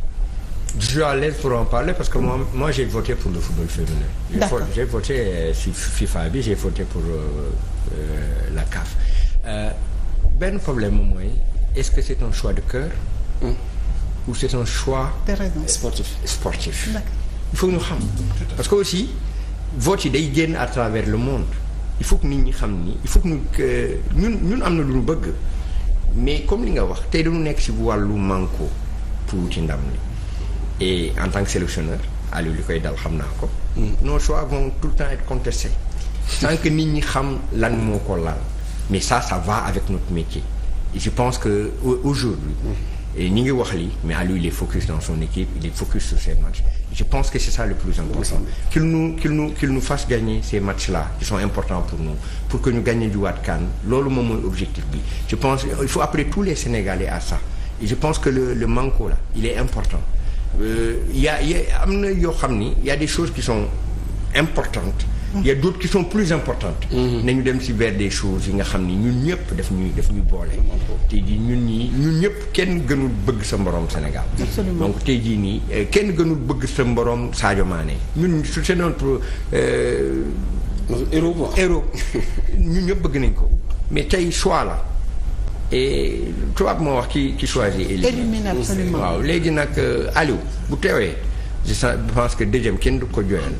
je suis pour en parler parce que moi, moi j'ai voté pour le football féminin j'ai voté euh, si FIFA bi pour euh, euh, la CAF euh, benn problème mooy est-ce que c'est un choix de cœur ou c'est un choix. sportif sportif. il faut ñu xam. parce que aussi vote yi day génn à travers le monde il faut que nit ñi xam ni il faut que ñu ñun ñun am na lu ñu bëgg mais comme li nga wax tey dañu nekk ci wàllu manko pour ci ndam li et en tant que sélectionneur Aliou li koy dal xam naa ko. Mm. nos choix vont tout le temps être contestés. tant nit ñi xam lan moo ko laal mais ça ça va avec notre métier je pense que aujourd'hui mm. et ñi ngi wax li mais Aliou il est focus dans son équipe il est focus sur ces matchs je pense que c'est ça le plus important qu'il nous qu'il nous qu'il nous fasse gagner ces matchs là qui sont importants pour nous pour que ñu gagner du waat CAN loolu moom mooy objectif bi je pense il faut appeler tous les Sénégalais à ça et je pense que le le la là il est important euh, y a a am na yoo xam ni y a des choses qui sont importantes il y a d'autres qui sont plus importantes. Mm-hmm. nañu dem si vers des choses yi nga xam ni ñun ñëpp daf ñu daf ñuy boole. tey jii ñun ñii ñun ñëpp kenn gënul bëgg sa mborom Sénégal. donc tey jii nii eh, kenn gënul bëgg sa mborom Sadio Mané ñun su c'est euh, notre héros quoi héros ñun ñëpp bëgg nañ ko mais tey choix la. et tubaab moo wax ki ki choisir. éliminer waaw léegi nag euh, Aliou bu teewee. je pense que dëjëm kenn du ko joyal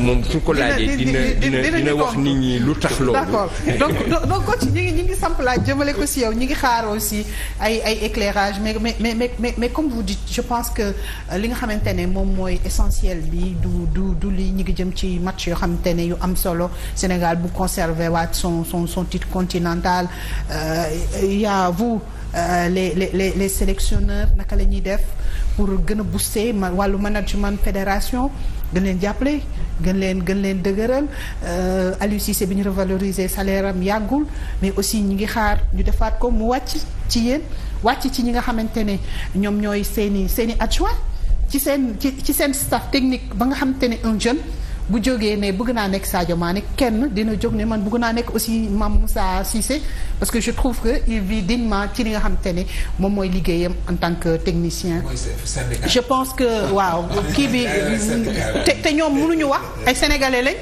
moom su ko laajee dina dina dina wax nit ñi lu tax loolu. d'accord donc donc coach ñi ngi ñi ngi samp laaj jëmale ko si yow ñi ngi xaar aussi ay ay éclairage mais mais mais mais comme vous dites je pense que euh, li nga xamante ne moom mooy essentiel bi du du du li ñi ngi jëm ci match yoo xamante ne yu am solo Sénégal bu conserver waa son son son titre continental euh, y a vous euh, les les les sélectionneurs naka la ñuy def. pour gën a booster wàllu management fédération gën leen jàppale gën leen gën leen dëgëral euh, Aliou Cissé bi ñu revaloriser salaire am yàggul mais aussi ñi ngi xaar ñu defaat ko mu wàcc ci yéen wàcc ci ñi nga xamante ne ñoom ñooy seeni seeni adjoint ci seen ci ci seen staff technique ba nga xamante ne un jeune bu jógee ne bëgg naa nekk Sadio Mané kenn dina jóg ne man bëgg naa nekk aussi Mame Moussa Cissé parce que je trouve que il vit dignement ci li nga xamante ne moom mooy liggéeyam en tant que technicien. je pense que waaw kii bi te te ñoom mënuñu wax ay sénégalais lañ.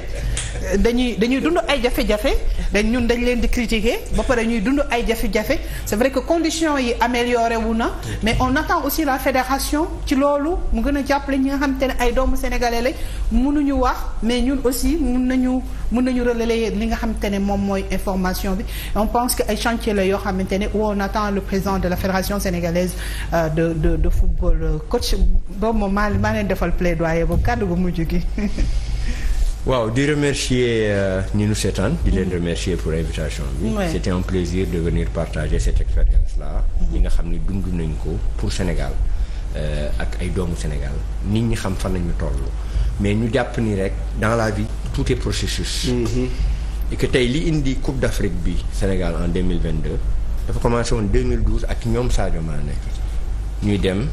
dañuy dañuy dund ay jafe-jafe dañ ñun dañ leen di critiquer ba pare ñuy dund ay jafe-jafe c'est vrai que conditions yi amélioré wu na mais on attend aussi la fédération ci loolu mu gën a jàppale ñi nga xam ne ay doomu sénégalais lañ mënuñu wax mais ñun aussi mun nañu mun nañu relayer li nga xamante ne moom mooy information bi on pense que ay chantier la yoo xamante ne on attend le président de la fédération sénégalaise euh, de de de football euh, coach boobu moom maa maa leen defal plaidoyer boobu kàddu gu mujj gi. waaw di remercier euh, ñi nu seetaan di leen mm-hmm. remercier pour invitation bi oui. c'était un plaisir de venir partager cette expérience là mm-hmm. ñi nga xam ne dund nañ ko pour Sénégal ak ay doomu Sénégal nit ñi xam fan nañu toll mais ñu jàpp ni rek dans la vie tout est processus. Mm que tey li indi Coupe d'Afrique bi Sénégal en deux mille vingt deux dafa commencé woon deux mille ak ñoom Sadio Mané ñuy dem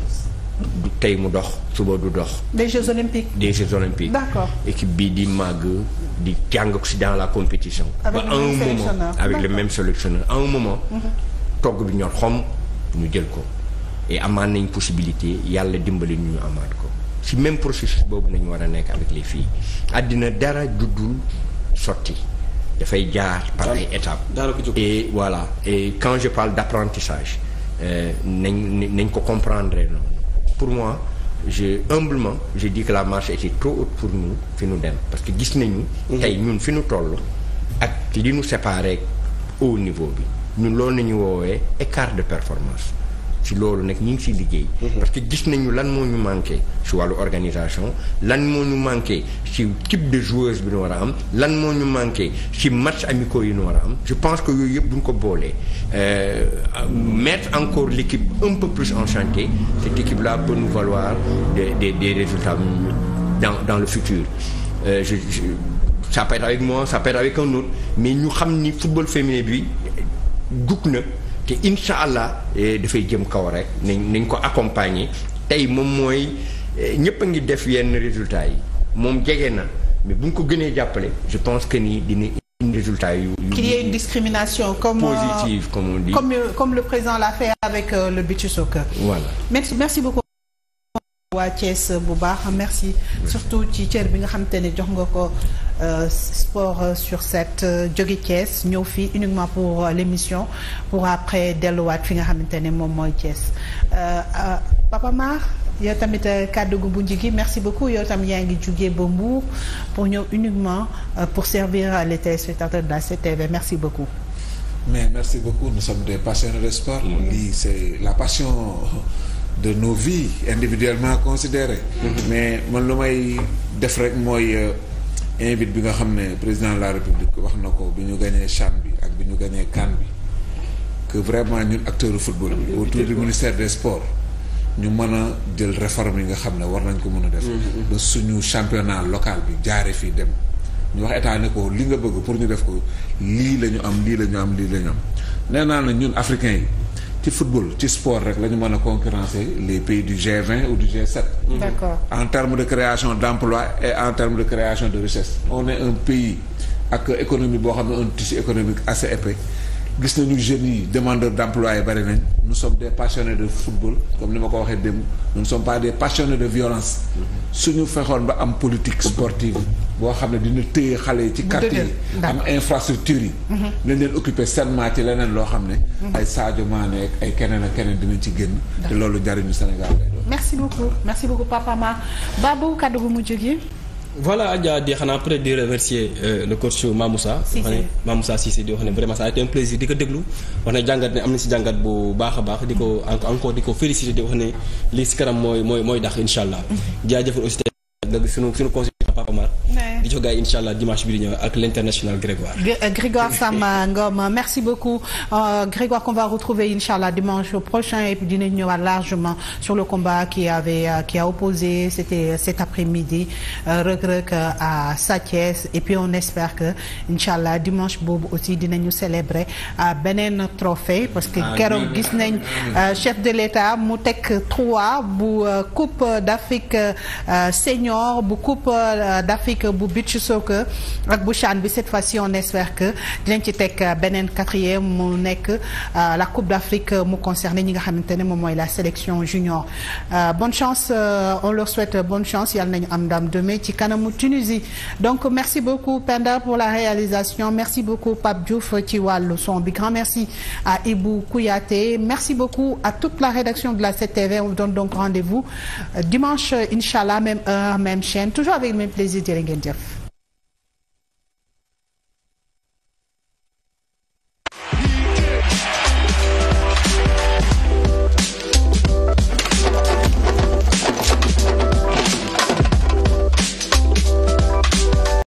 tey mu dox suba du dox. des Jeux olympiques. des Jeux olympiques. d'accord équipe bi di màgg di jàng si dans la compétition. avec le même sélectionneur ba un moment avec le même sélectionneur mm-hmm. togg bi ñor xom ñu jël ko. et amaat nañ possibilité yàlla dimbali ñu amaat ko. ci même processus boobu nañu war a nekk avec les filles àddina dara juddul sotti dafay jaar par ay étapes et voilà et quand je parle d'apprentissage euh, nañ nañ ko comprendre noonu pour moi je humblement je dis que la marche était trop haute pour nous fi nu dem parce que gis nañu mhm. tey ñun fi nu toll ak li nu séparé au niveau bi ñun loolu nañu woowee écart de performance ci loolu nag ñu ngi ciy liggéey. Mhm. parce que gis nañu lan moo ñu manqué si wàllu organisation lan moo ñu manqué ci type de joueuse bi ñu war a am lan moo ñu manqué ci match amicaux yi ñu war a am je pense que yooyu yëpp bu ñu ko boolee euh, mettre encore l'équipe un peu plus en chantier cette équipe là peut nous valoir des des des résultats dans dans le futur euh, je, avec moi ça peut avec un autre mais ñu xam ni football féminin bi dugg na. te incha allah eh, dafay jëm kaw rek nañ nañ ko accompagner tey moom mooy eh, ñëpp a ngi def yenn résultats yi moom jege na mais bu ñu ko gënee jàppale je pense que nii dina indi résultat yu. qu'il y ait une discrimination comme euh, comme on dit comme euh, comme le président l'a fait avec euh, le Beach Soccer. voilà merci merci beaucoup. bu baax merci surtout ci cër bi nga xamante ne jox nga ko. Euh, sport euh, sur 7 euh, jóge Thiès ñëw fii uniquement pour l'émission pour après delluwaat fi nga xamante ne moom mooy Thiès Papa Mar yow tamit kàddu gu bu njigi merci beaucoup yow tamit yaa ngi jugee ba Mbour pour ñëw uniquement pour servir les téléspectateurs de la CTV merci beaucoup. mais merci beaucoup nous sommes des passionnés de sport lii c'est la passion de nos vies individuellement considérées. Mm-hmm. mais man lu may def rek mooy. invite bi nga xam ne président de la république wax na ko bi ñu gañee CHAN bi ak bi ñu gañee CAN bi que vraiment ñun acteur football bi autour du ministère des sports ñu mën a jël réforme yi nga xam ne war nañ ko mën a def mm-hmm. ba suñu championnat local bi jaare fii dem ñu wax état ne ko li nga bëgg pour ñu def ko lii la ñu am lii la ñu am lii la am nee naa na ñun africains yi ci football ci sport rek la ñu mën a concurrencer les pays du G20 ou du G7. d'accord en termes de création d'emploi et en termes de création de richesse. on est un pays ak économie boo xam ne un tissu économique assez gis nañu jeunes yi demandeurs d'emploi yi bari nañ nous sommes des de football comme ni ma ko waxee démb nous ne sommes pas des passionnés de violence suñu fexoon ba am politique sportive boo xam ne dina téye xale yi ci quartier yi am infrastructure yi lañ mhm. leen occuper ci leneen loo xam ne mhm. ay Sadio Mané ay keneen ak keneen dinañ ci génn te loolu njariñu Sénégal lay doon merci beaucoup merci beaucoup Papa Ma Babou kaddu gu mujj gi voilà Adja di xanaa peut-être di remercier euh, le coach Mamoussa. Cissé wax ne Mamoussa Cissé di wax ne vraiment ça a été plaisir di ko déglu wax ne jàngat ne am na si jàngat bu baaxa baax di ko encore di ko féliciter di wax ne lii si kanam mooy mooy mooy dax incha allah. Mhm. jaajëfal aussi dëgg sunu sunu conseil Papa di jox gars yi incha allah dimanche bi ak l' Grégoire. Euh, Grégoire Samba euh, Ngom merci beaucoup euh, Grégoire qu'on va retrouver incha dimanche prochain et puis dinañ largement sur le combat qui a opposé c'était cet après-midi Reug à Sa Thiès et puis on espère que incha allah dimanche boobu aussi dinañu célébrer beneen trophée parce que keroog gis chef de l'État mu teg trois bu coupe d'Afrique senior bu coupe d'Afrique beach soccer ak bu CHAN bi cette fois-ci on espère que dinañ ci teg euh, beneen quatrième mu nekk euh, la Coupe d'Afrique euh, mu concerné ñi nga xamante ne moom mooy la sélection junior bonne chance on leur souhaite bonne chance yàlla nañu am dam demain ci kanamu Tunisie donc merci beaucoup Penda pour la réalisation merci beaucoup Pape Diouf ci wàllu son bi grand merci à Ibou Kouyaté merci beaucoup à toute la rédaction de la 7TV on vous donne donc rendez-vous dimanche inchallah même heure même chaîne toujours avec ngeen jëf